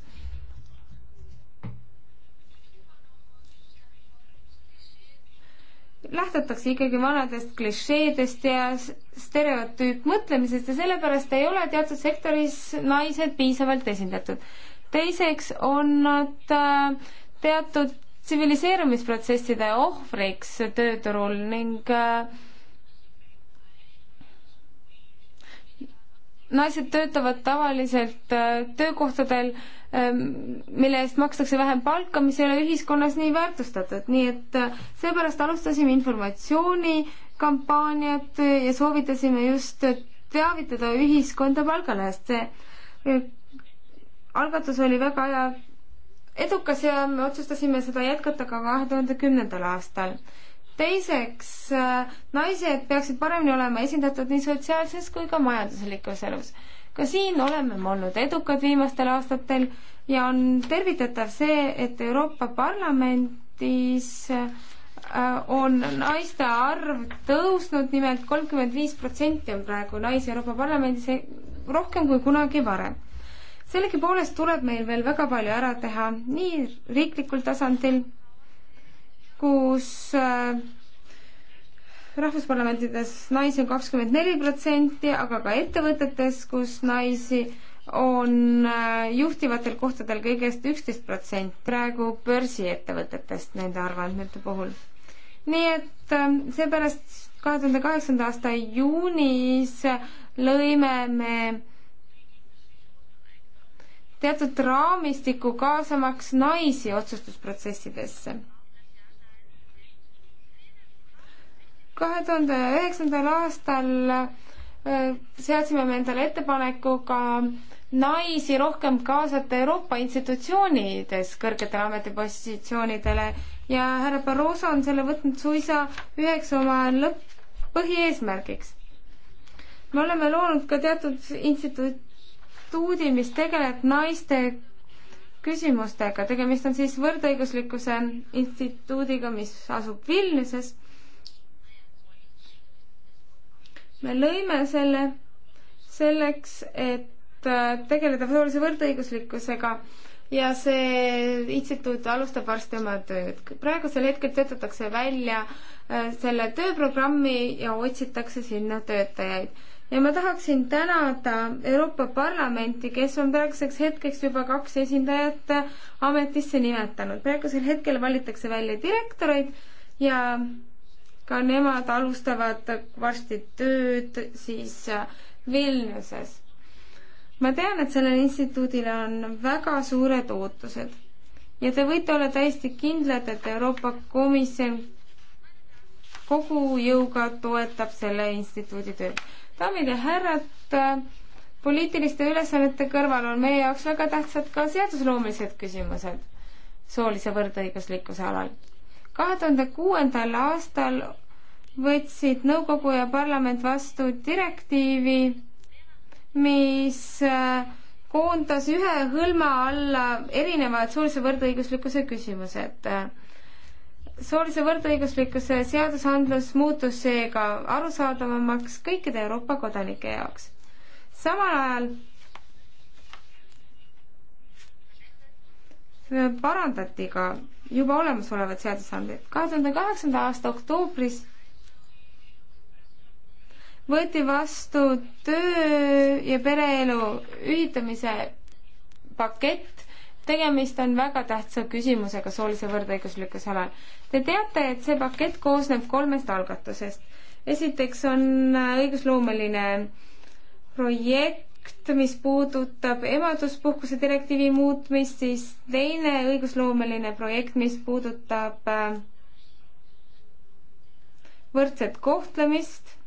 lähtutakse ikkagi vanadest klišeedest ja stereotüüpmõtlemisest ja sellepärast ei ole teatud sektoris naised piisavalt esindatud. teiseks on nad äh, teatud tsiviliseerumisprotsesside ohvriks tööturul ning äh, naised töötavad tavaliselt äh, töökohtadel, ähm, mille eest makstakse vähem palka, mis ei ole ühiskonnas nii väärtustatud, nii et äh, seepärast alustasime informatsioonikampaaniat äh, ja soovitasime just teavitada ühiskonda palgalõhest. see algatus oli väga hea, edukas ja me otsustasime seda jätkata ka kahe tuhande kümnendal aastal teiseks, äh, naised peaksid paremini olema esindatud nii sotsiaalses kui ka majanduslikus elus. ka siin oleme me olnud edukad viimastel aastatel ja on tervitatav see, et Euroopa Parlamendis äh, on naiste arv tõusnud, nimelt kolmkümmend viis protsenti on praegu naisi Euroopa Parlamendis e-, rohkem kui kunagi varem. sellegipoolest tuleb meil veel väga palju ära teha nii riiklikul tasandil kus äh, rahvusparlamentides naisi on kakskümmend neli protsenti, aga ka ettevõtetes, kus naisi on äh, juhtivatel kohtadel kõigest üksteist protsenti, praegu börsiettevõtetest nende arvandmete puhul. nii et äh, seepärast kahe tuhande kaheksanda aasta juunis lõime me teatud raamistiku kaasamaks naisi otsustusprotsessidesse kahe tuhande üheksandal aastal äh, seadsime me endale ettepaneku ka naisi rohkem kaasata Euroopa institutsioonides kõrgetele ametipositsioonidele ja härra Barroso on selle võtnud suisa üheks oma lõpp, põhieesmärgiks. me oleme loonud ka teatud instituudi, mis tegeleb naiste küsimustega, tegemist on siis võrdõiguslikkuse instituudiga, mis asub Vilniuses me lõime selle selleks, et äh, tegeleda soolise võrdõiguslikkusega ja see instituut alustab varsti oma tööd. praegusel hetkel töötatakse välja äh, selle tööprogrammi ja otsitakse sinna töötajaid. ja ma tahaksin tänada Euroopa Parlamenti, kes on praeguseks hetkeks juba kaks esindajat ametisse nimetanud. praegusel hetkel valitakse välja direktoreid ja ka nemad alustavad varsti tööd siis äh, Vilniuses. ma tean, et sellele instituudile on väga suured ootused ja te võite olla täiesti kindlad, et Euroopa Komisjon kogu jõuga toetab selle instituudi tööd. daamid ja härrad, äh, poliitiliste ülesannete kõrval on meie jaoks väga tähtsad ka seadusloomelised küsimused soolise võrdõiguslikkuse alal. kahe tuhande kuuendal aastal võtsid nõukogu ja parlament vastu direktiivi, mis äh, koondas ühe hõlma alla erinevad soolise võrdõiguslikkuse küsimused. soolise võrdõiguslikkuse seadusandlus muutus seega arusaadavamaks kõikide Euroopa kodanike jaoks. samal ajal parandati ka juba olemasolevat seadusandlit. kahe tuhande kaheksanda aasta oktoobris võeti vastu töö ja pereelu ühitamise pakett. tegemist on väga tähtsa küsimusega soolise võrdõiguslikkuse alal. Te teate, et see pakett koosneb kolmest algatusest. esiteks on õigusloomeline projekt, mis puudutab emaduspuhkuse direktiivi muutmist, siis teine õigusloomeline projekt, mis puudutab äh, võrdset kohtlemist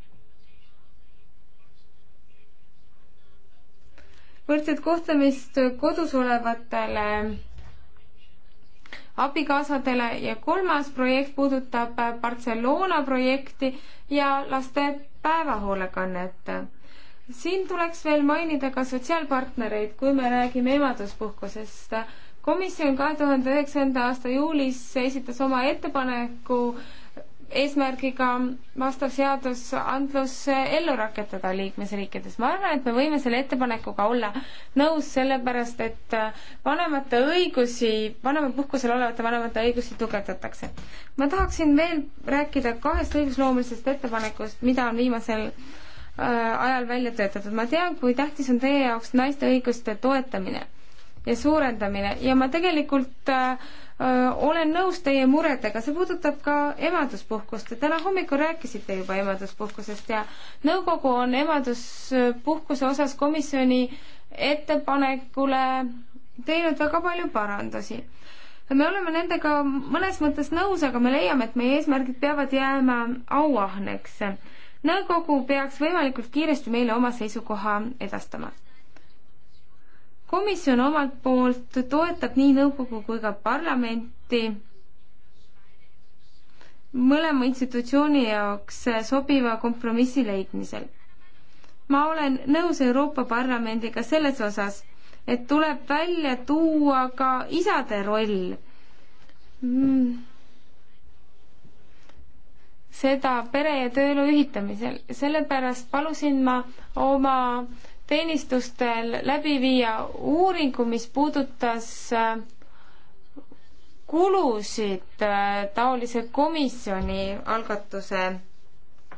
võrdset kohtlemist kodus olevatele abikaasadele ja kolmas projekt puudutab Barcelona projekti ja laste päevahoolekannet. siin tuleks veel mainida ka sotsiaalpartnereid, kui me räägime emaduspuhkusest. komisjon kahe tuhande üheksanda aasta juulis esitas oma ettepaneku äh, eesmärgiga vastav seadusandlus ellu rakendada liikmesriikides. ma arvan, et me võime selle ettepanekuga olla nõus, sellepärast et vanemate õigusi, vanemapuhkusel olevate vanemate õigusi tugevdatakse. ma tahaksin veel rääkida kahest õigusloomulisest ettepanekust, mida on viimasel äh, ajal välja töötatud. ma tean, kui tähtis on teie jaoks naiste õiguste toetamine ja suurendamine ja ma tegelikult äh, olen nõus teie muredega, see puudutab ka emaduspuhkust. täna hommikul rääkisite juba emaduspuhkusest ja nõukogu on emaduspuhkuse osas komisjoni ettepanekule teinud väga palju parandusi. me oleme nendega mõnes mõttes nõus, aga me leiame, et meie eesmärgid peavad jääma auahneks. nõukogu peaks võimalikult kiiresti meile oma seisukoha edastama komisjon omalt poolt toetab nii nõukogu kui ka parlamenti mõlema institutsiooni jaoks sobiva kompromissi leidmisel. ma olen nõus Euroopa Parlamendiga selles osas, et tuleb välja tuua ka isade roll. Mm. seda pere ja tööelu ühitamisel, sellepärast palusin ma oma teenistustel läbi viia uuringu, mis puudutas äh, kulusid äh, taolise komisjoni algatuse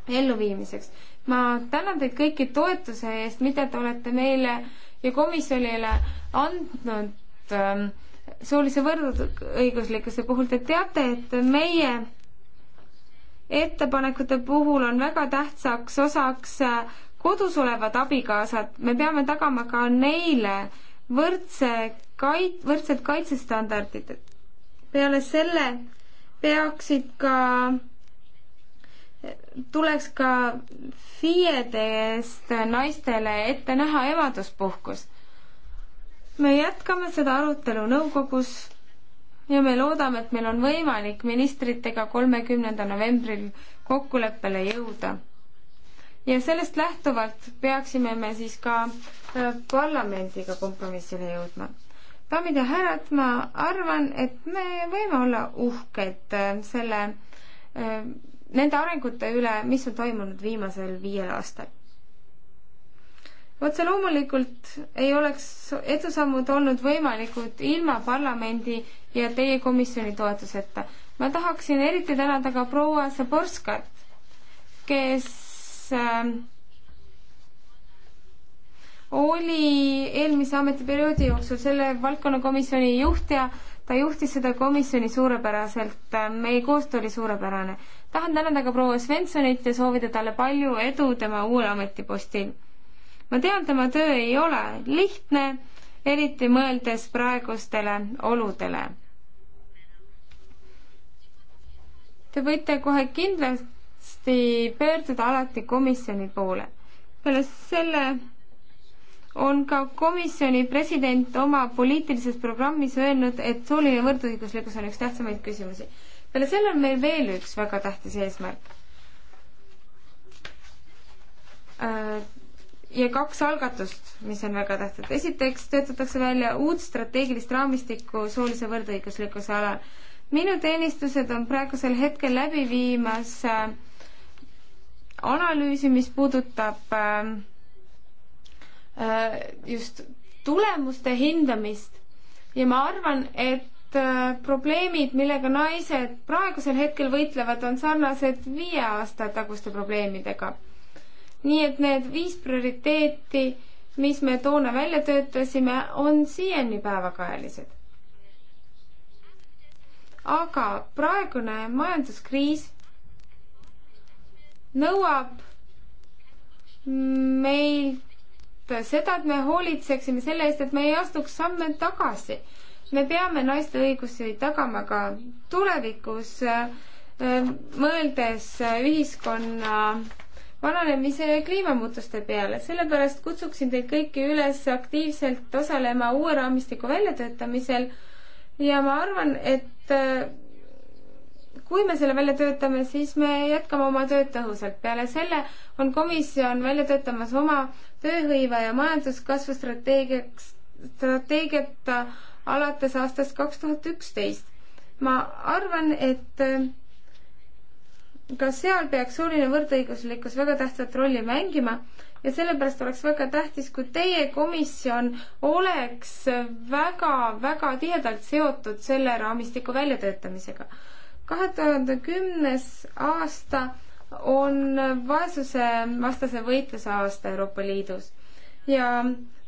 elluviimiseks. ma tänan teid kõiki toetuse eest, mida te olete meile ja komisjonile andnud ähm, soolise võrdõiguslikkuse puhul. Te teate, et meie ettepanekute puhul on väga tähtsaks osaks äh, kodus olevad abikaasad, me peame tagama ka neile võrdse kait-, võrdsed kaitsestandardid. peale selle peaksid ka, tuleks ka FIE-de eest naistele ette näha emaduspuhkus. me jätkame seda arutelu nõukogus ja me loodame, et meil on võimalik ministritega kolmekümnendal novembril kokkuleppele jõuda ja sellest lähtuvalt peaksime me siis ka äh, parlamendiga kompromissile jõudma. daamid ja härrad, ma arvan, et me võime olla uhked äh, selle, äh, nende arengute üle, mis on toimunud viimasel viiel aastal. otse loomulikult ei oleks edusammud olnud võimalikud ilma parlamendi ja teie komisjoni toetuseta. ma tahaksin eriti tänada ka proua Zaborskat, kes Äh, oli eelmise ametiperioodi jooksul selle valdkonna komisjoni juht ja ta juhtis seda komisjoni suurepäraselt, meie koostöö oli suurepärane. tahan tänada ka proua Svenssonit ja soovida talle palju edu tema uuel ametipostil. ma tean, tema töö ei ole lihtne, eriti mõeldes praegustele oludele. Te võite kohe kindlalt kindlasti pöörduda alati komisjoni poole. peale selle on ka komisjoni president oma poliitilises programmis öelnud, et sooline võrdõiguslikkus on üks tähtsamaid küsimusi. peale selle on meil veel üks väga tähtis eesmärk. Äh, ja kaks algatust, mis on väga tähtsad. esiteks töötatakse välja uut strateegilist raamistikku soolise võrdõiguslikkuse alal. minu teenistused on praegusel hetkel läbi viimas äh, analüüsi, mis puudutab ähm, äh, just tulemuste hindamist ja ma arvan, et äh, probleemid, millega naised praegusel hetkel võitlevad, on sarnased viie aasta taguste probleemidega. nii et need viis prioriteeti, mis me toona välja töötasime, on siiani päevakajalised. aga praegune majanduskriis nõuab meilt seda, et me hoolitseksime selle eest, et me ei astuks samme tagasi. me peame naiste õigusi tagama ka tulevikus, äh, mõeldes ühiskonna vananemise ja kliimamuutuste peale. sellepärast kutsuksin teid kõiki üles aktiivselt osalema uue raamistiku väljatöötamisel ja ma arvan, et äh, kui me selle välja töötame, siis me jätkame oma tööd tõhusalt. peale selle on komisjon välja töötamas oma tööhõive ja majanduskasvu strateegiaks, strateegiat alates aastast kaks tuhat üksteist. ma arvan, et äh, ka seal peaks sooline võrdõiguslikkus väga tähtsat rolli mängima ja sellepärast oleks väga tähtis, kui teie komisjon oleks väga-väga tihedalt seotud selle raamistiku väljatöötamisega kahe tuhande kümnes aasta on vaesusevastase võitluse aasta Euroopa Liidus ja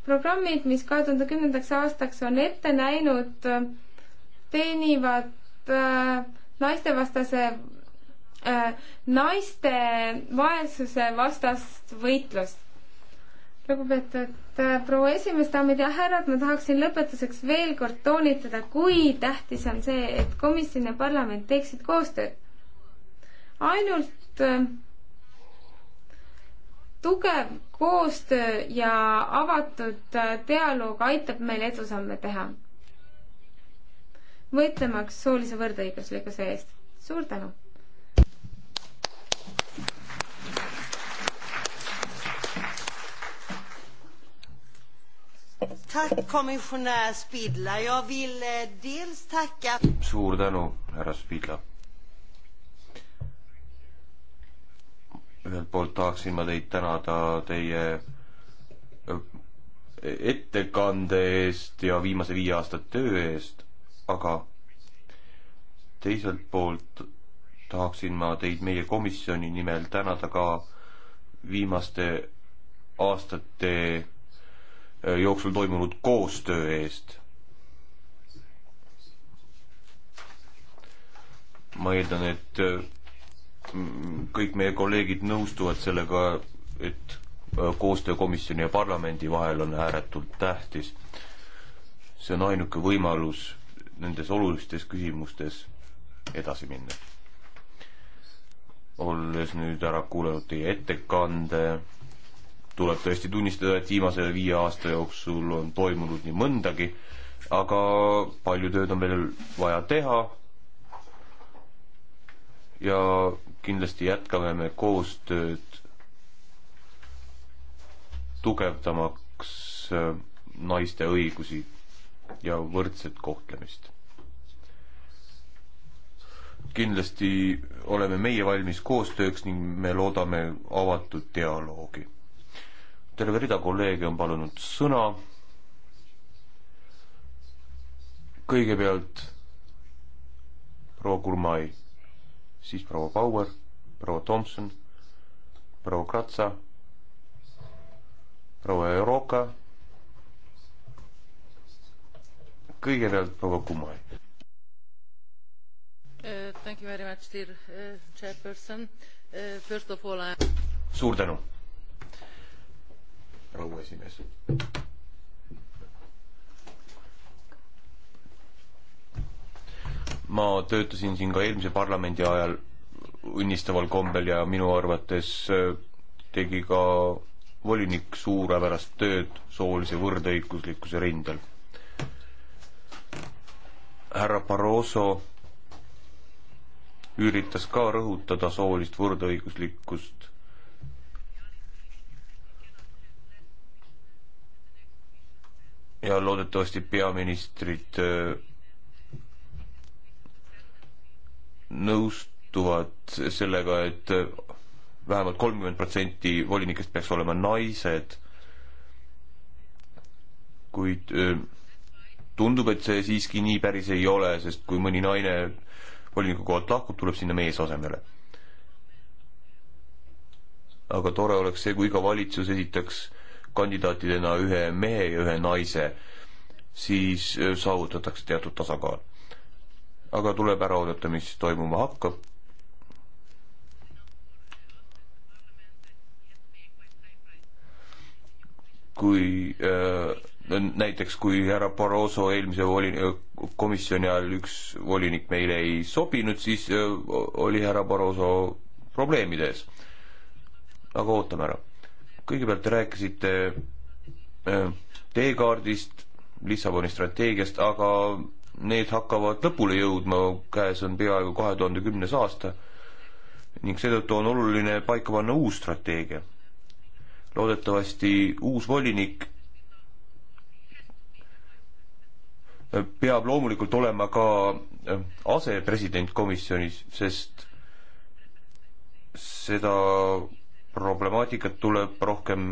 programmid, mis kahe tuhande kümnendaks aastaks on ette näinud, teenivad äh, naistevastase, äh, naiste vaesuse vastast võitlust lugupeetud äh, proua esimees, daamid ja härrad, ma tahaksin lõpetuseks veel kord toonitada, kui tähtis on see, et komisjon ja parlament teeksid koostööd. ainult äh, tugev koostöö ja avatud äh, dialoog aitab meil edusamme teha võitlemaks soolise võrdõiguslikkuse eest. suur tänu! Tack kommissionär Spidla. Jag vill eh, dels tacka... Suur tänu, härra Spidla. ühelt poolt tahaksin ma teid tänada teie ettekande eest ja viimase viie aasta töö eest, aga teiselt poolt tahaksin ma teid meie komisjoni nimel tänada ka viimaste aastate Äh, jooksul toimunud koostöö eest. ma eeldan, et äh, kõik meie kolleegid nõustuvad sellega, et äh, koostöö komisjoni ja parlamendi vahel on ääretult tähtis. see on ainuke võimalus nendes olulistes küsimustes edasi minna. olles nüüd ära kuulanud teie ettekande, tuleb tõesti tunnistada, et viimase viie aasta jooksul on toimunud nii mõndagi, aga palju tööd on veel vaja teha. ja kindlasti jätkame me koostööd tugevdamaks äh, naiste õigusi ja võrdset kohtlemist. kindlasti oleme meie valmis koostööks ning me loodame avatud dialoogi terve rida kolleege on palunud sõna. kõigepealt proua Gurmai, siis proua Bauer, proua Tomson, proua Kratsa, proua Euroka. kõigepealt proua Gurmai. Thank you very much, dear uh, chairperson uh,. First of all I... suur tänu proua esimees. ma töötasin siin ka eelmise parlamendi ajal õnnistaval kombel ja minu arvates äh, tegi ka volinik suurepärast tööd soolise võrdõiguslikkuse rindel. härra Barroso üritas ka rõhutada soolist võrdõiguslikkust ja loodetavasti peaministrid äh, nõustuvad sellega, et vähemalt kolmkümmend protsenti volinikest peaks olema naised, kuid äh, tundub, et see siiski nii päris ei ole, sest kui mõni naine voliniku kohalt lahkub, tuleb sinna mees asemele. aga tore oleks see, kui iga valitsus esitaks kandidaatidena ühe mehe ja ühe naise, siis äh, saavutatakse teatud tasakaal. aga tuleb ära oodata, mis toimuma hakkab. kui äh, näiteks kui härra Barroso eelmise voli-, äh, komisjoni ajal üks volinik meile ei sobinud, siis äh, oli härra Barroso probleemide ees. aga ootame ära kõigepealt te rääkisite äh, teekaardist, Lissaboni strateegiast, aga need hakkavad lõpule jõudma, käes on peaaegu kahe tuhande kümnes aasta ning seetõttu on oluline paika panna uus strateegia. loodetavasti uus volinik äh, peab loomulikult olema ka äh, asepresident komisjonis, sest seda problemaatikat tuleb rohkem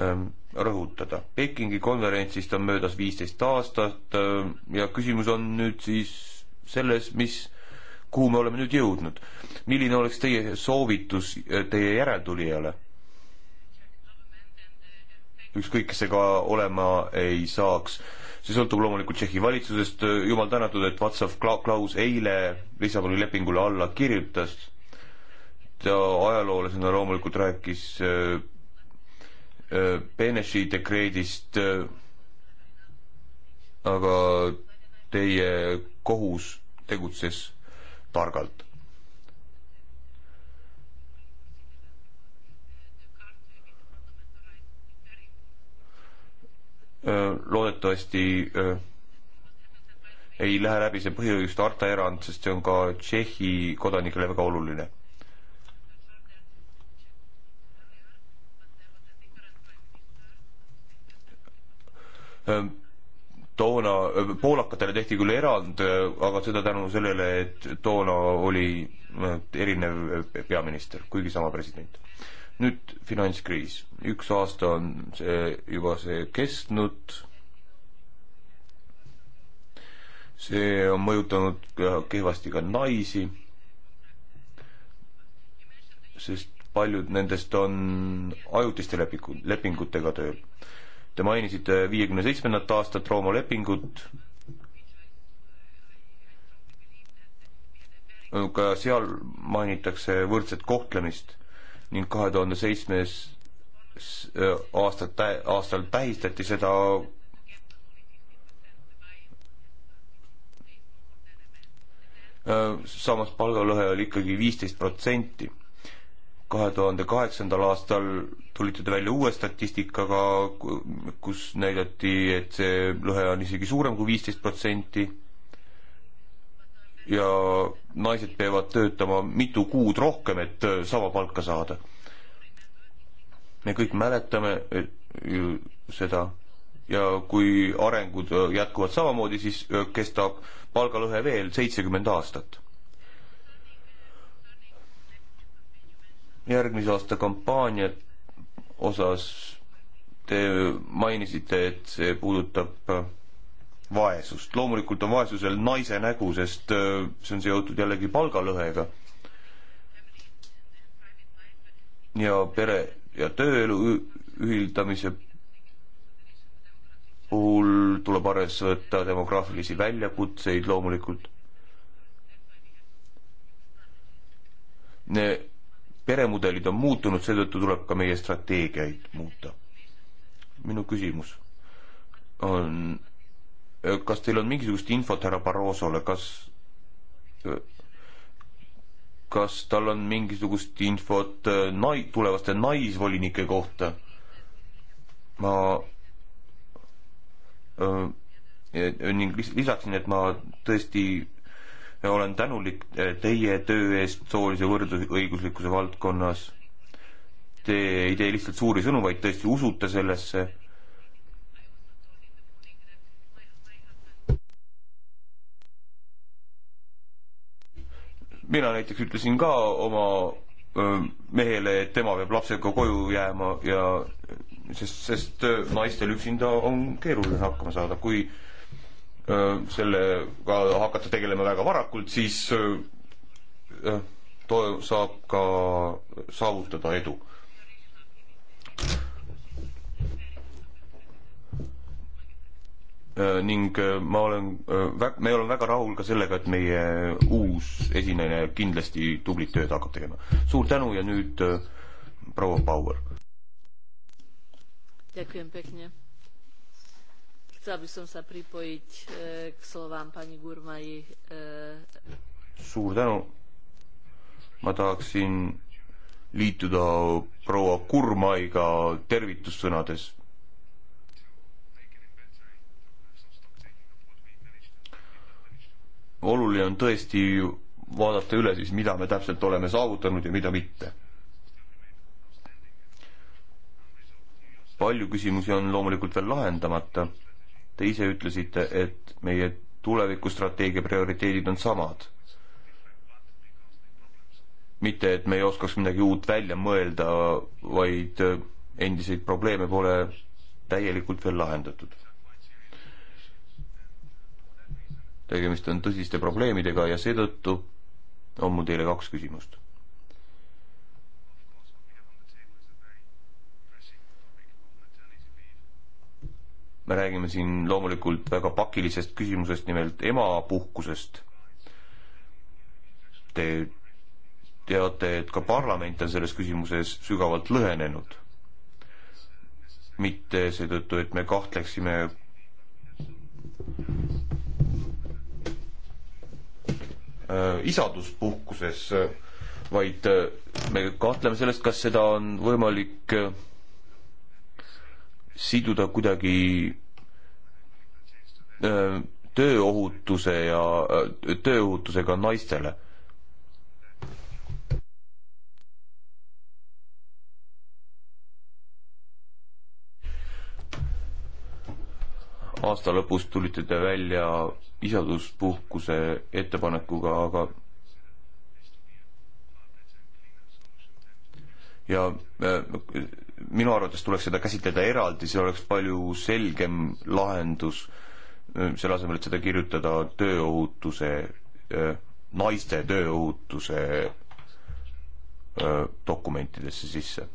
ähm, rõhutada. Pekingi konverentsist on möödas viisteist aastat ähm, ja küsimus on nüüd siis selles, mis, kuhu me oleme nüüd jõudnud. milline oleks teie soovitus äh, teie järeltulijale? ükskõik, kes see ka olema ei saaks. see sõltub loomulikult Tšehhi valitsusest, jumal tänatud, et Václav Klaus eile Lissaboni lepingule alla kirjutas Äh, ajaloolasena loomulikult rääkis äh, äh, Beneši dekreedist, aga teie kohus tegutses targalt. loodetavasti ei lähe läbi see põhiõiguste harta erand, sest see on ka Tšehhi kodanikele väga oluline Ehm, toona, ehm, poolakatele tehti küll erand, ehm, aga seda tänu sellele, et toona oli erinev peaminister, kuigi sama president. nüüd finantskriis, üks aasta on see juba see kestnud, see on mõjutanud kehvasti ka naisi, sest paljud nendest on ajutiste lepingu, lepingutega tööl Te mainisite viiekümne seitsmendat aastat Rooma lepingut. ka seal mainitakse võrdset kohtlemist ning kahe tuhande seitsmes äh, aastat, aastal tähistati seda äh, samas palgalõhe oli ikkagi viisteist protsenti kahe tuhande kaheksandal aastal tulite te välja uue statistikaga, kus näidati, et see lõhe on isegi suurem kui viisteist protsenti. ja naised peavad töötama mitu kuud rohkem, et äh, sama palka saada. me kõik mäletame ju seda ja kui arengud äh, jätkuvad samamoodi, siis äh, kestab palgalõhe veel seitsekümmend aastat järgmise aasta kampaania osas te mainisite, et see puudutab äh, vaesust. loomulikult on vaesusel naise nägu, sest äh, see on seotud jällegi palgalõhega. ja pere ja tööelu ühildamise puhul tuleb arvesse võtta demograafilisi väljakutseid loomulikult ne peremudelid on muutunud, seetõttu tuleb ka meie strateegiaid muuta. minu küsimus on, kas teil on mingisugust infot härra Barrosole, kas, kas tal on mingisugust infot äh, nai-, tulevaste naisvolinike kohta? ma öö, äh, ning lisaksin, et ma tõesti olen tänulik eh, teie töö eest soolise võrdõiguslikkuse valdkonnas. Te ei tee lihtsalt suuri sõnu, vaid tõesti usute sellesse. mina näiteks ütlesin ka oma mehele, et tema peab lapsega koju jääma ja sest, sest naistel üksinda on keeruline hakkama saada, kui äh, Äh, sellega hakata tegelema väga varakult, siis äh, äh, to-, saab ka saavutada edu. ning ma olen vä-, me oleme väga rahul ka sellega, et meie uus esineja kindlasti tublit tööd hakkab tegema. suur tänu ja nüüd proua Bauer. Ďakujem pekne. Chcela by som sa pripojiť e, k slovám pani Gurmai. E, suur tänu. ma tahaksin liituda proua Gurmaiga tervitussõnades. oluline on tõesti vaadata üle siis, mida me täpselt oleme saavutanud ja mida mitte palju küsimusi on loomulikult veel lahendamata. Te ise ütlesite, et meie tulevikustrateegia prioriteedid on samad. mitte, et me ei oskaks midagi uut välja mõelda, vaid äh, endiseid probleeme pole täielikult veel lahendatud. tegemist on tõsiste probleemidega ja seetõttu on mul teile kaks küsimust me räägime siin loomulikult väga pakilisest küsimusest, nimelt emapuhkusest. Te teate, et ka parlament on selles küsimuses sügavalt lõhenenud. mitte seetõttu, et me kahtleksime äh, isaduspuhkuses, vaid äh, me kahtleme sellest, kas seda on võimalik äh, siduda kuidagi äh, tööohutuse ja äh, tööohutusega naistele. aasta lõpus tulite te välja isaduspuhkuse ettepanekuga, aga ja äh, minu arvates tuleks seda käsitleda eraldi, see oleks palju selgem lahendus, selle asemel, et seda kirjutada tööohutuse, naiste tööohutuse dokumentidesse sisse.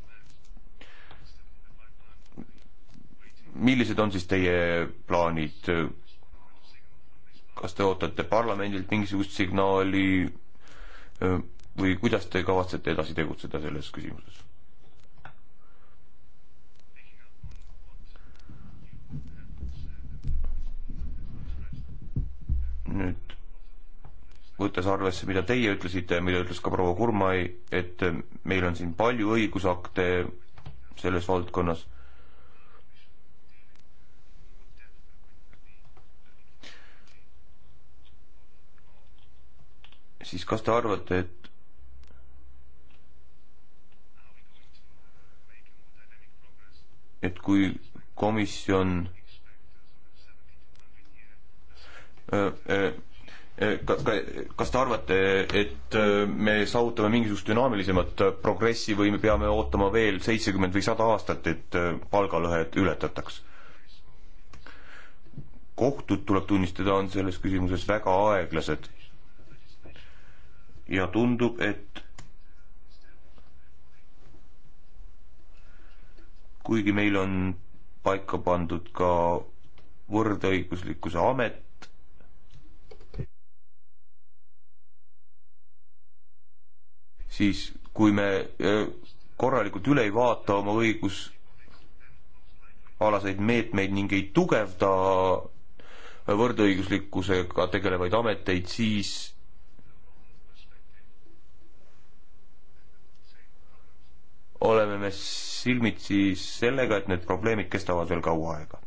millised on siis teie plaanid? kas te ootate parlamendilt mingisugust signaali või kuidas te kavatsete edasi tegutseda selles küsimuses? nüüd võttes arvesse, mida teie ütlesite ja mida ütles ka proua Kurmai, et meil on siin palju õigusakte selles valdkonnas. siis kas te arvate, et et kui komisjon Äh, äh, äh, kas, kas te arvate, et me saavutame mingisugust dünaamilisemat progressi või me peame ootama veel seitsekümmend või sada aastat, et palgalõhed ületataks? kohtud, tuleb tunnistada, on selles küsimuses väga aeglased. ja tundub, et kuigi meil on paika pandud ka võrdõiguslikkuse amet, siis kui me korralikult üle ei vaata oma õigusalaseid meetmeid ning ei tugevda võrdõiguslikkusega tegelevaid ameteid, siis oleme me silmitsi sellega, et need probleemid kestavad veel kaua aega.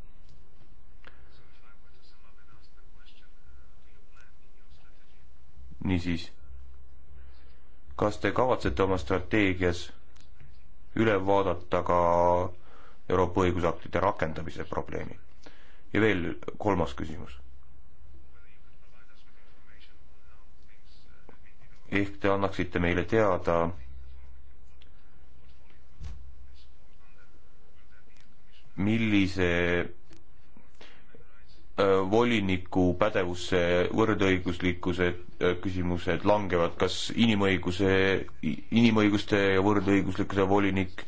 niisiis kas te kavatsete oma strateegias üle vaadata ka Euroopa õigusaktide rakendamise probleemi? ja veel kolmas küsimus. ehk te annaksite meile teada, millise Äh, voliniku pädevusse võrdõiguslikkuse äh, küsimused langevad, kas inimõiguse, inimõiguste ja võrdõiguslikkuse volinik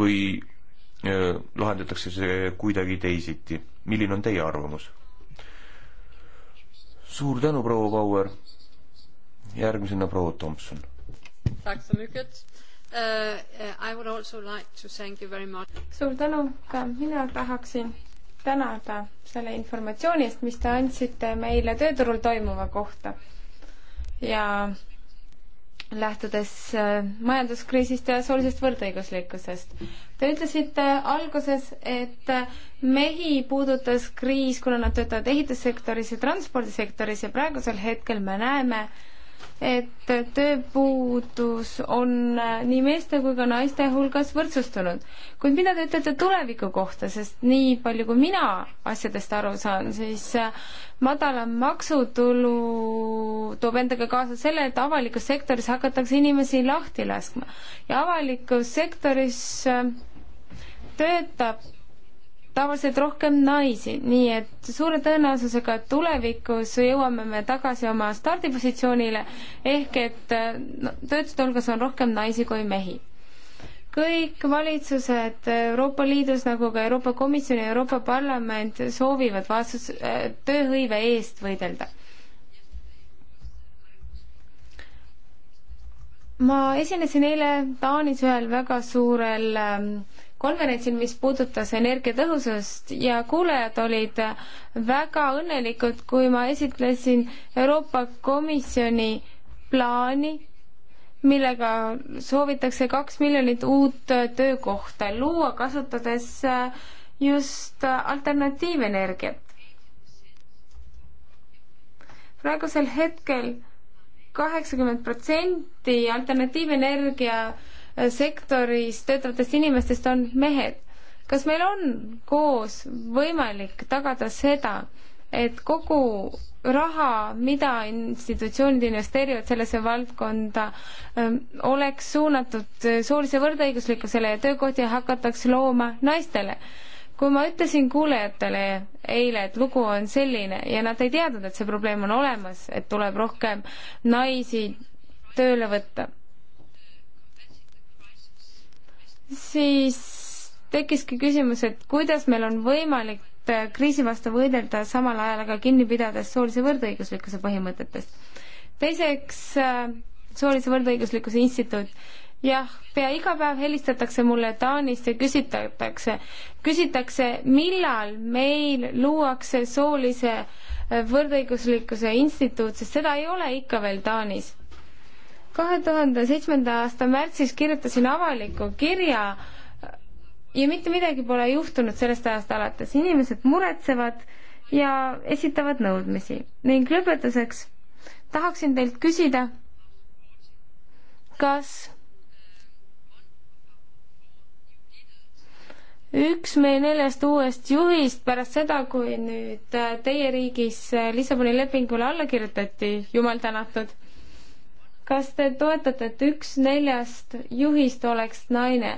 või äh, lahendatakse see kuidagi teisiti? milline on teie arvamus? suur tänu, proua Bauer. järgmisena proua Tomson. suur tänu, ka mina tahaksin tänada selle informatsiooni eest, mis te andsite meile tööturul toimuva kohta. ja lähtudes äh, majanduskriisist ja soolisest võrdõiguslikkusest. Te ütlesite alguses, et äh, mehi puudutas kriis, kuna nad töötavad ehitussektoris ja transpordisektoris ja praegusel hetkel me näeme, et tööpuudus on äh, nii meeste kui ka naiste hulgas võrdsustunud. kuid mida te ütlete tuleviku kohta, sest nii palju, kui mina asjadest aru saan, siis äh, madalam maksutulu toob endaga kaasa selle, et avalikus sektoris hakatakse inimesi lahti laskma ja avalikus sektoris äh, töötab tavaliselt rohkem naisi, nii et suure tõenäosusega tulevikus jõuame me tagasi oma stardipositsioonile, ehk et no, töötute hulgas on rohkem naisi kui mehi. kõik valitsused Euroopa Liidus nagu ka Euroopa Komisjon ja Euroopa Parlament soovivad vastus, äh, tööhõive eest võidelda ma esinesin eile Taanis ühel väga suurel ähm, konverentsil, mis puudutas energiatõhusust ja kuulajad olid väga õnnelikud, kui ma esitlesin Euroopa Komisjoni plaani, millega soovitakse kaks miljonit uut töökohta luua, kasutades just alternatiivenergiat. praegusel hetkel kaheksakümmend protsenti alternatiivenergia sektoris töötavatest inimestest on mehed. kas meil on koos võimalik tagada seda, et kogu raha, mida institutsioonid investeerivad sellesse valdkonda, ähm, oleks suunatud äh, soolise võrdõiguslikkusele ja töökohti hakataks looma naistele. kui ma ütlesin kuulajatele eile, et lugu on selline ja nad ei teadnud, et see probleem on olemas, et tuleb rohkem naisi tööle võtta siis tekkiski küsimus, et kuidas meil on võimalik äh, kriisi vastu võidelda, samal ajal aga kinni pidades soolise võrdõiguslikkuse põhimõtetest. teiseks, äh, soolise võrdõiguslikkuse instituut. jah, pea iga päev helistatakse mulle Taanist ja küsitakse, küsitakse, millal meil luuakse soolise äh, võrdõiguslikkuse instituut, sest seda ei ole ikka veel Taanis kahe tuhande seitsmenda aasta märtsis kirjutasin avaliku kirja ja mitte midagi pole juhtunud sellest ajast alates. inimesed muretsevad ja esitavad nõudmisi. ning lõpetuseks tahaksin teilt küsida, kas üks meie neljast uuest juhist pärast seda, kui nüüd teie riigis Lissaboni lepingule alla kirjutati, jumal tänatud kas te toetate, et üks neljast juhist oleks naine?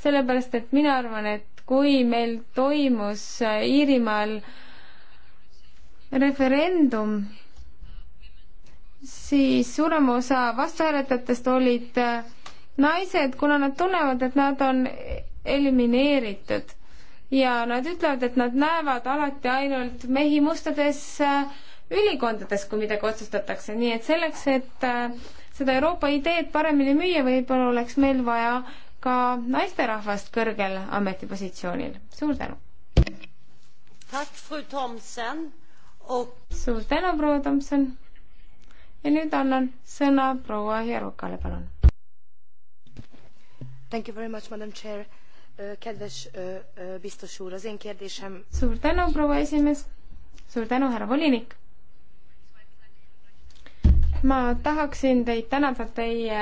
sellepärast, et mina arvan, et kui meil toimus äh, Iirimaal referendum, siis suurem osa vastuhääletajatest olid äh, naised, kuna nad tunnevad, et nad on elimineeritud ja nad ütlevad, et nad näevad alati ainult mehi mustades äh, ülikondades, kui midagi otsustatakse, nii et selleks, et seda Euroopa ideed paremini müüa, võib-olla oleks meil vaja ka naisterahvast kõrgel ametipositsioonil. suur tänu! suur tänu, proua Tomson! ja nüüd annan sõna proua Jarukale, palun. Thank you very much, madam chair. Kedves biztos úr, az én kérdésem... Suur tänu, proua esimees! Suur tänu, härra volinik! ma tahaksin teid tänada teie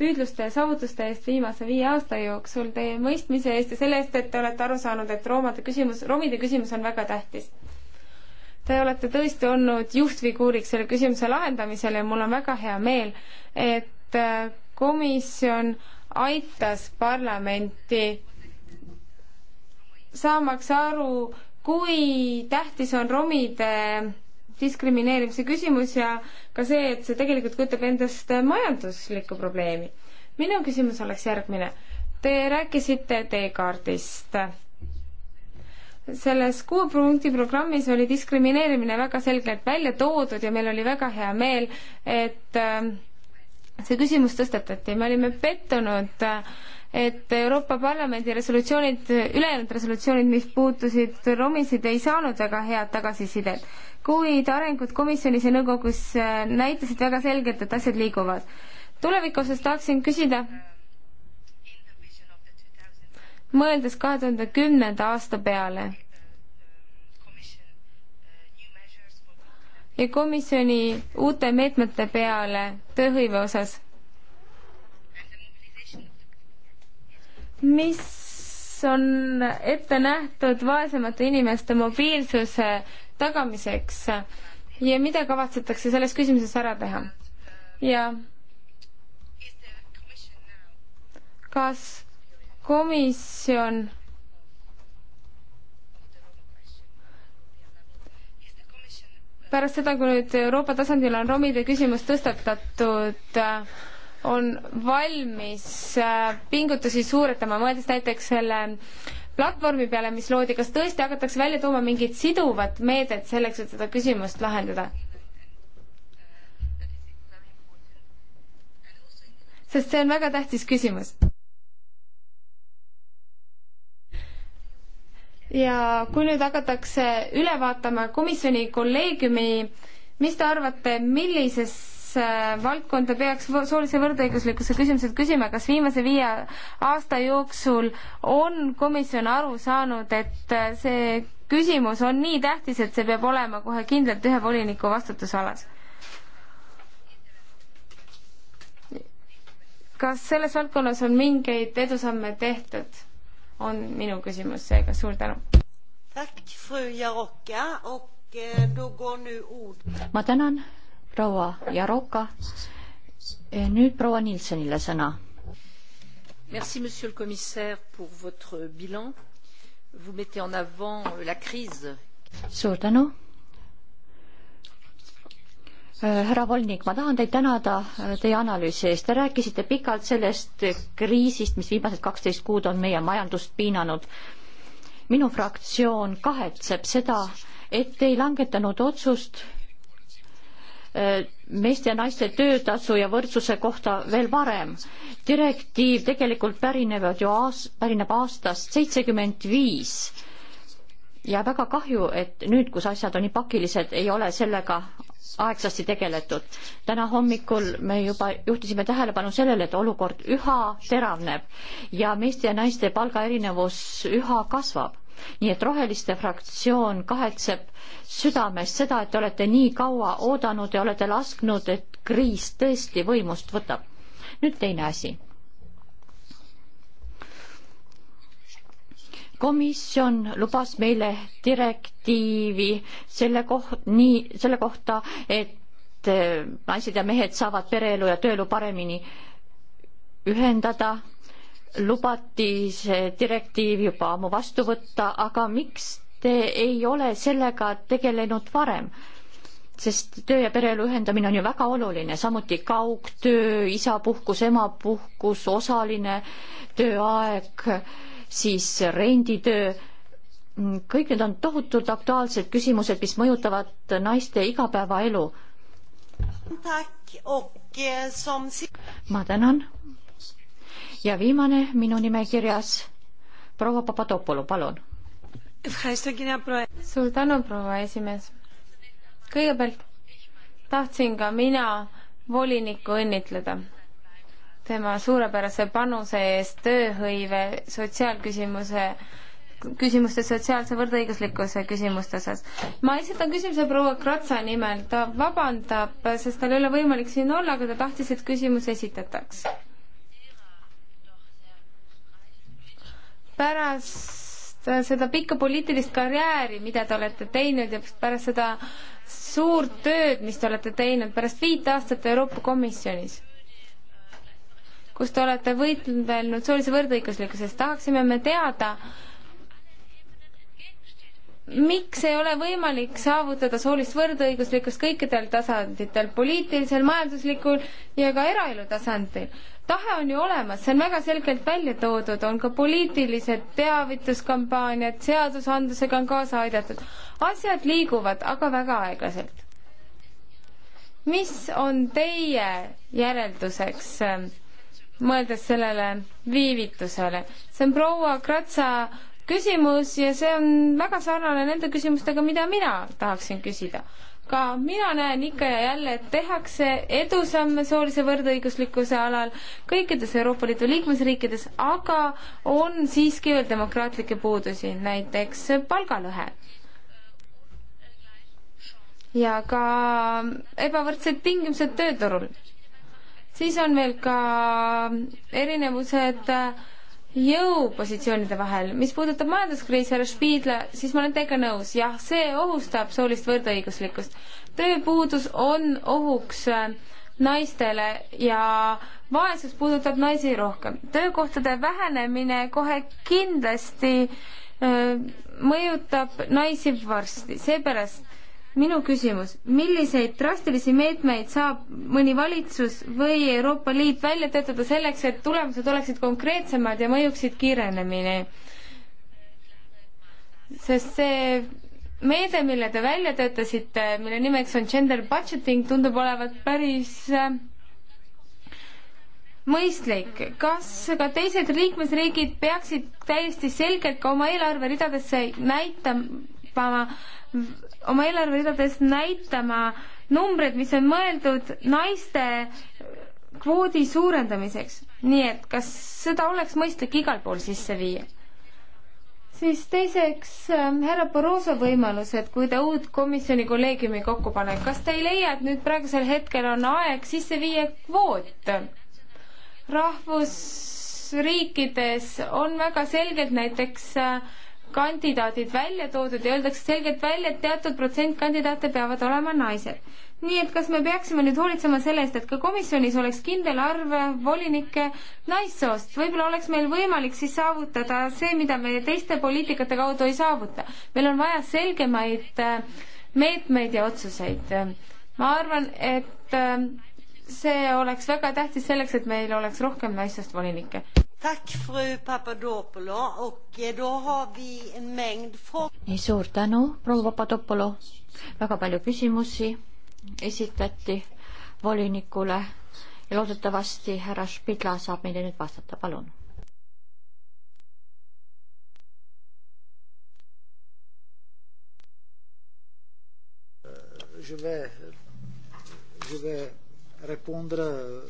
püüdluste ja saavutuste eest viimase viie aasta jooksul, teie mõistmise eest ja selle eest, et te olete aru saanud, et roomade küsimus, roomide küsimus on väga tähtis. Te olete tõesti olnud juhtfiguuriks selle küsimuse lahendamisel ja mul on väga hea meel, et äh, komisjon aitas parlamenti saamaks aru, kui tähtis on romide diskrimineerimise küsimus ja ka see, et see tegelikult kujutab endast majanduslikku probleemi. minu küsimus oleks järgmine. Te rääkisite teekaardist. selles kuupunkti programmis oli diskrimineerimine väga selgelt välja toodud ja meil oli väga hea meel, et ähm, see küsimus tõstatati, me olime pettunud äh, et Euroopa Parlamendi resolutsioonid, ülejäänud resolutsioonid, mis puutusid romisid, ei saanud väga head tagasisidet kuid arengud komisjonis ja nõukogus äh, näitasid väga selgelt, et asjad liiguvad. tuleviku osas tahaksin küsida, mõeldes kahe tuhande kümnenda aasta peale ja komisjoni uute meetmete peale tööhõive osas, mis on ette nähtud vaesemate inimeste mobiilsuse tagamiseks ja mida kavatsetakse selles küsimuses ära teha? ja kas komisjon pärast seda, kui nüüd Euroopa tasandil on romide küsimus tõstatatud, on valmis pingutusi suuretama, mõeldes näiteks selle platvormi peale, mis loodi, kas tõesti hakatakse välja tooma mingit siduvat meedet selleks, et seda küsimust lahendada? sest see on väga tähtis küsimus. ja kui nüüd hakatakse üle vaatama komisjoni kolleegiumi, mis te arvate, millises valdkonda peaks soolise võrdõiguslikkuse küsimused küsima, kas viimase viie aasta jooksul on komisjon aru saanud, et äh, see küsimus on nii tähtis, et see peab olema kohe kindlalt ühe voliniku vastutusalas? kas selles valdkonnas on mingeid edusamme tehtud? on minu küsimus seega, suur tänu. Eh, ma tänan proua Jaroka. Eh, nüüd proua Nilssonile sõna. Merci, monsieur le commissaire, pour votre bilan. Vous mettez en avant euh, la crise. suur tänu eh, härra Volnik, ma tahan teid tänada eh, teie analüüsi eest. Te rääkisite pikalt sellest kriisist, mis viimased kaksteist kuud on meie majandust piinanud. minu fraktsioon kahetseb seda, et ei langetanud otsust Äh, meeste ja naiste töötasu ja võrdsuse kohta veel varem. direktiiv tegelikult pärinevad ju aas-, pärineb aastast seitsekümmend viis ja väga kahju, et nüüd, kus asjad on nii pakilised, ei ole sellega aegsasti tegeletud. täna hommikul me juba juhtisime tähelepanu sellele, et olukord üha teravneb ja meeste ja naiste palgaerinevus üha kasvab nii et Roheliste fraktsioon kahetseb südamest seda, et te olete nii kaua oodanud ja olete lasknud, et kriis tõesti võimust võtab. nüüd teine asi. komisjon lubas meile direktiivi selle koht-, nii, selle kohta, et eh, naised ja mehed saavad pereelu ja tööelu paremini ühendada lubati see direktiiv juba ammu vastu võtta, aga miks te ei ole sellega tegelenud varem? sest töö ja pereelu ühendamine on ju väga oluline, samuti kaugtöö, isapuhkus, emapuhkus, osaline tööaeg, siis renditöö. kõik need on tohutult aktuaalsed küsimused, mis mõjutavad naiste igapäevaelu. Eh, ma tänan ja viimane minu nimekirjas, proua Papadopolu, palun. suur tänu, proua esimees. kõigepealt tahtsin ka mina volinikku õnnitleda tema suurepärase panuse eest tööhõive, sotsiaalküsimuse küsimuste sotsiaalse võrdõiguslikkuse küsimuste osas. ma esitan küsimuse proua Kratsa nimel, ta vabandab, sest tal ei ole võimalik siin olla, aga ta tahtis, et küsimus esitataks. pärast äh, seda pikka poliitilist karjääri, mida te olete teinud ja pärast seda suurt tööd, mis te olete teinud pärast viit aastat Euroopa Komisjonis, kus te olete võidelnud soolise võrdõiguslikkuse eest, tahaksime me teada, miks ei ole võimalik saavutada soolist võrdõiguslikkust kõikidel tasanditel, poliitilisel, majanduslikul ja ka eraelu tasandil? tahe on ju olemas, see on väga selgelt välja toodud, on ka poliitilised teavituskampaaniad, seadusandlusega on kaasa aidatud. asjad liiguvad, aga väga aeglaselt. mis on teie järelduseks, äh, mõeldes sellele viivitusele? see on proua Kratsa küsimus ja see on väga sarnane nende küsimustega, mida mina tahaksin küsida. ka mina näen ikka ja jälle, et tehakse edusamme soolise võrdõiguslikkuse alal kõikides Euroopa Liidu liikmesriikides, aga on siiski veel demokraatlikke puudusi, näiteks palgalõhe ja ka ebavõrdsed tingimused tööturul. siis on meil ka erinevused äh, jõupositsioonide vahel. mis puudutab majanduskriisi, härra Spiidla, siis ma olen teiega nõus, jah, see ohustab soolist võrdõiguslikkust. tööpuudus on ohuks äh, naistele ja vaesus puudutab naisi rohkem. töökohtade vähenemine kohe kindlasti öö, äh, mõjutab naisi varsti, seepärast minu küsimus, milliseid drastilisi meetmeid saab mõni valitsus või Euroopa Liit välja töötada selleks, et tulemused oleksid konkreetsemad ja mõjuksid kiirenemini? sest see meede, mille te välja töötasite, mille nimeks on gender budgeting, tundub olevat päris äh, mõistlik. kas ka teised liikmesriigid peaksid täiesti selgelt ka oma eelarveridadesse näitama, hakkama oma eelarveridades näitama numbreid, mis on mõeldud naiste kvoodi suurendamiseks. nii et kas seda oleks mõistlik igal pool sisse viia? siis teiseks ähm, härra Borozo võimalus, et kui te uut komisjoni kolleegiumi kokku panete, kas te ei leia, et nüüd praegusel hetkel on aeg sisse viia kvoot? rahvusriikides on väga selgelt näiteks äh, kandidaadid välja toodud ja öeldakse selgelt välja, et teatud protsent kandidaate peavad olema naised. nii et kas me peaksime nüüd hoolitsema selle eest, et ka komisjonis oleks kindel arv volinikke naissoost, võib-olla oleks meil võimalik siis saavutada see, mida me teiste poliitikate kaudu ei saavuta. meil on vaja selgemaid äh, meetmeid ja otsuseid. ma arvan, et äh, see oleks väga tähtis selleks, et meil oleks rohkem naissoost volinikke. Tack fru Papadopoulou och eh, då har vi en mängd frågor. suur tänu, proua Papadopoulou. väga palju küsimusi esitati volinikule ja loodetavasti härra Spidla saab meile nüüd vastata, palun. Je vais, je vais répondre euh,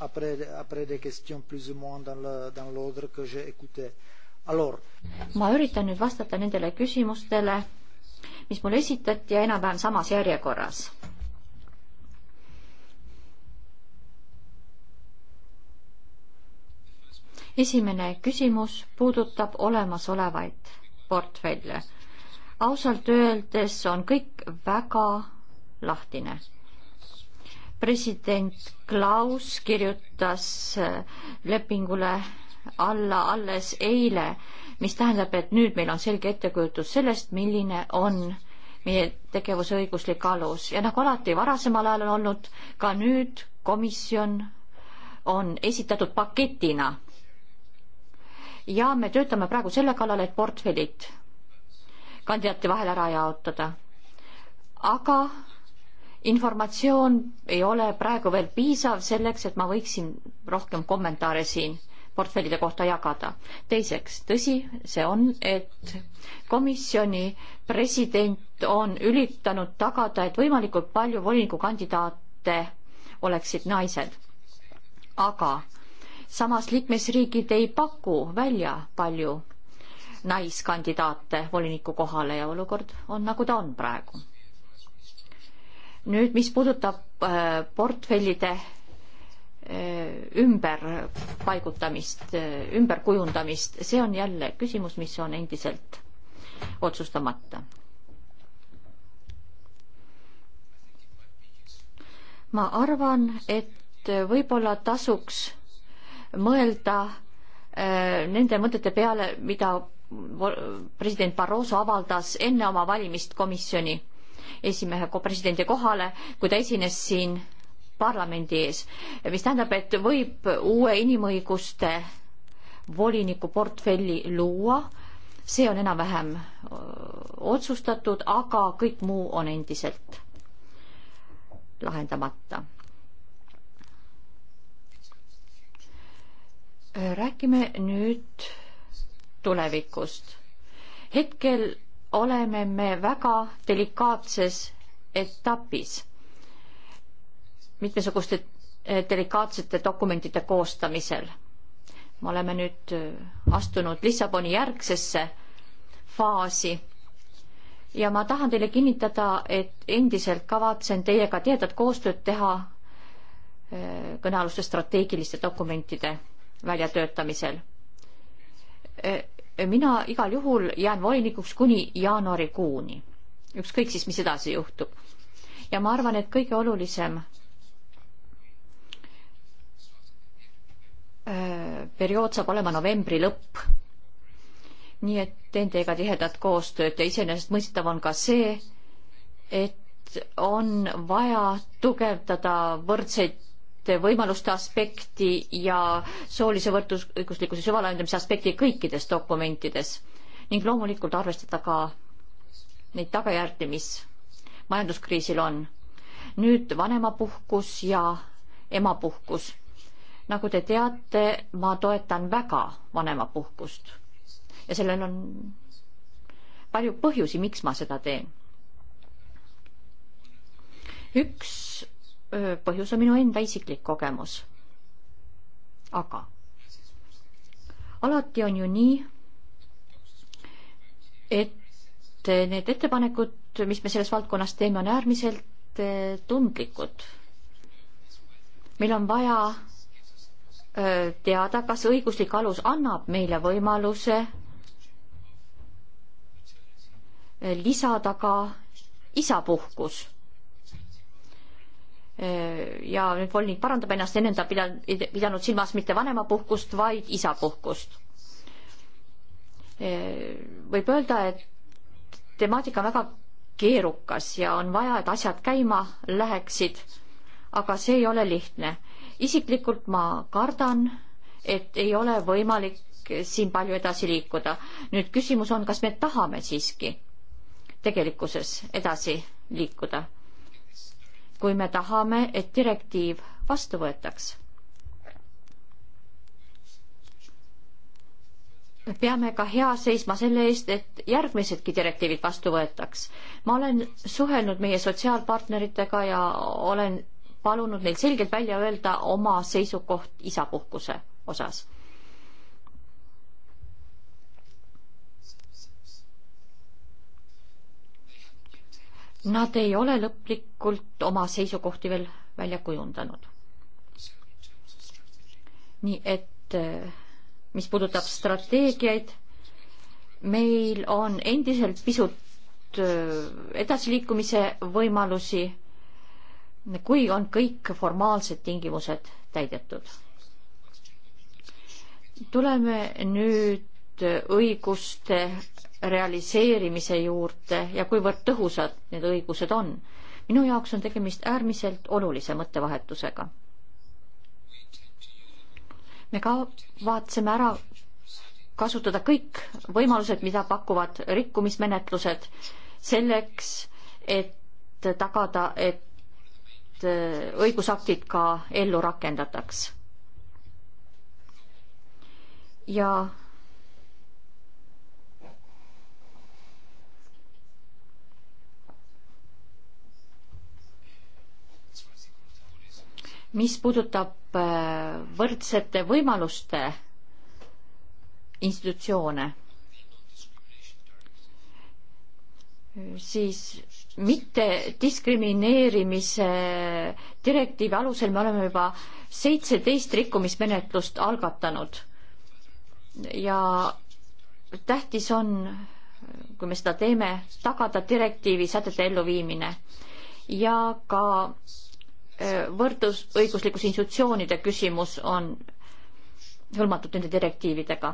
après, après des questions plus ou moins dans le, dans l'ordre que j'ai écouté. Alors. ma üritan nüüd vastata nendele küsimustele, mis mulle esitati ja enam-vähem samas järjekorras. esimene küsimus puudutab olemasolevaid portfelle. ausalt öeldes on kõik väga lahtine president Klaus kirjutas äh, lepingule alla alles eile, mis tähendab, et nüüd meil on selge ettekujutus sellest, milline on meie tegevuse õiguslik alus ja nagu alati varasemal ajal on olnud, ka nüüd komisjon on esitatud paketina. ja me töötame praegu selle kallal, et portfellid kandidaate vahel ära jaotada. aga informatsioon ei ole praegu veel piisav selleks, et ma võiksin rohkem kommentaare siin portfellide kohta jagada. teiseks, tõsi see on, et komisjoni president on üritanud tagada, et võimalikult palju volinikukandidaate oleksid naised. aga samas liikmesriigid ei paku välja palju naiskandidaate voliniku kohale ja olukord on, nagu ta on praegu nüüd, mis puudutab äh, portfellide äh, ümberpaigutamist, äh, ümberkujundamist, see on jälle küsimus, mis on endiselt otsustamata. ma arvan, et võib-olla tasuks mõelda nende mõtete peale, mida president Barroso avaldas enne oma valimist komisjoni esimehe, presidendi kohale, kui ta esines siin parlamendi ees, mis tähendab, et võib uue inimõiguste voliniku portfelli luua, see on enam-vähem otsustatud, aga kõik muu on endiselt lahendamata. räägime nüüd tulevikust. hetkel oleme me väga delikaatses etapis mitmesuguste eh, delikaatsete dokumentide koostamisel. me oleme nüüd eh, astunud Lissaboni järgsesse faasi ja ma tahan teile kinnitada, et endiselt kavatsen teiega tihedat koostööd teha eh, kõnealuste strateegiliste dokumentide väljatöötamisel mina igal juhul jään volinikuks kuni jaanuarikuuni, ükskõik siis, mis edasi juhtub. ja ma arvan, et kõige olulisem äh, periood saab olema novembri lõpp. nii et teen teiega tihedat koostööd ja iseenesestmõistetav on ka see, et on vaja tugevdada võrdseid võimaluste aspekti ja soolise võrdõiguslikkuse süvalaiendamise aspekti kõikides dokumentides ning loomulikult arvestada ka neid tagajärgi, mis majanduskriisil on. nüüd vanemapuhkus ja emapuhkus. nagu te teate, ma toetan väga vanemapuhkust ja sellel on palju põhjusi, miks ma seda teen. üks põhjus on minu enda isiklik kogemus. aga alati on ju nii, et need ettepanekud, mis me selles valdkonnas teeme, on äärmiselt tundlikud. meil on vaja teada, kas õiguslik alus annab meile võimaluse lisada ka isapuhkus ja nüüd volinik parandab ennast, ennem ta pidanud, pidanud silmas mitte vanemapuhkust, vaid isapuhkust. võib öelda, et temaatika on väga keerukas ja on vaja, et asjad käima läheksid, aga see ei ole lihtne. isiklikult ma kardan, et ei ole võimalik siin palju edasi liikuda. nüüd küsimus on, kas me tahame siiski tegelikkuses edasi liikuda kui me tahame, et direktiiv vastu võetaks. me peame ka hea seisma selle eest, et järgmisedki direktiivid vastu võetaks. ma olen suhelnud meie sotsiaalpartneritega ja olen palunud neil selgelt välja öelda oma seisukoht isapuhkuse osas Nad ei ole lõplikult oma seisukohti veel välja kujundanud. nii et eh, mis puudutab strateegiaid, meil on endiselt pisut eh, edasiliikumise võimalusi, kui on kõik formaalsed tingimused täidetud. tuleme nüüd õiguste realiseerimise juurde ja kuivõrd tõhusad need õigused on. minu jaoks on tegemist äärmiselt olulise mõttevahetusega. me kavatseme ära kasutada kõik võimalused, mida pakuvad rikkumismenetlused selleks, et tagada, et õigusaktid ka ellu rakendataks. ja mis puudutab äh, võrdsete võimaluste institutsioone, siis mitte diskrimineerimise direktiivi alusel me oleme juba seitseteist rikkumismenetlust algatanud. ja tähtis on, kui me seda teeme, tagada direktiivi sätete elluviimine ja ka Äh, võrdusõiguslikus institutsioonide küsimus on hõlmatud nende direktiividega.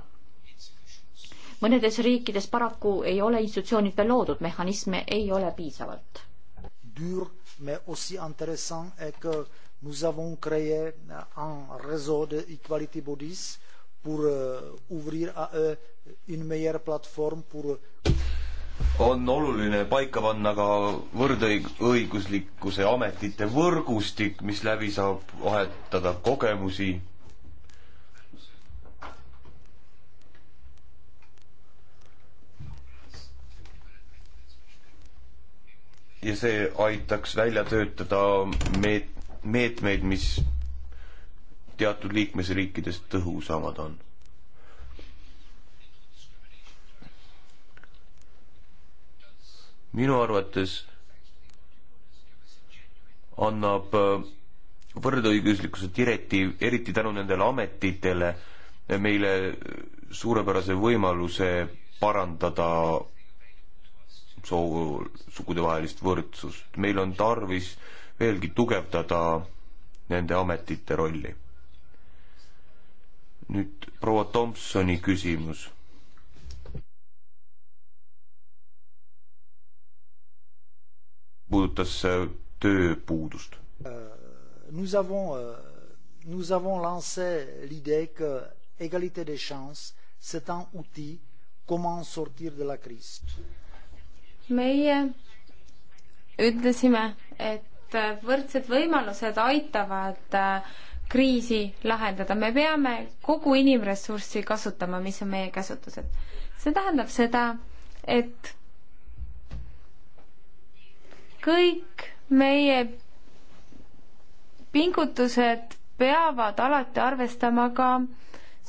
mõnedes riikides paraku ei ole institutsioonid veel loodud, mehhanisme ei ole piisavalt. Dur, mais aussi intéressant est que nous avons créé un réseau de Equality Bodies pour euh, ouvrir à eux une meilleure plateforme pour euh, on oluline paika panna ka võrdõiguslikkuse ametite võrgustik, mis läbi saab vahetada kogemusi. ja see aitaks välja töötada meet-, meetmeid, mis teatud liikmesriikides tõhusamad on minu arvates annab äh, võrdõiguslikkuse direktiiv, eriti tänu nendele ametitele, äh, meile äh, suurepärase võimaluse parandada soo, sugudevahelist võrdsust. meil on tarvis veelgi tugevdada nende ametite rolli. nüüd proua Tomsoni küsimus puudutas äh, tööpuudust. Euh, nous avons, euh, nous avons lancé l'idée que égalité des chances, c'est un outil comment sortir de la crise. meie ütlesime, et võrdsed võimalused aitavad äh, kriisi lahendada, me peame kogu inimressurssi kasutama, mis on meie käsutuses. see tähendab seda, et kõik meie pingutused peavad alati arvestama ka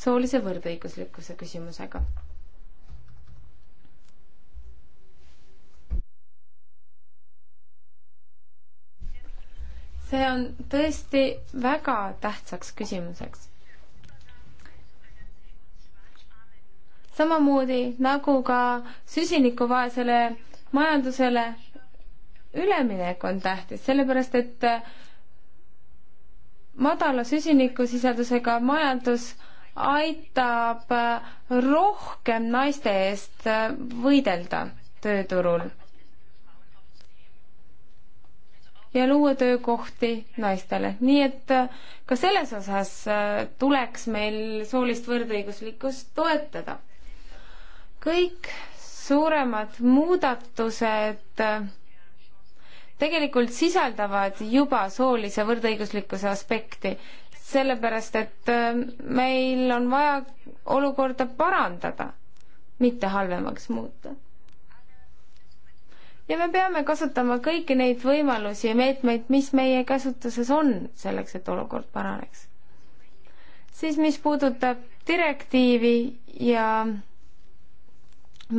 soolise võrdõiguslikkuse küsimusega. see on tõesti väga tähtsaks küsimuseks. samamoodi nagu ka süsinikuvaesele majandusele üleminek on tähtis, sellepärast et äh, madala süsinikusisaldusega majandus aitab äh, rohkem naiste eest äh, võidelda tööturul ja luua töökohti naistele. nii et ka selles osas tuleks meil soolist võrdõiguslikkust toetada. kõik suuremad muudatused tegelikult sisaldavad juba soolise võrdõiguslikkuse aspekti, sellepärast et äh, meil on vaja olukorda parandada, mitte halvemaks muuta. ja me peame kasutama kõiki neid võimalusi ja meetmeid, mis meie käsutuses on, selleks et olukord paraneks. siis mis puudutab direktiivi ja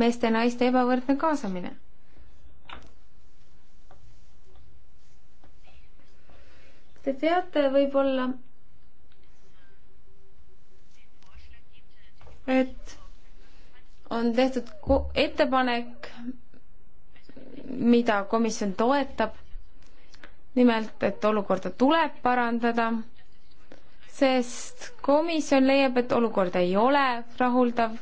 meeste ja naiste ebavõrdne kaasamine Te teate võib-olla, et on tehtud ettepanek, mida komisjon toetab. nimelt, et olukorda tuleb parandada, sest komisjon leiab, et olukord ei ole rahuldav.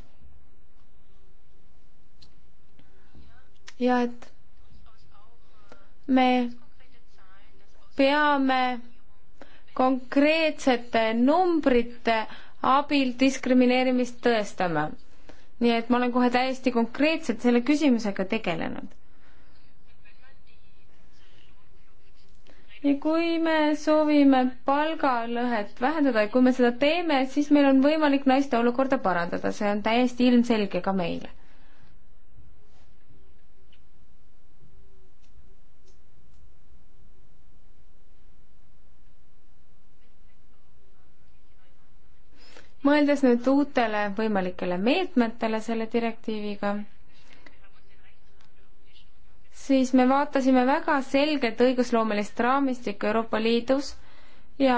ja et me peame konkreetsete numbrite abil diskrimineerimist tõestama. nii et ma olen kohe täiesti konkreetselt selle küsimusega tegelenud. ja kui me soovime palgalõhet vähendada ja kui me seda teeme, siis meil on võimalik naiste olukorda parandada, see on täiesti ilmselge ka meile mõeldes nüüd uutele võimalikele meetmetele selle direktiiviga, siis me vaatasime väga selget õigusloomelist raamistikku Euroopa Liidus ja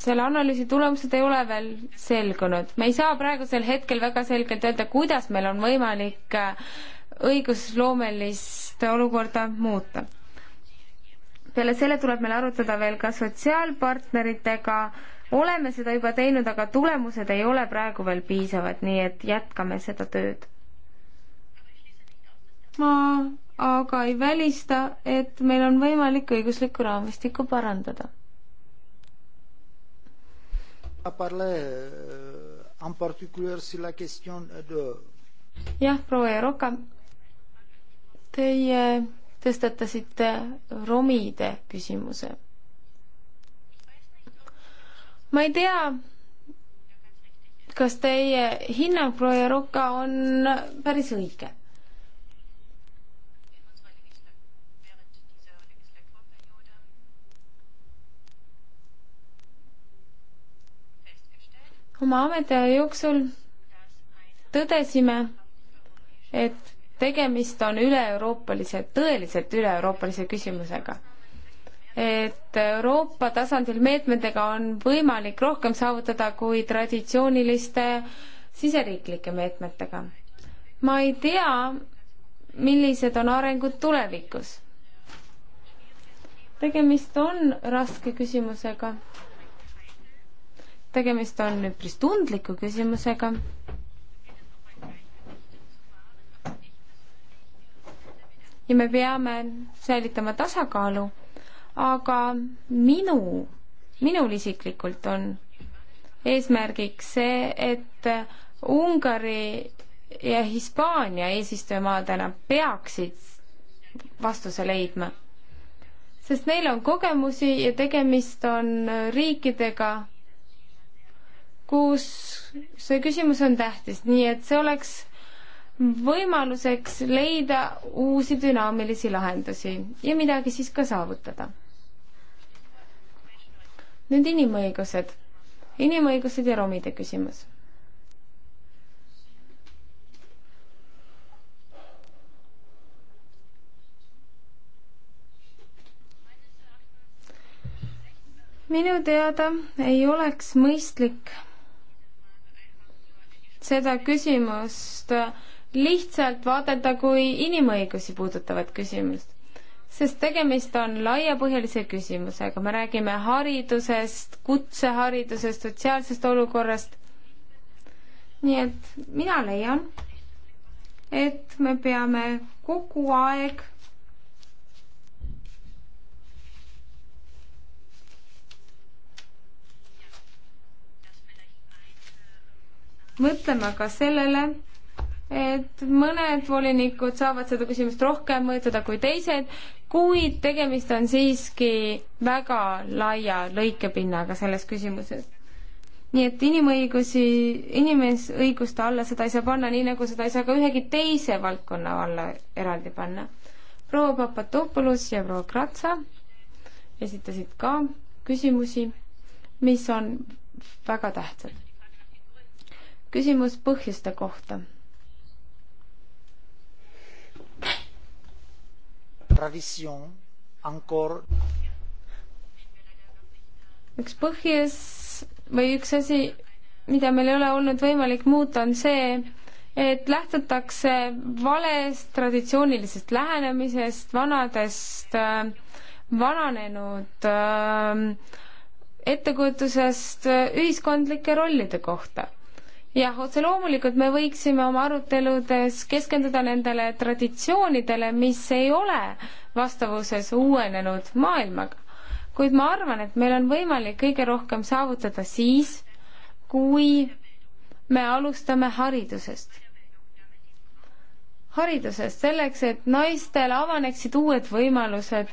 selle analüüsi tulemused ei ole veel selgunud. me ei saa praegusel hetkel väga selgelt öelda, kuidas meil on võimalik äh, õigusloomelist olukorda muuta. peale selle tuleb meil arutada veel ka sotsiaalpartneritega äh, oleme seda juba teinud, aga tulemused ei ole praegu veel piisavad, nii et jätkame seda tööd. ma aga ei välista, et meil on võimalik õiguslikku raamistikku parandada. Euh, jah, proua Jaroka, teie tõstatasite romide küsimuse ma ei tea, kas teie hinnang, proua Roka, on päris õige? oma ametiaja jooksul tõdesime, et tegemist on üle-euroopalise, tõeliselt üle-euroopalise küsimusega et Euroopa tasandil meetmetega on võimalik rohkem saavutada kui traditsiooniliste siseriiklike meetmetega. ma ei tea, millised on arengud tulevikus. tegemist on raske küsimusega. tegemist on üpris tundliku küsimusega ja me peame säilitama tasakaalu aga minu, minul isiklikult on eesmärgiks see, et Ungari ja Hispaania eesistujamaadena peaksid vastuse leidma. sest neil on kogemusi ja tegemist on riikidega, kus see küsimus on tähtis, nii et see oleks võimaluseks leida uusi dünaamilisi lahendusi ja midagi siis ka saavutada. nüüd inimõigused, inimõigused ja romide küsimus. minu teada ei oleks mõistlik seda küsimust äh, lihtsalt vaadelda kui inimõigusi puudutavat küsimust, sest tegemist on laiapõhjalise küsimusega, me räägime haridusest, kutseharidusest, sotsiaalsest olukorrast. nii et mina leian, et me peame kogu aeg mõtlema ka sellele, et mõned volinikud saavad seda küsimust rohkem mõjutada kui teised, kuid tegemist on siiski väga laia lõikepinnaga selles küsimuses. nii et inimõigusi, inimesõiguste alla seda ei saa panna, nii nagu seda ei saa ka ühegi teise valdkonna alla eraldi panna. proua Papatopoulos ja proua Kratsa esitasid ka küsimusi, mis on väga tähtsad. küsimus põhjuste kohta tradition encore üks põhjus või üks asi, mida meil ei ole olnud võimalik muuta, on see, et lähtutakse valest traditsioonilisest lähenemisest, vanadest äh, vananenud äh, ettekujutusest äh, ühiskondlike rollide kohta jah, otse loomulikult me võiksime oma aruteludes keskenduda nendele traditsioonidele, mis ei ole vastavuses uuenenud maailmaga. kuid ma arvan, et meil on võimalik kõige rohkem saavutada siis, kui me alustame haridusest. haridusest selleks, et naistel avaneksid uued võimalused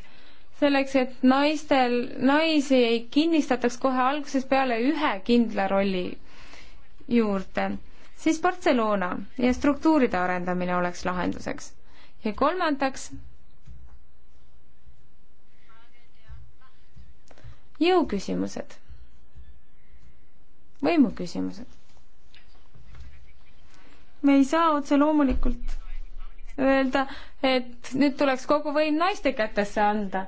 selleks, et naistel, naisi ei kinnistataks kohe algusest peale ühe kindla rolli juurde, siis Barcelona ja struktuuride arendamine oleks lahenduseks. ja kolmandaks, jõuküsimused, võimuküsimused. me ei saa otse loomulikult öelda, et nüüd tuleks kogu võim naiste kätesse anda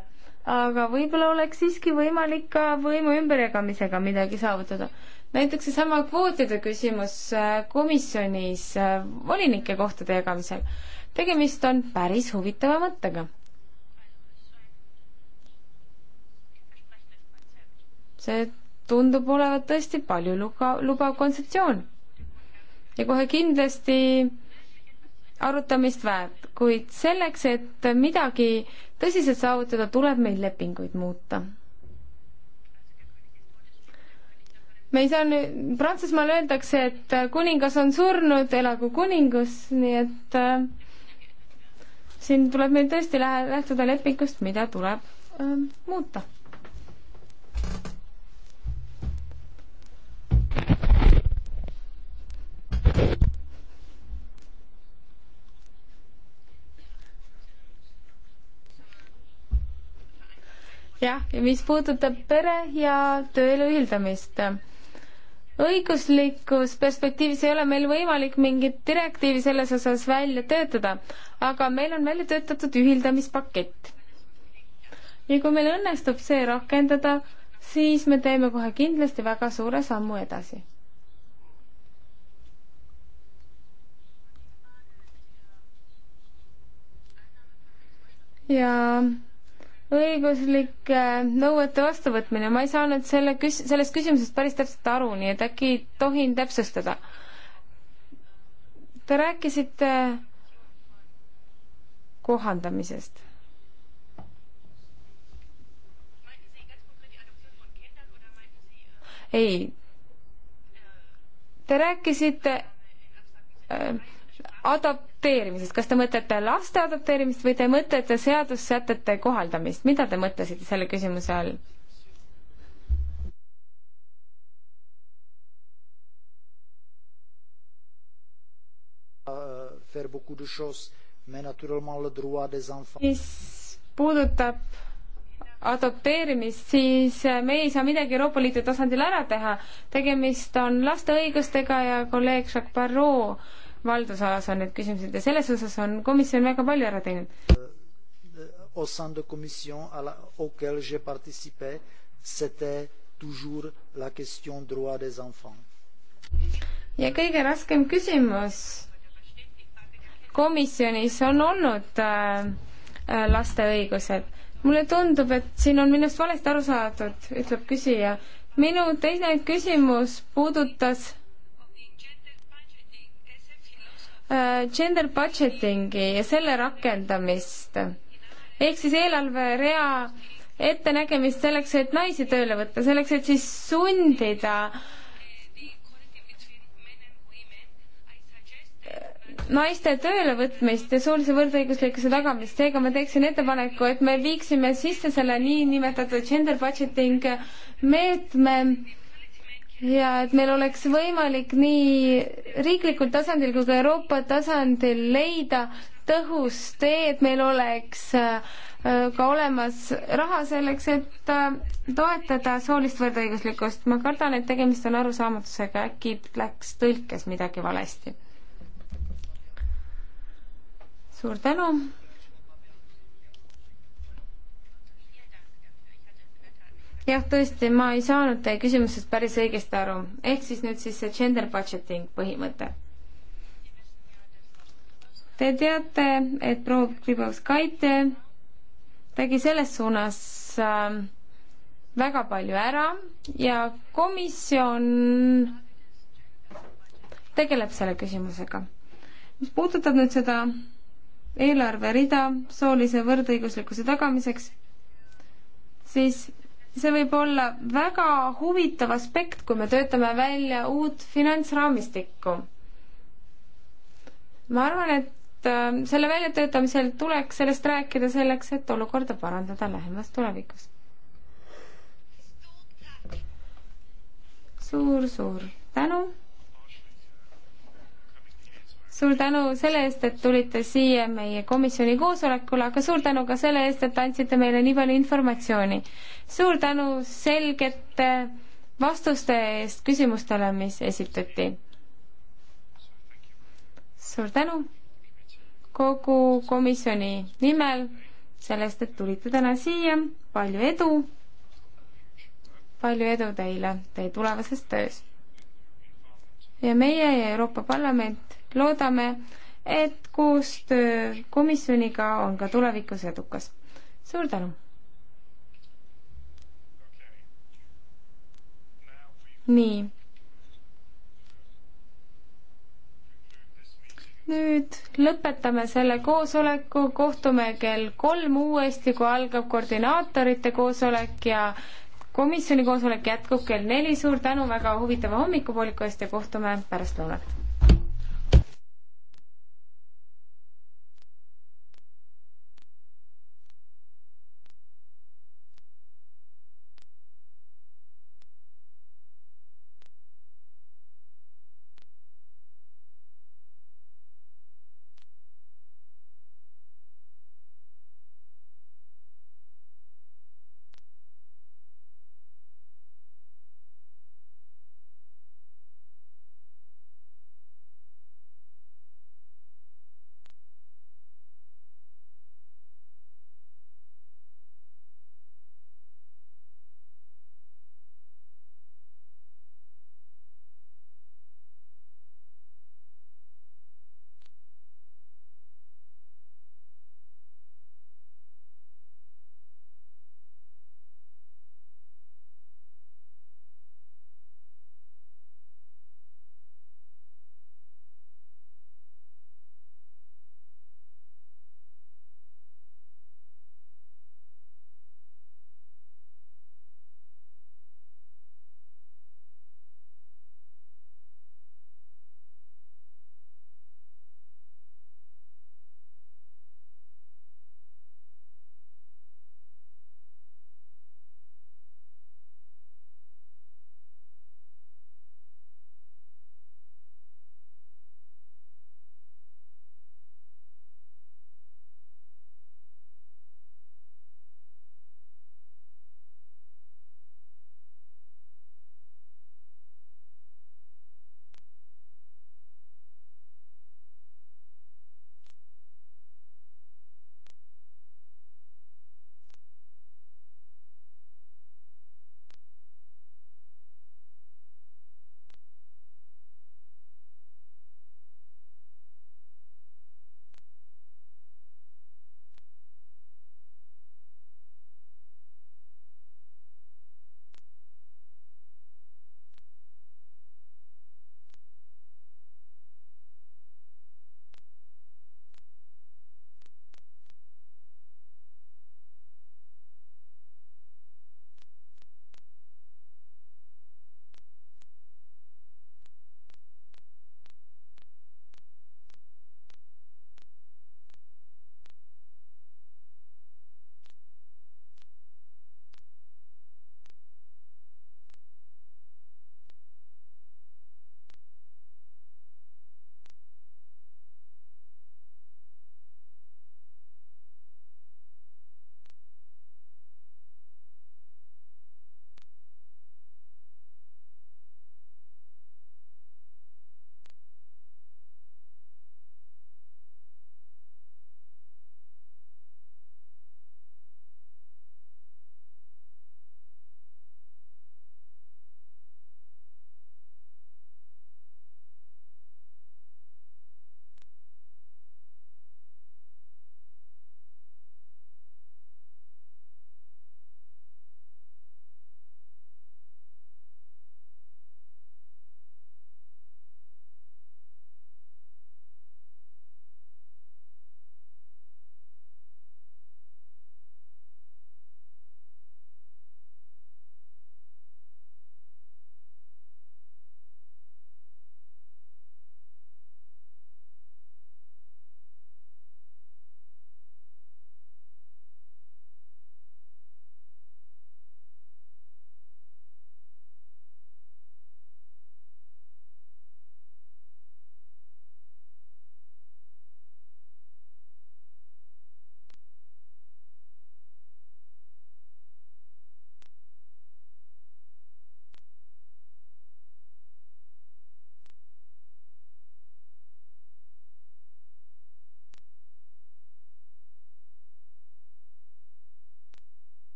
aga võib-olla oleks siiski võimalik ka võimu ümberjagamisega midagi saavutada. näiteks seesama kvootide küsimus äh, komisjonis äh, volinike kohtade jagamisel. tegemist on päris huvitava mõttega. see tundub olevat tõesti palju luba, lubav kontseptsioon. ja kohe kindlasti arutamist väärt, kuid selleks, et midagi tõsiselt saavutada, tuleb meil lepinguid muuta. me ei saa nüüd, Prantsusmaal öeldakse, et kuningas on surnud, elagu kuningus, nii et äh, siin tuleb meil tõesti lähe, lähtuda lepingust, mida tuleb äh, muuta. jah, ja mis puudutab pere ja tööelu ühildamist. õiguslikus perspektiivis ei ole meil võimalik mingit direktiivi selles osas välja töötada, aga meil on välja töötatud ühildamispakett. ja kui meil õnnestub see rakendada, siis me teeme kohe kindlasti väga suure sammu edasi. ja õiguslike nõuete vastuvõtmine, ma ei saanud selle küs-, sellest küsimusest päris täpselt aru, nii et äkki tohin täpsustada. Te rääkisite kohandamisest. ei. Te rääkisite äh, adap-, adopteerimisest, kas te mõtlete laste adopteerimist või te mõtlete seadussätete kohaldamist, mida te mõtlesite selle küsimuse all? mis puudutab adopteerimist, siis eh, me ei saa midagi Euroopa Liidu tasandil ära teha. tegemist on laste õigustega ja kolleeg Jacques Barrot valdusalas on need küsimused ja selles osas on komisjon väga palju ära teinud. au sein de commission à la, auquel j'ai participé, c'était toujours la question droit des enfants. ja kõige raskem küsimus komisjonis on olnud äh, laste õigused. mulle tundub, et siin on minust valesti aru saadud, ütleb küsija. minu teine küsimus puudutas Äh, gender budgetingi ja selle rakendamist ehk siis eelarverea ettenägemist selleks, et naisi tööle võtta, selleks, et siis sundida äh, naiste töölevõtmist ja soolise võrdõiguslikkuse tagamist, seega ma teeksin ettepaneku, et me viiksime sisse selle niinimetatud gender budgeting meetme ja et meil oleks võimalik nii riiklikul tasandil kui ka Euroopa tasandil leida tõhus tee, et meil oleks äh, ka olemas raha selleks, et äh, toetada soolist võrdõiguslikkust. ma kardan, et tegemist on arusaamatusega, äkki läks tõlkes midagi valesti. suur tänu jah, tõesti, ma ei saanud teie küsimusest päris õigesti aru. ehk siis nüüd siis see gender budgeting põhimõte. Te teate, et proua Kribovskaite tegi selles suunas äh, väga palju ära ja komisjon tegeleb selle küsimusega. mis puudutab nüüd seda eelarverida soolise võrdõiguslikkuse tagamiseks, siis see võib olla väga huvitav aspekt, kui me töötame välja uut finantsraamistikku. ma arvan, et äh, selle väljatöötamisel tuleks sellest rääkida selleks, et olukorda parandada lähemas tulevikus suur,. suur-suur tänu suur tänu selle eest, et tulite siia meie komisjoni koosolekule, aga suur tänu ka selle eest, et andsite meile nii palju informatsiooni. suur tänu selgete vastuste eest küsimustele, mis esitati. suur tänu kogu komisjoni nimel selle eest, et tulite täna siia, palju edu, palju edu teile teie tulevases töös. ja meie ja Euroopa Parlament loodame, et koostöö komisjoniga on ka tulevikus edukas. suur tänu! nii. nüüd lõpetame selle koosoleku, kohtume kell kolm uuesti, kui algab koordinaatorite koosolek ja komisjoni koosolek jätkub kell neli. suur tänu väga huvitava hommikupooliku eest ja kohtume pärastlõunat.